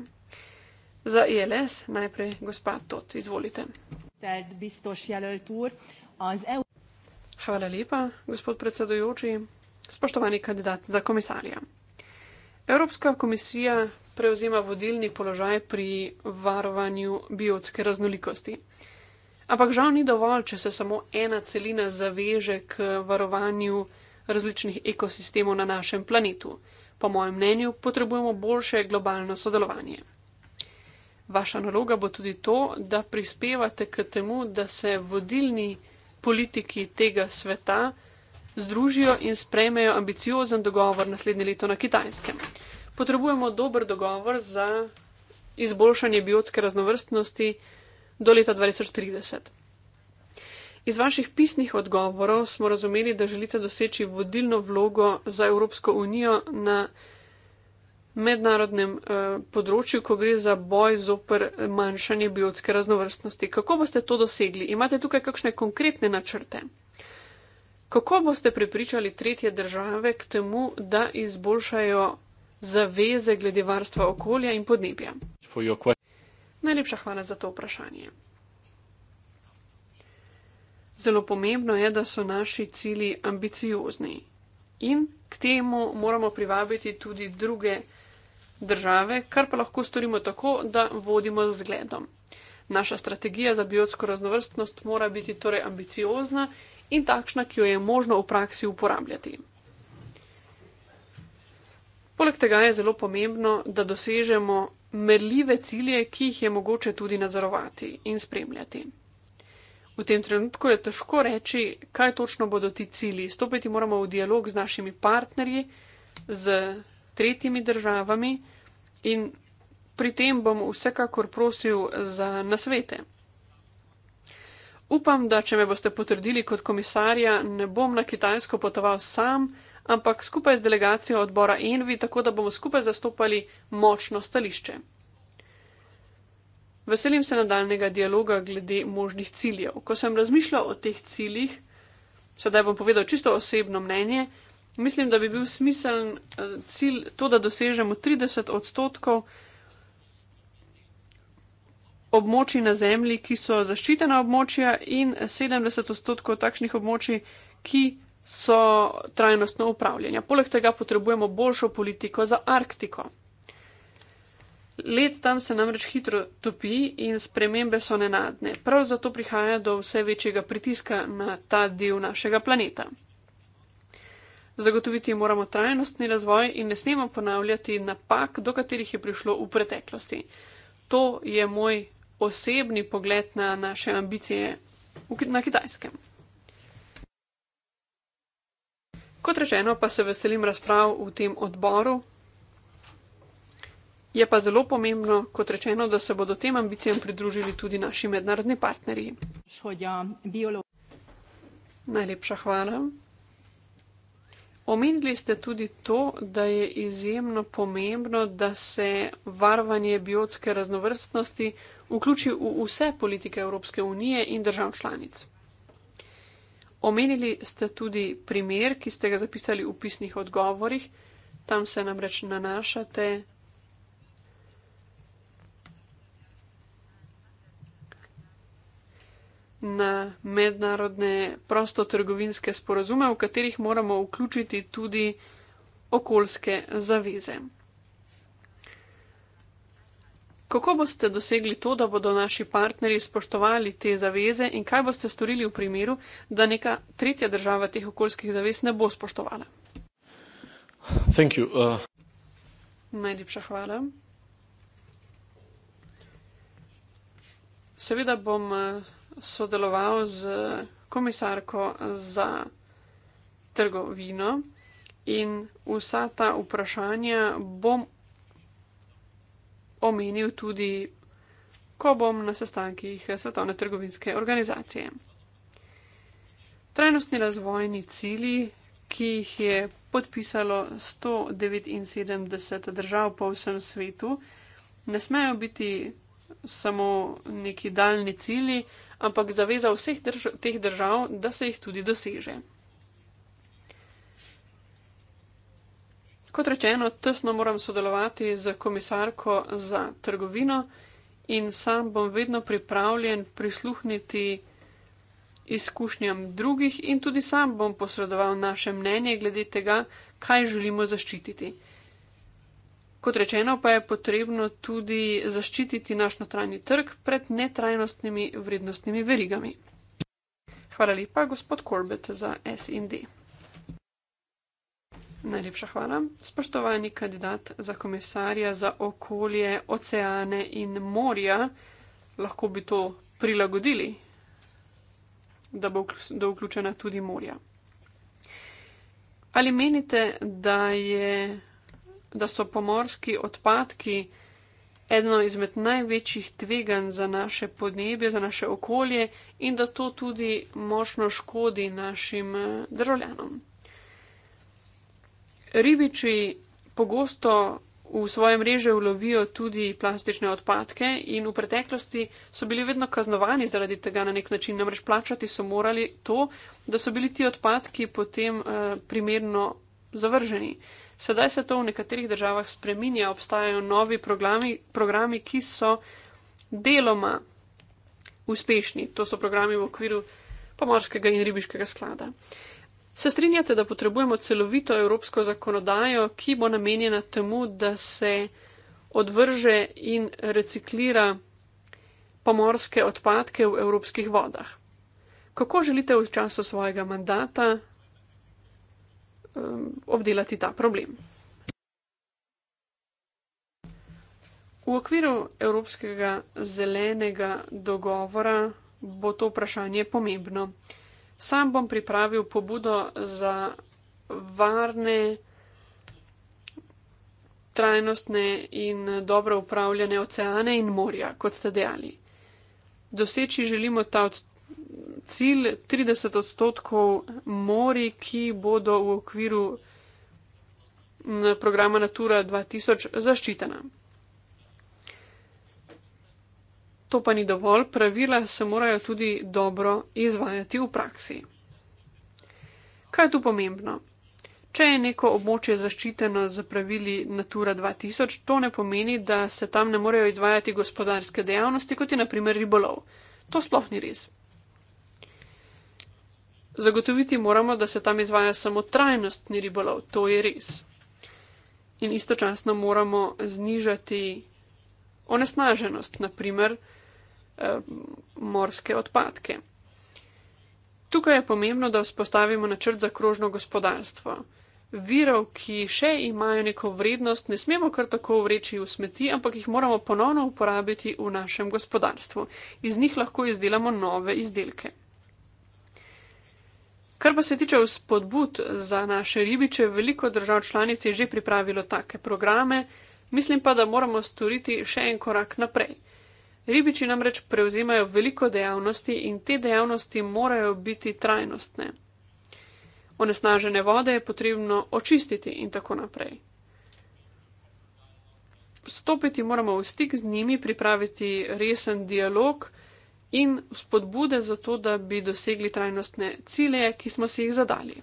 Za ILS e najprej gospa Tot, izvolite. Hvala lepa, gospod predsedujoči. Spoštovani kandidat za komisarja. Evropska komisija prevzema vodilni položaj pri varovanju biotske raznolikosti. Ampak žal ni dovolj, če se samo ena celina zaveže k varovanju različnih ekosistemov na našem planetu. Po mojem mnenju potrebujemo boljše globalno sodelovanje. Vaša naloga bo tudi to, da prispevate k temu, da se vodilni politiki tega sveta združijo in sprejmejo ambiciozen dogovor naslednje leto na kitajskem. Potrebujemo dober dogovor za izboljšanje biotske raznovrstnosti do leta 2030. Iz vaših pisnih odgovorov smo razumeli, da želite doseči vodilno vlogo za Evropsko unijo na mednarodnem eh, področju, ko gre za boj zoper manjšanje biotske raznovrstnosti. Kako boste to dosegli? Imate tukaj kakšne konkretne načrte? Kako boste prepričali tretje države k temu, da izboljšajo zaveze glede varstva okolja in podnebja? Najlepša hvala za to vprašanje. Zelo pomembno je, da so naši cilji ambiciozni in k temu moramo privabiti tudi druge države, kar pa lahko storimo tako, da vodimo z zgledom. Naša strategija za biotsko raznovrstnost mora biti torej ambiciozna in takšna, ki jo je možno v praksi uporabljati. Poleg tega je zelo pomembno, da dosežemo merljive cilje, ki jih je mogoče tudi nadzorovati in spremljati. V tem trenutku je težko reči, kaj točno bodo ti cilji. Stopiti moramo v dialog z našimi partnerji, z tretjimi državami in pri tem bom vsekakor prosil za nasvete. Upam, da če me boste potrdili kot komisarja, ne bom na Kitajsko potoval sam ampak skupaj z delegacijo odbora Envi, tako da bomo skupaj zastopali močno stališče. Veselim se nadaljnega dialoga glede možnih ciljev. Ko sem razmišljal o teh ciljih, sedaj bom povedal čisto osebno mnenje, mislim, da bi bil smiseln eh, cilj to, da dosežemo 30 odstotkov območij na zemlji, ki so zaščitena območja in 70 odstotkov takšnih območij, ki so trajnostno upravljanje. Poleg tega potrebujemo boljšo politiko za Arktiko. Let tam se namreč hitro topi in spremembe so nenadne. Prav zato prihaja do vse večjega pritiska na ta del našega planeta. Zagotoviti moramo trajnostni razvoj in ne smemo ponavljati napak, do katerih je prišlo v preteklosti. To je moj osebni pogled na naše ambicije na kitajskem. Kot rečeno, pa se veselim razprav v tem odboru. Je pa zelo pomembno, kot rečeno, da se bodo tem ambicijam pridružili tudi naši mednarodni partnerji. Najlepša hvala. Omenili ste tudi to, da je izjemno pomembno, da se varovanje biotske raznovrstnosti vključi v vse politike Evropske unije in držav članic. Omenili ste tudi primer, ki ste ga zapisali v pisnih odgovorih, tam se namreč nanašate. Na mednarodne prostotrgovinske sporozume, v katerih moramo vključiti tudi okoljske zaveze. Kako boste dosegli to, da bodo naši partnerji spoštovali te zaveze in kaj boste storili v primeru, da neka tretja država teh okoljskih zavez ne bo spoštovala? Uh... Najlepša hvala. Seveda bom uh, sodeloval z komisarko za trgovino in vsa ta vprašanja bom omenil tudi, ko bom na sestankih Svetovne trgovinske organizacije. Trajnostni razvojni cilji, ki jih je podpisalo 179 držav po vsem svetu, ne smejo biti samo neki daljni cilji, ampak zaveza vseh drž teh držav, da se jih tudi doseže. Kot rečeno, tesno moram sodelovati z komisarko za trgovino in sam bom vedno pripravljen prisluhniti izkušnjam drugih in tudi sam bom posredoval naše mnenje glede tega, kaj želimo zaščititi. Kot rečeno, pa je potrebno tudi zaščititi naš notranji trg pred netrajnostnimi vrednostnimi verigami. Hvala lepa, gospod Corbett, za SND. Najlepša hvala. Spoštovani kandidat za komisarja za okolje, oceane in morja, lahko bi to prilagodili, da bo da vključena tudi morja. Ali menite, da, je, da so pomorski odpadki eno izmed največjih tveganj za naše podnebje, za naše okolje in da to tudi močno škodi našim državljanom? Ribiči pogosto v svoje mreže ulovijo tudi plastične odpadke in v preteklosti so bili vedno kaznovani zaradi tega na nek način. Namreč plačati so morali to, da so bili ti odpadki potem eh, primerno zavrženi. Sedaj se to v nekaterih državah spreminja, obstajajo novi programi, programi ki so deloma uspešni. To so programi v okviru pomorskega in ribiškega sklada. Se strinjate, da potrebujemo celovito evropsko zakonodajo, ki bo namenjena temu, da se odvrže in reciklira pomorske odpadke v evropskih vodah? Kako želite v času svojega mandata um, obdelati ta problem? V okviru Evropskega zelenega dogovora bo to vprašanje pomembno. Sam bom pripravil pobudo za varne, trajnostne in dobro upravljene oceane in morja, kot ste dejali. Doseči želimo ta cilj 30 odstotkov mori, ki bodo v okviru programa Natura 2000 zaščitena. To pa ni dovolj, pravila se morajo tudi dobro izvajati v praksi. Kaj je tu pomembno? Če je neko območje zaščiteno z pravili Natura 2000, to ne pomeni, da se tam ne morejo izvajati gospodarske dejavnosti, kot je naprimer ribolov. To sploh ni res. Zagotoviti moramo, da se tam izvaja samo trajnostni ribolov, to je res. In istočasno moramo znižati onesnaženost, naprimer. Eh, morske odpadke. Tukaj je pomembno, da vzpostavimo načrt za krožno gospodarstvo. Virov, ki še imajo neko vrednost, ne smemo kar tako vreči v smeti, ampak jih moramo ponovno uporabiti v našem gospodarstvu. Iz njih lahko izdelamo nove izdelke. Kar pa se tiče spodbud za naše ribiče, veliko držav članic je že pripravilo take programe, mislim pa, da moramo storiti še en korak naprej. Ribiči namreč prevzemajo veliko dejavnosti in te dejavnosti morajo biti trajnostne. Onesnažene vode je potrebno očistiti in tako naprej. Stopiti moramo v stik z njimi, pripraviti resen dialog in spodbude za to, da bi dosegli trajnostne cilje, ki smo si jih zadali.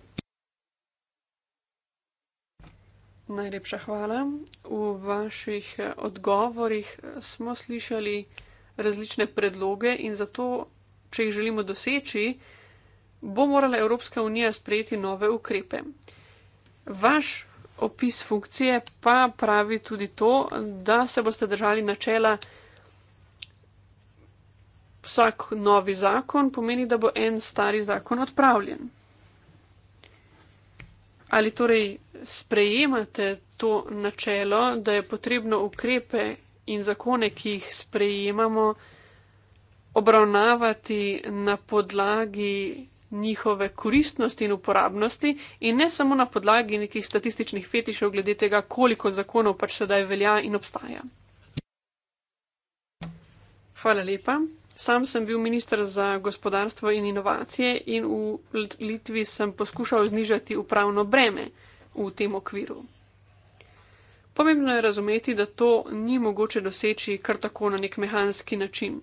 Najlepša hvala. V vaših odgovorih smo slišali, različne predloge in zato, če jih želimo doseči, bo morala Evropska unija sprejeti nove ukrepe. Vaš opis funkcije pa pravi tudi to, da se boste držali načela. Vsak novi zakon pomeni, da bo en stari zakon odpravljen. Ali torej sprejemate to načelo, da je potrebno ukrepe in zakone, ki jih sprejemamo, obravnavati na podlagi njihove koristnosti in uporabnosti in ne samo na podlagi nekih statističnih fetišev glede tega, koliko zakonov pač sedaj velja in obstaja. Hvala lepa. Sam sem bil minister za gospodarstvo in inovacije in v Litvi sem poskušal znižati upravno breme v tem okviru. Pomembno je razumeti, da to ni mogoče doseči kar tako na nek mehanski način.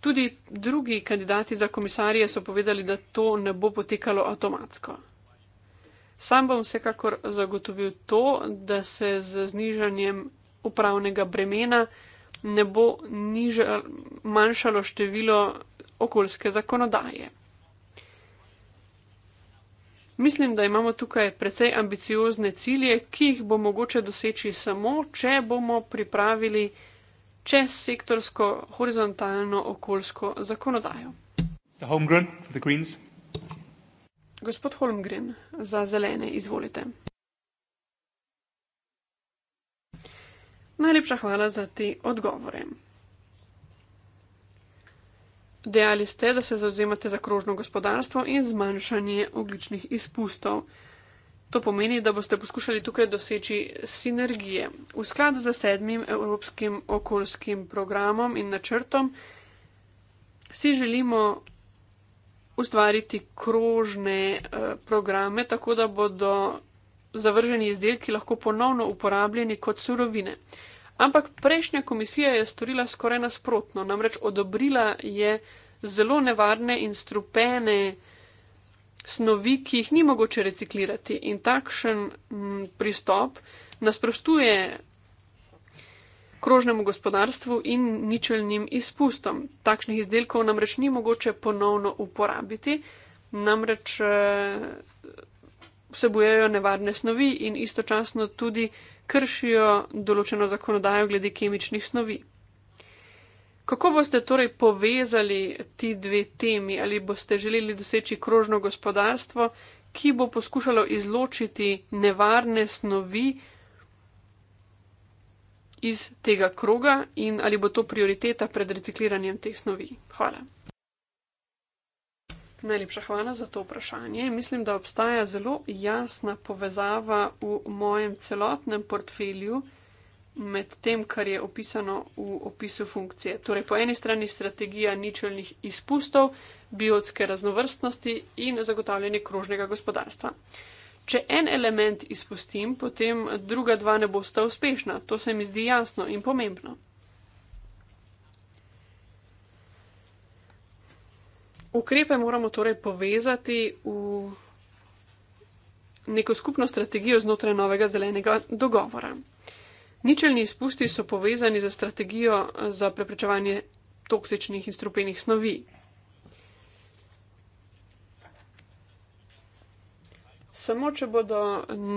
Tudi drugi kandidati za komisarje so povedali, da to ne bo potekalo avtomatsko. Sam bom vsekakor zagotovil to, da se z znižanjem upravnega bremena ne bo niža, manjšalo število okoljske zakonodaje. Mislim, da imamo tukaj precej ambiciozne cilje, ki jih bo mogoče doseči samo, če bomo pripravili čez sektorsko horizontalno okoljsko zakonodajo. Gospod Holmgren, za zelene, izvolite. Najlepša hvala za te odgovore. Dejali ste, da se zauzemate za krožno gospodarstvo in zmanjšanje ogličnih izpustov. To pomeni, da boste poskušali tukaj doseči sinergije. V skladu z sedmim evropskim okoljskim programom in načrtom si želimo ustvariti krožne eh, programe, tako da bodo zavrženi izdelki lahko ponovno uporabljeni kot surovine. Ampak prejšnja komisija je storila skoraj nasprotno, namreč odobrila je zelo nevarne in strupene snovi, ki jih ni mogoče reciklirati. In takšen m, mm, pristop nasprostuje krožnemu gospodarstvu in ničelnim izpustom. Takšnih izdelkov namreč ni mogoče ponovno uporabiti, namreč eh, vsebujejo nevarne snovi in istočasno tudi kršijo določeno zakonodajo glede kemičnih snovi. Kako boste torej povezali ti dve temi, ali boste želeli doseči krožno gospodarstvo, ki bo poskušalo izločiti nevarne snovi iz tega kroga in ali bo to prioriteta pred recikliranjem teh snovi? Hvala. Najlepša hvala za to vprašanje. Mislim, da obstaja zelo jasna povezava v mojem celotnem portfelju med tem, kar je opisano v opisu funkcije. Torej, po eni strani strategija ničelnih izpustov, biotske raznovrstnosti in zagotavljanje krožnega gospodarstva. Če en element izpustim, potem druga dva ne bosta uspešna. To se mi zdi jasno in pomembno. ukrepe moramo torej povezati v neko skupno strategijo znotraj novega zelenega dogovora. Ničelni izpusti so povezani za strategijo za preprečevanje toksičnih in strupenih snovi. Samo, če bodo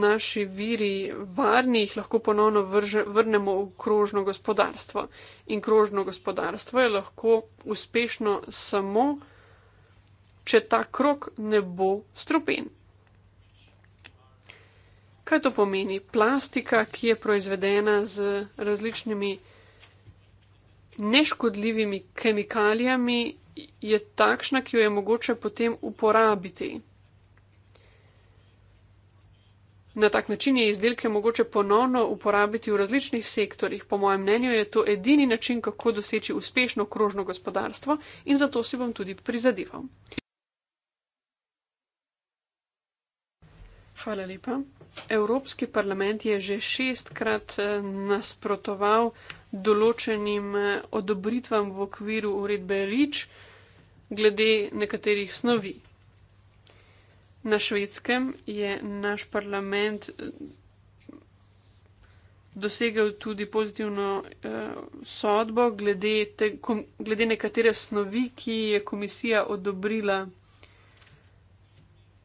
naši viri varni, jih lahko ponovno vrže, vrnemo v krožno gospodarstvo. In krožno gospodarstvo je lahko uspešno samo, če ta krok ne bo strupen. Kaj to pomeni? Plastika, ki je proizvedena z različnimi neškodljivimi kemikalijami, je takšna, ki jo je mogoče potem uporabiti. Na tak način je izdelke mogoče ponovno uporabiti v različnih sektorjih. Po mojem mnenju je to edini način, kako doseči uspešno krožno gospodarstvo in zato si bom tudi prizadeval. Hvala lepa. Evropski parlament je že šestkrat eh, nasprotoval določenim eh, odobritvam v okviru uredbe REACH glede nekaterih snovi. Na švedskem je naš parlament eh, dosegel tudi pozitivno eh, sodbo glede, te, kom, glede nekatere snovi, ki je komisija odobrila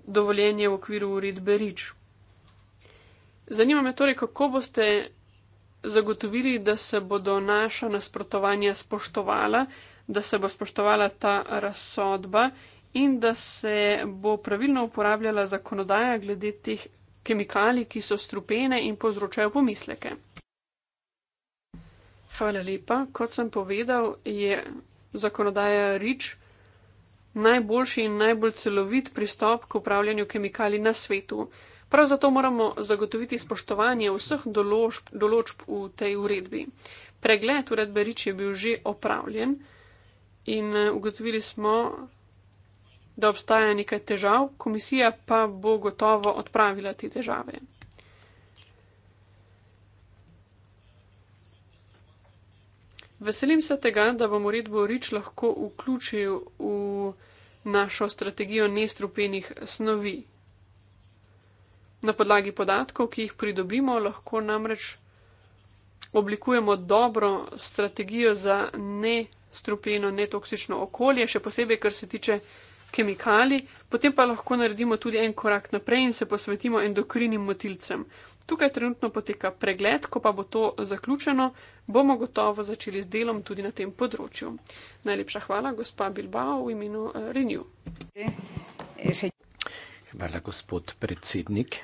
dovoljenje v okviru uredbe REACH. Zanima me torej, kako boste zagotovili, da se bodo naša nasprotovanja spoštovala, da se bo spoštovala ta razsodba in da se bo pravilno uporabljala zakonodaja glede teh kemikalij, ki so strupene in povzročajo pomisleke. Hvala lepa. Kot sem povedal, je zakonodaja REACH najboljši in najbolj celovit pristop k upravljanju kemikalij na svetu. Prav zato moramo zagotoviti spoštovanje vseh določb, določb v tej uredbi. Pregled uredbe Rič je bil že opravljen in eh, ugotovili smo, da obstaja nekaj težav, komisija pa bo gotovo odpravila te težave. Veselim se tega, da bom uredbo REACH lahko vključil v našo strategijo nestrupenih snovi. Na podlagi podatkov, ki jih pridobimo, lahko namreč oblikujemo dobro strategijo za nestrupeno, netoksično okolje, še posebej, kar se tiče kemikalij, potem pa lahko naredimo tudi en korak naprej in se posvetimo endokrinim motilcem. Tukaj trenutno poteka pregled, ko pa bo to zaključeno, bomo gotovo začeli z delom tudi na tem področju. Najlepša hvala, gospa Bilbao, v imenu eh, Renew. Hvala, gospod predsednik.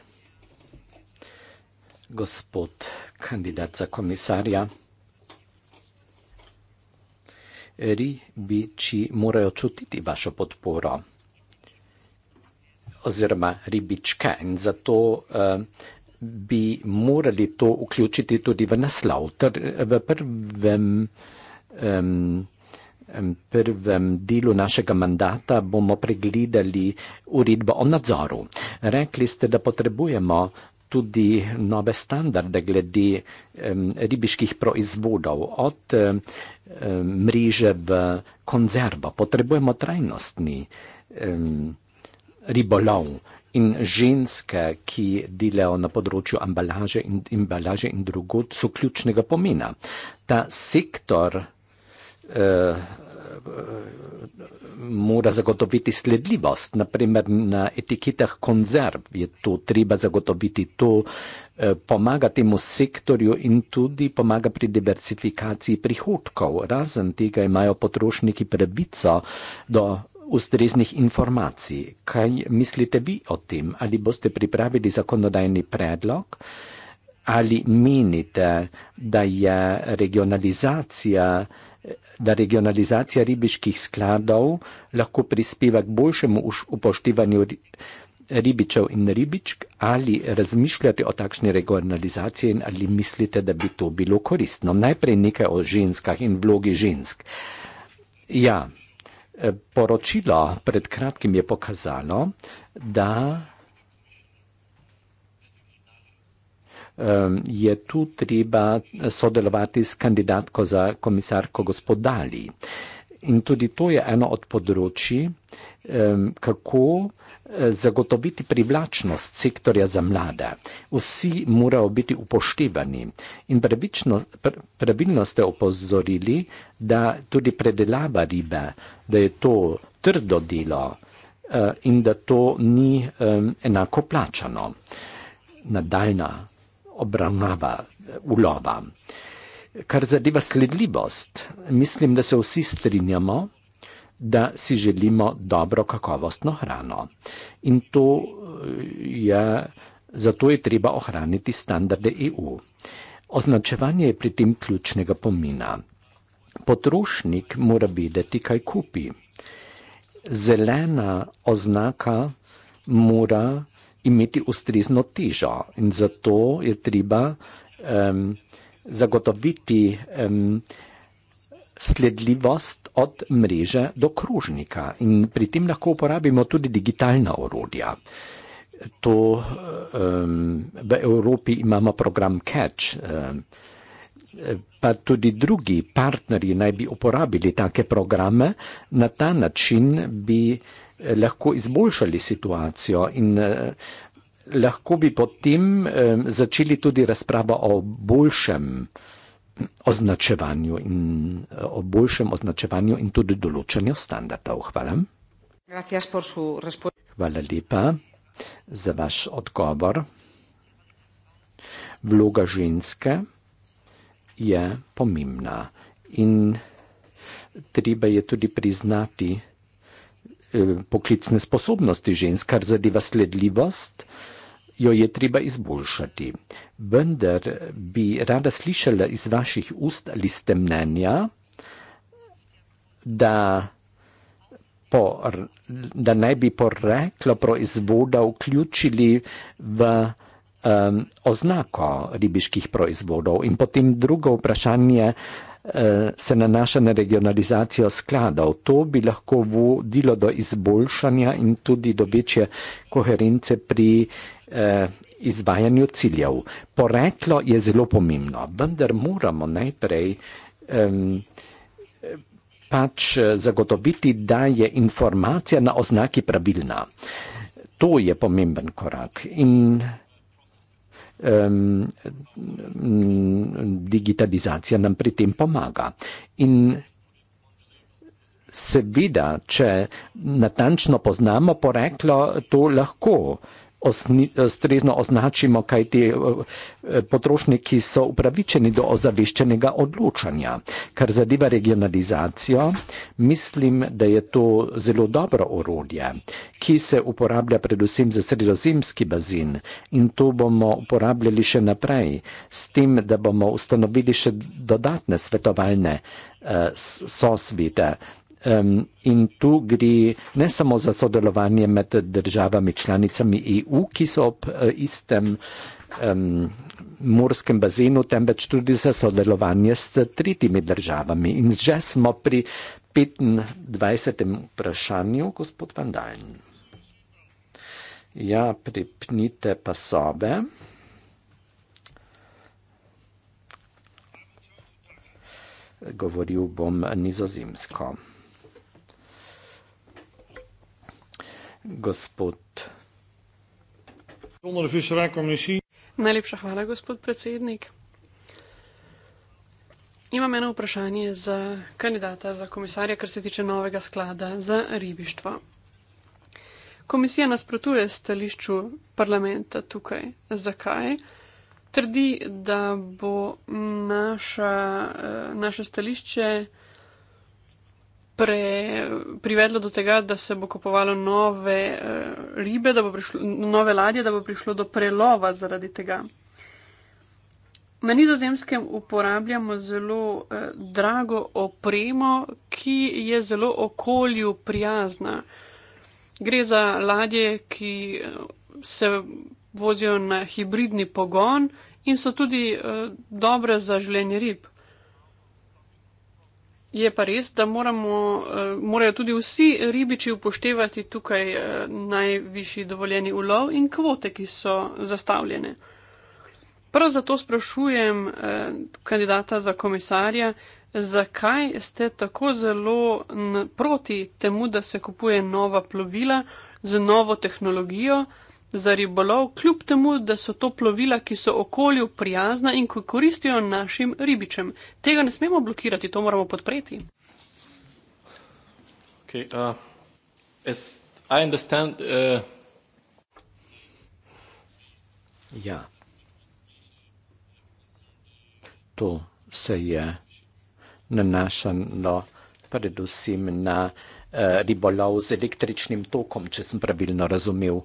Gospod kandidat za komisarja. Ribiči morajo čutiti vašo podporo, oziroma ribičke, in zato uh, bi morali to vključiti tudi v naslov. Tr, eh, v prvem, um, prvem delu našega mandata bomo pregledali uredbo o nadzoru. Rekli ste, da potrebujemo tudi nove standarde glede um, ribiških proizvodov od um, mreže v konzervo. Potrebujemo trajnostni um, ribolov. In ženske, ki delajo na področju embalaže in, embalaže in drugod, so ključnega pomena. Ta sektor eh, mora zagotoviti sledljivost. Naprimer, na etiketah konzerv je to treba zagotoviti. To eh, pomaga temu sektorju in tudi pomaga pri diversifikaciji prihodkov. Razen tega imajo potrošniki pravico do ustreznih informacij. Kaj mislite vi o tem? Ali boste pripravili zakonodajni predlog? Ali menite, da je regionalizacija, da regionalizacija ribiških skladov lahko prispeva k boljšemu upoštevanju ribičev in ribičk? Ali razmišljate o takšni regionalizaciji in ali mislite, da bi to bilo koristno? Najprej nekaj o ženskah in vlogi žensk. Ja, poročilo pred kratkim je pokazalo, da je tu treba sodelovati s kandidatko za komisarko gospodali. In tudi to je eno od področji, kako Eh, zagotoviti privlačnost sektorja za mlade. Vsi morajo biti upoštevani in pravično, pr, pravilno ste opozorili, da tudi predelava ribe, da je to trdo delo eh, in da to ni enako plačano. Nadaljna obravnava eh, ulova. Kar zadeva sledljivost, mislim, da se vsi strinjamo, da si želimo dobro kakovostno hrano. In to eh, je, zato je treba ohraniti standarde EU. Označevanje je pri tem ključnega pomena. Potrošnik mora vedeti, kaj kupi. Zelena oznaka mora imeti ustrezno težo in zato je treba um, zagotoviti um, sledljivost od mreže do krožnika in pri tem lahko uporabimo tudi digitalna orodja. To, um, v Evropi imamo program Catch, um, pa tudi drugi partnerji naj bi uporabili take programe. Na ta način bi eh, lahko izboljšali situacijo in uh, lahko bi potem um, začeli tudi razpravo o boljšem označevanju in eh, o boljšem označevanju in tudi določanju standardov. Hvala. Hvala lepa za vaš odgovor. Vloga ženske je pomembna in treba je tudi priznati eh, poklicne sposobnosti žensk, kar zadeva sledljivost jo je treba izboljšati. Vendar bi rada slišala iz vaših ust liste mnenja, da, po, da naj bi poreklo proizvoda vključili v um, oznako ribiških proizvodov. In potem drugo vprašanje eh, se nanaša na regionalizacijo skladov. To bi lahko vodilo do izboljšanja in tudi do večje koherence pri eh, izvajanju ciljev. Poreklo je zelo pomembno, vendar moramo najprej pač, eh, pač zagotoviti, da je informacija na oznaki pravilna. To je pomemben korak in digitalizacija nam pri tem pomaga. In seveda, če natančno poznamo poreklo, to lahko ustrezno eh, označimo, kaj ti eh, eh, potrošniki so upravičeni do ozaveščenega odločanja. Kar zadeva regionalizacijo, mislim, da je to zelo dobro orodje, ki se uporablja predvsem za sredozemski bazin in to bomo uporabljali še naprej, s tem, da bomo ustanovili še dodatne svetovalne uh, sosvete um, in tu gre ne samo za sodelovanje med državami članicami EU, ki so ob uh, istem um, morskem bazenu, temveč tudi za sodelovanje s tretjimi državami. In že smo pri 25. vprašanju, gospod Vandaljn. Ja, pripnite pasove. Govoril bom nizozemsko. gospod. Najlepša hvala, gospod predsednik. Imam eno vprašanje za kandidata za komisarja, kar se tiče novega sklada za ribištvo. Komisija nasprotuje stališču parlamenta tukaj. Zakaj? Trdi, da bo naša, eh, naše stališče pre, privedlo do tega, da se bo kupovalo nove uh, ribe, da bo prišlo nove ladje, da bo prišlo do prelova zaradi tega. Na nizozemskem uporabljamo zelo eh, drago opremo, ki je zelo okolju prijazna. Gre za ladje, ki eh, se vozijo na hibridni pogon in so tudi eh, dobre za življenje rib. Je pa res, da moramo, eh, morajo tudi vsi ribiči upoštevati tukaj eh, najvišji dovoljeni ulov in kvote, ki so zastavljene. Prav zato sprašujem eh, kandidata za komisarja, zakaj ste tako zelo proti temu, da se kupuje nova plovila z novo tehnologijo, za ribolov, kljub temu, da so to plovila, ki so okolju prijazna in ki koristijo našim ribičem. Tega ne smemo blokirati, to moramo podpreti. Okay, uh, as I understand, uh... ja. to se je nanašalo predvsem na uh, ribolov z električnim tokom, če sem pravilno razumel.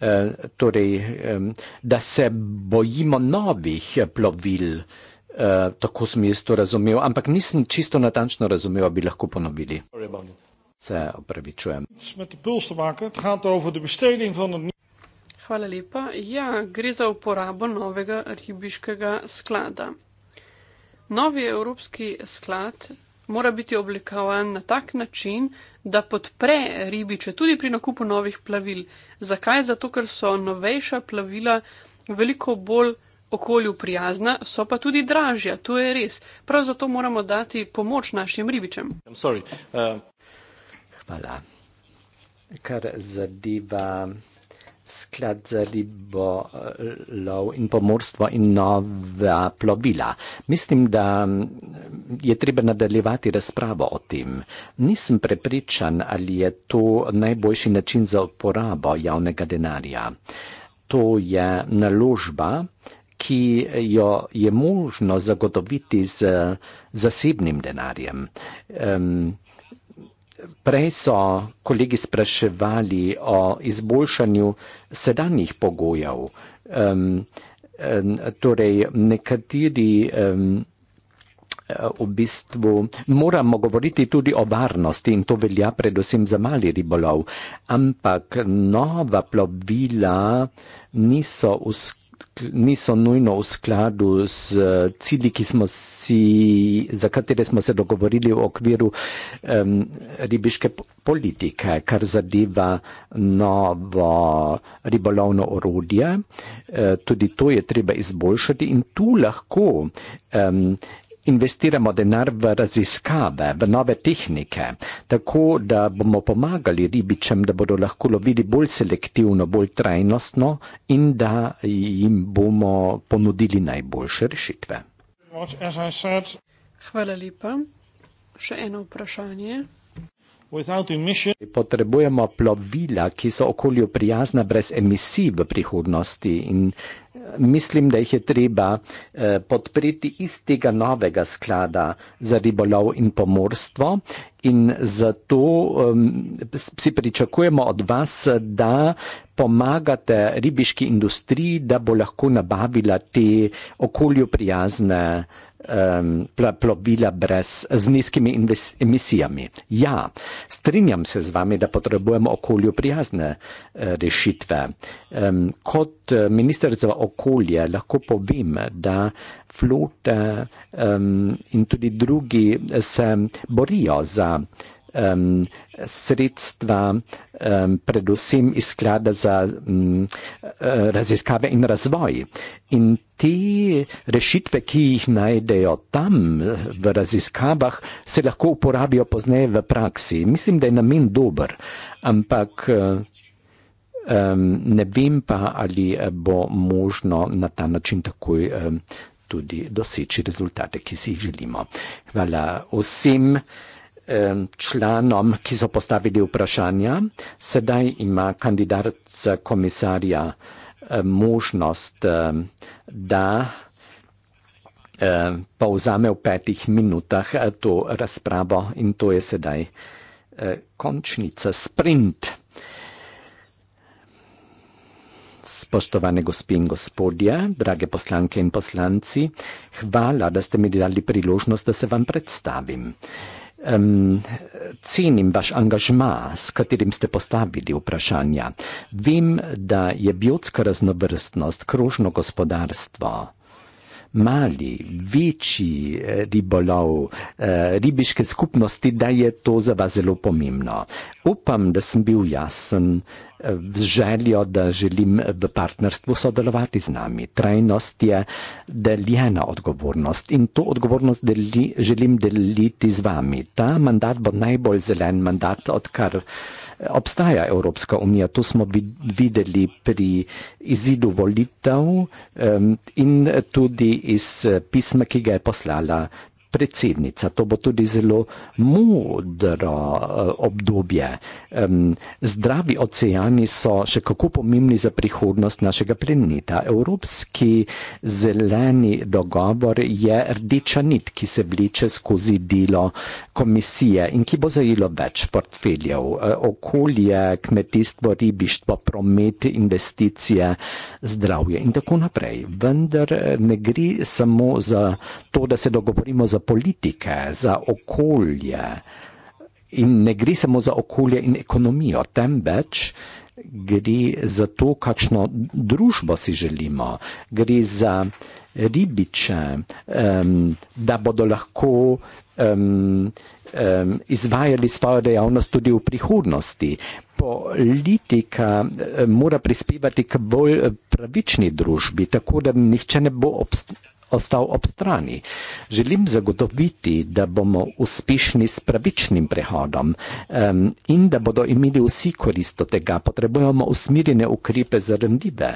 Eh, torej, da se bojimo novih plovil. Eh, tako sem jaz to razumel, ampak nisem čisto natančno razumel, da bi lahko ponovili. Se opravičujem. Hvala lepa. Ja, gre za uporabo novega ribiškega sklada. Novi evropski sklad, mora biti oblikovan na tak način, da podpre ribiče tudi pri nakupu novih plavil. Zakaj? Zato, ker so novejša plavila veliko bolj okolju prijazna, so pa tudi dražja, to je res. Prav zato moramo dati pomoč našim ribičem. Uh... Hvala. Kar zadeva sklad za ribolov in pomorstvo in nova plovila. Mislim, da je treba nadaljevati razpravo o tem. Nisem prepričan, ali je to najboljši način za uporabo javnega denarja. To je naložba, ki jo je možno zagotoviti z zasebnim denarjem. Um, Prej so kolegi spraševali o izboljšanju sedanjih pogojev. Um, um, torej, nekateri um, v bistvu moramo govoriti tudi o varnosti in to velja predvsem za mali ribolov, ampak nova plovila niso v skupnosti niso nujno v skladu z uh, cilji, si, za katere smo se dogovorili v okviru um, ribiške politike, kar zadeva novo ribolovno orodje. Uh, tudi to je treba izboljšati in tu lahko um, investiramo denar v raziskave, v nove tehnike, tako da bomo pomagali ribičem, da bodo lahko lovili bolj selektivno, bolj trajnostno in da jim bomo ponudili najboljše rešitve. Hvala lepa. Še eno vprašanje. Potrebujemo plovila, ki so okolju prijazna brez emisij v prihodnosti in eh, mislim, da jih je treba eh, podpreti iz tega novega sklada za ribolov in pomorstvo in zato um, si pričakujemo od vas, da pomagate ribiški industriji, da bo lahko nabavila te okolju prijazne um, pl plovila brez, z nizkimi emisijami. Ja, strinjam se z vami, da potrebujemo okolju prijazne uh, rešitve. Um, kot eh, minister za okolje lahko povem, da flote um, in tudi drugi se borijo za um, sredstva, um, predvsem iz sklada za um, raziskave in razvoj. In te rešitve, ki jih najdejo tam v raziskavah, se lahko uporabijo pozneje v praksi. Mislim, da je namen dober, ampak. Um, ne vem pa, ali eh, bo možno na ta način takoj um, tudi doseči rezultate, ki si jih želimo. Hvala vsem članom, ki so postavili vprašanja. Sedaj ima kandidat za komisarja eh, možnost, da povzame v petih minutah eh, to razpravo in to je sedaj eh, končnica, sprint. Spoštovane gospe in gospodje, drage poslanke in poslanci, hvala, da ste mi dali priložnost, da se vam predstavim. Um, cenim vaš angažma, s katerim ste postavili vprašanja. Vem, da je biotska raznovrstnost, krožno gospodarstvo, mali, večji eh, ribolov, eh, ribiške skupnosti, da je to za vas zelo pomembno. Upam, da sem bil jasen eh, z željo, da želim v partnerstvu sodelovati z nami. Trajnost je deljena odgovornost in to odgovornost deli, želim deliti z vami. Ta mandat bo najbolj zelen mandat, odkar obstaja Evropska unija, to smo videli pri izidu volitev um, in tudi iz eh, pisma, ki ga je poslala predsednica. To bo tudi zelo modro eh, obdobje. Zdravi oceani so še kako pomembni za prihodnost našega planeta. Evropski zeleni dogovor je rdeča nit, ki se vleče skozi delo komisije in ki bo zajelo več portfeljev. Eh, okolje, kmetijstvo, ribištvo, promet, investicije, zdravje in tako naprej. Vendar eh, ne gre samo za to, da se dogovorimo za politike, za okolje. In ne gre samo za okolje in ekonomijo, temveč gre za to, kakšno družbo si želimo. Gre za ribiče, um, da bodo lahko um, um, izvajali svojo dejavnost tudi v prihodnosti. Politika eh, mora prispevati k bolj eh, pravični družbi, tako da nihče ne bo obstajal ostal ob strani. Želim zagotoviti, da bomo uspešni s pravičnim prehodom um, in da bodo imeli vsi koristo tega. Potrebujemo usmirjene ukrepe za rendive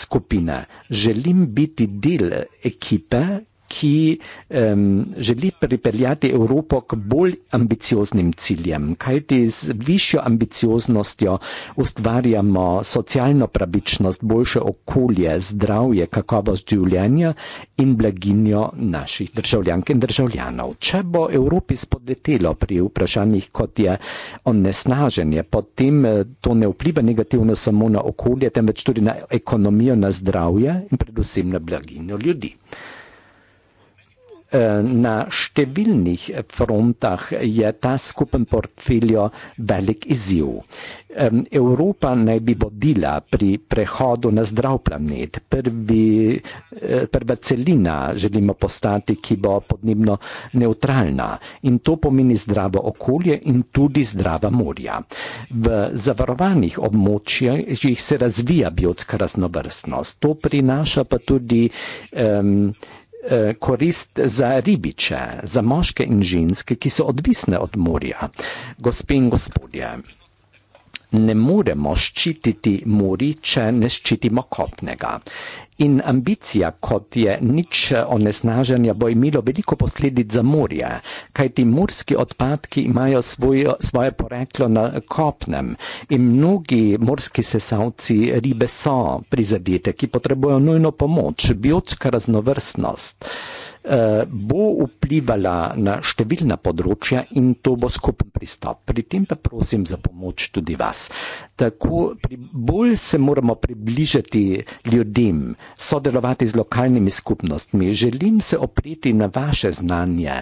skupine. Želim biti del ekipe, ki um, želi pripeljati Evropo k bolj ambicioznim ciljem, kajti z višjo ambicioznostjo ustvarjamo socialno pravičnost, boljše okolje, zdravje, kakovost življenja in blaginjo naših državljank in državljanov. Če bo Evropi spodletelo pri vprašanjih, kot je onesnaženje, potem eh, to ne vpliva negativno samo na okolje, temveč tudi na ekonomijo, na zdravje in predvsem na blaginjo ljudi. Eh, na številnih frontah je ta skupen portfeljo velik izziv. Evropa naj bi vodila pri prehodu na zdrav planet. Prvi, eh, prva celina želimo postati, ki bo podnebno neutralna in to pomeni zdravo okolje in tudi zdrava morja. V zavarovanih območjih se razvija biotska raznovrstnost. To prinaša pa tudi um, Eh, korist za ribiče, za moške in ženske, ki so odvisne od morja. Gospe in gospodje, ne moremo ščititi morja, če ne ščitimo kopnega. In ambicija, kot je nič eh, onesnaženja, bo imelo veliko posledic za morje, kaj ti morski odpadki imajo svoj, svoje poreklo na kopnem in mnogi morski sesavci ribe so prizadete, ki potrebujejo nujno pomoč, biotska raznovrstnost eh, bo vplivala na številna področja in to bo skupen pristop. Pri tem pa prosim za pomoč tudi vas tako bolj se moramo približati ljudem, sodelovati z lokalnimi skupnostmi. Želim se opreti na vaše znanje,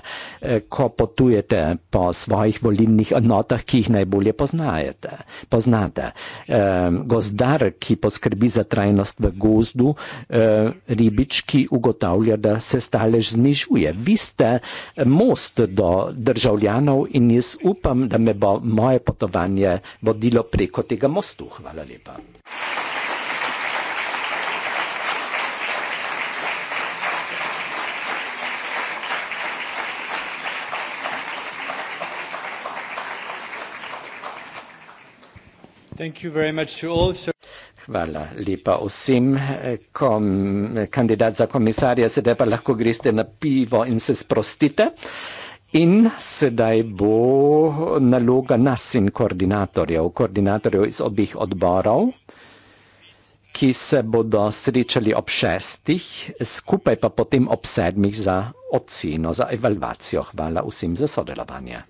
eh, ko potujete po svojih volilnih enotah, ki jih najbolje poznajete, poznate. Eh, gozdar, ki poskrbi za trajnost v gozdu, eh, ribič, ki ugotavlja, da se stalež znižuje. Vi ste most do državljanov in jaz upam, da me bo moje potovanje vodilo preko tega. Žiga Mostu. Hvala lepa. Hvala lepa vsem. Kom, kandidat za komisarja, sedaj pa lahko greste na pivo in se sprostite. In sedaj bo naloga nas in koordinatorjev, koordinatorjev iz obih odborov, ki se bodo srečali ob šestih, skupaj pa potem ob sedmih za oceno, za evalvacijo. Hvala vsem za sodelovanje.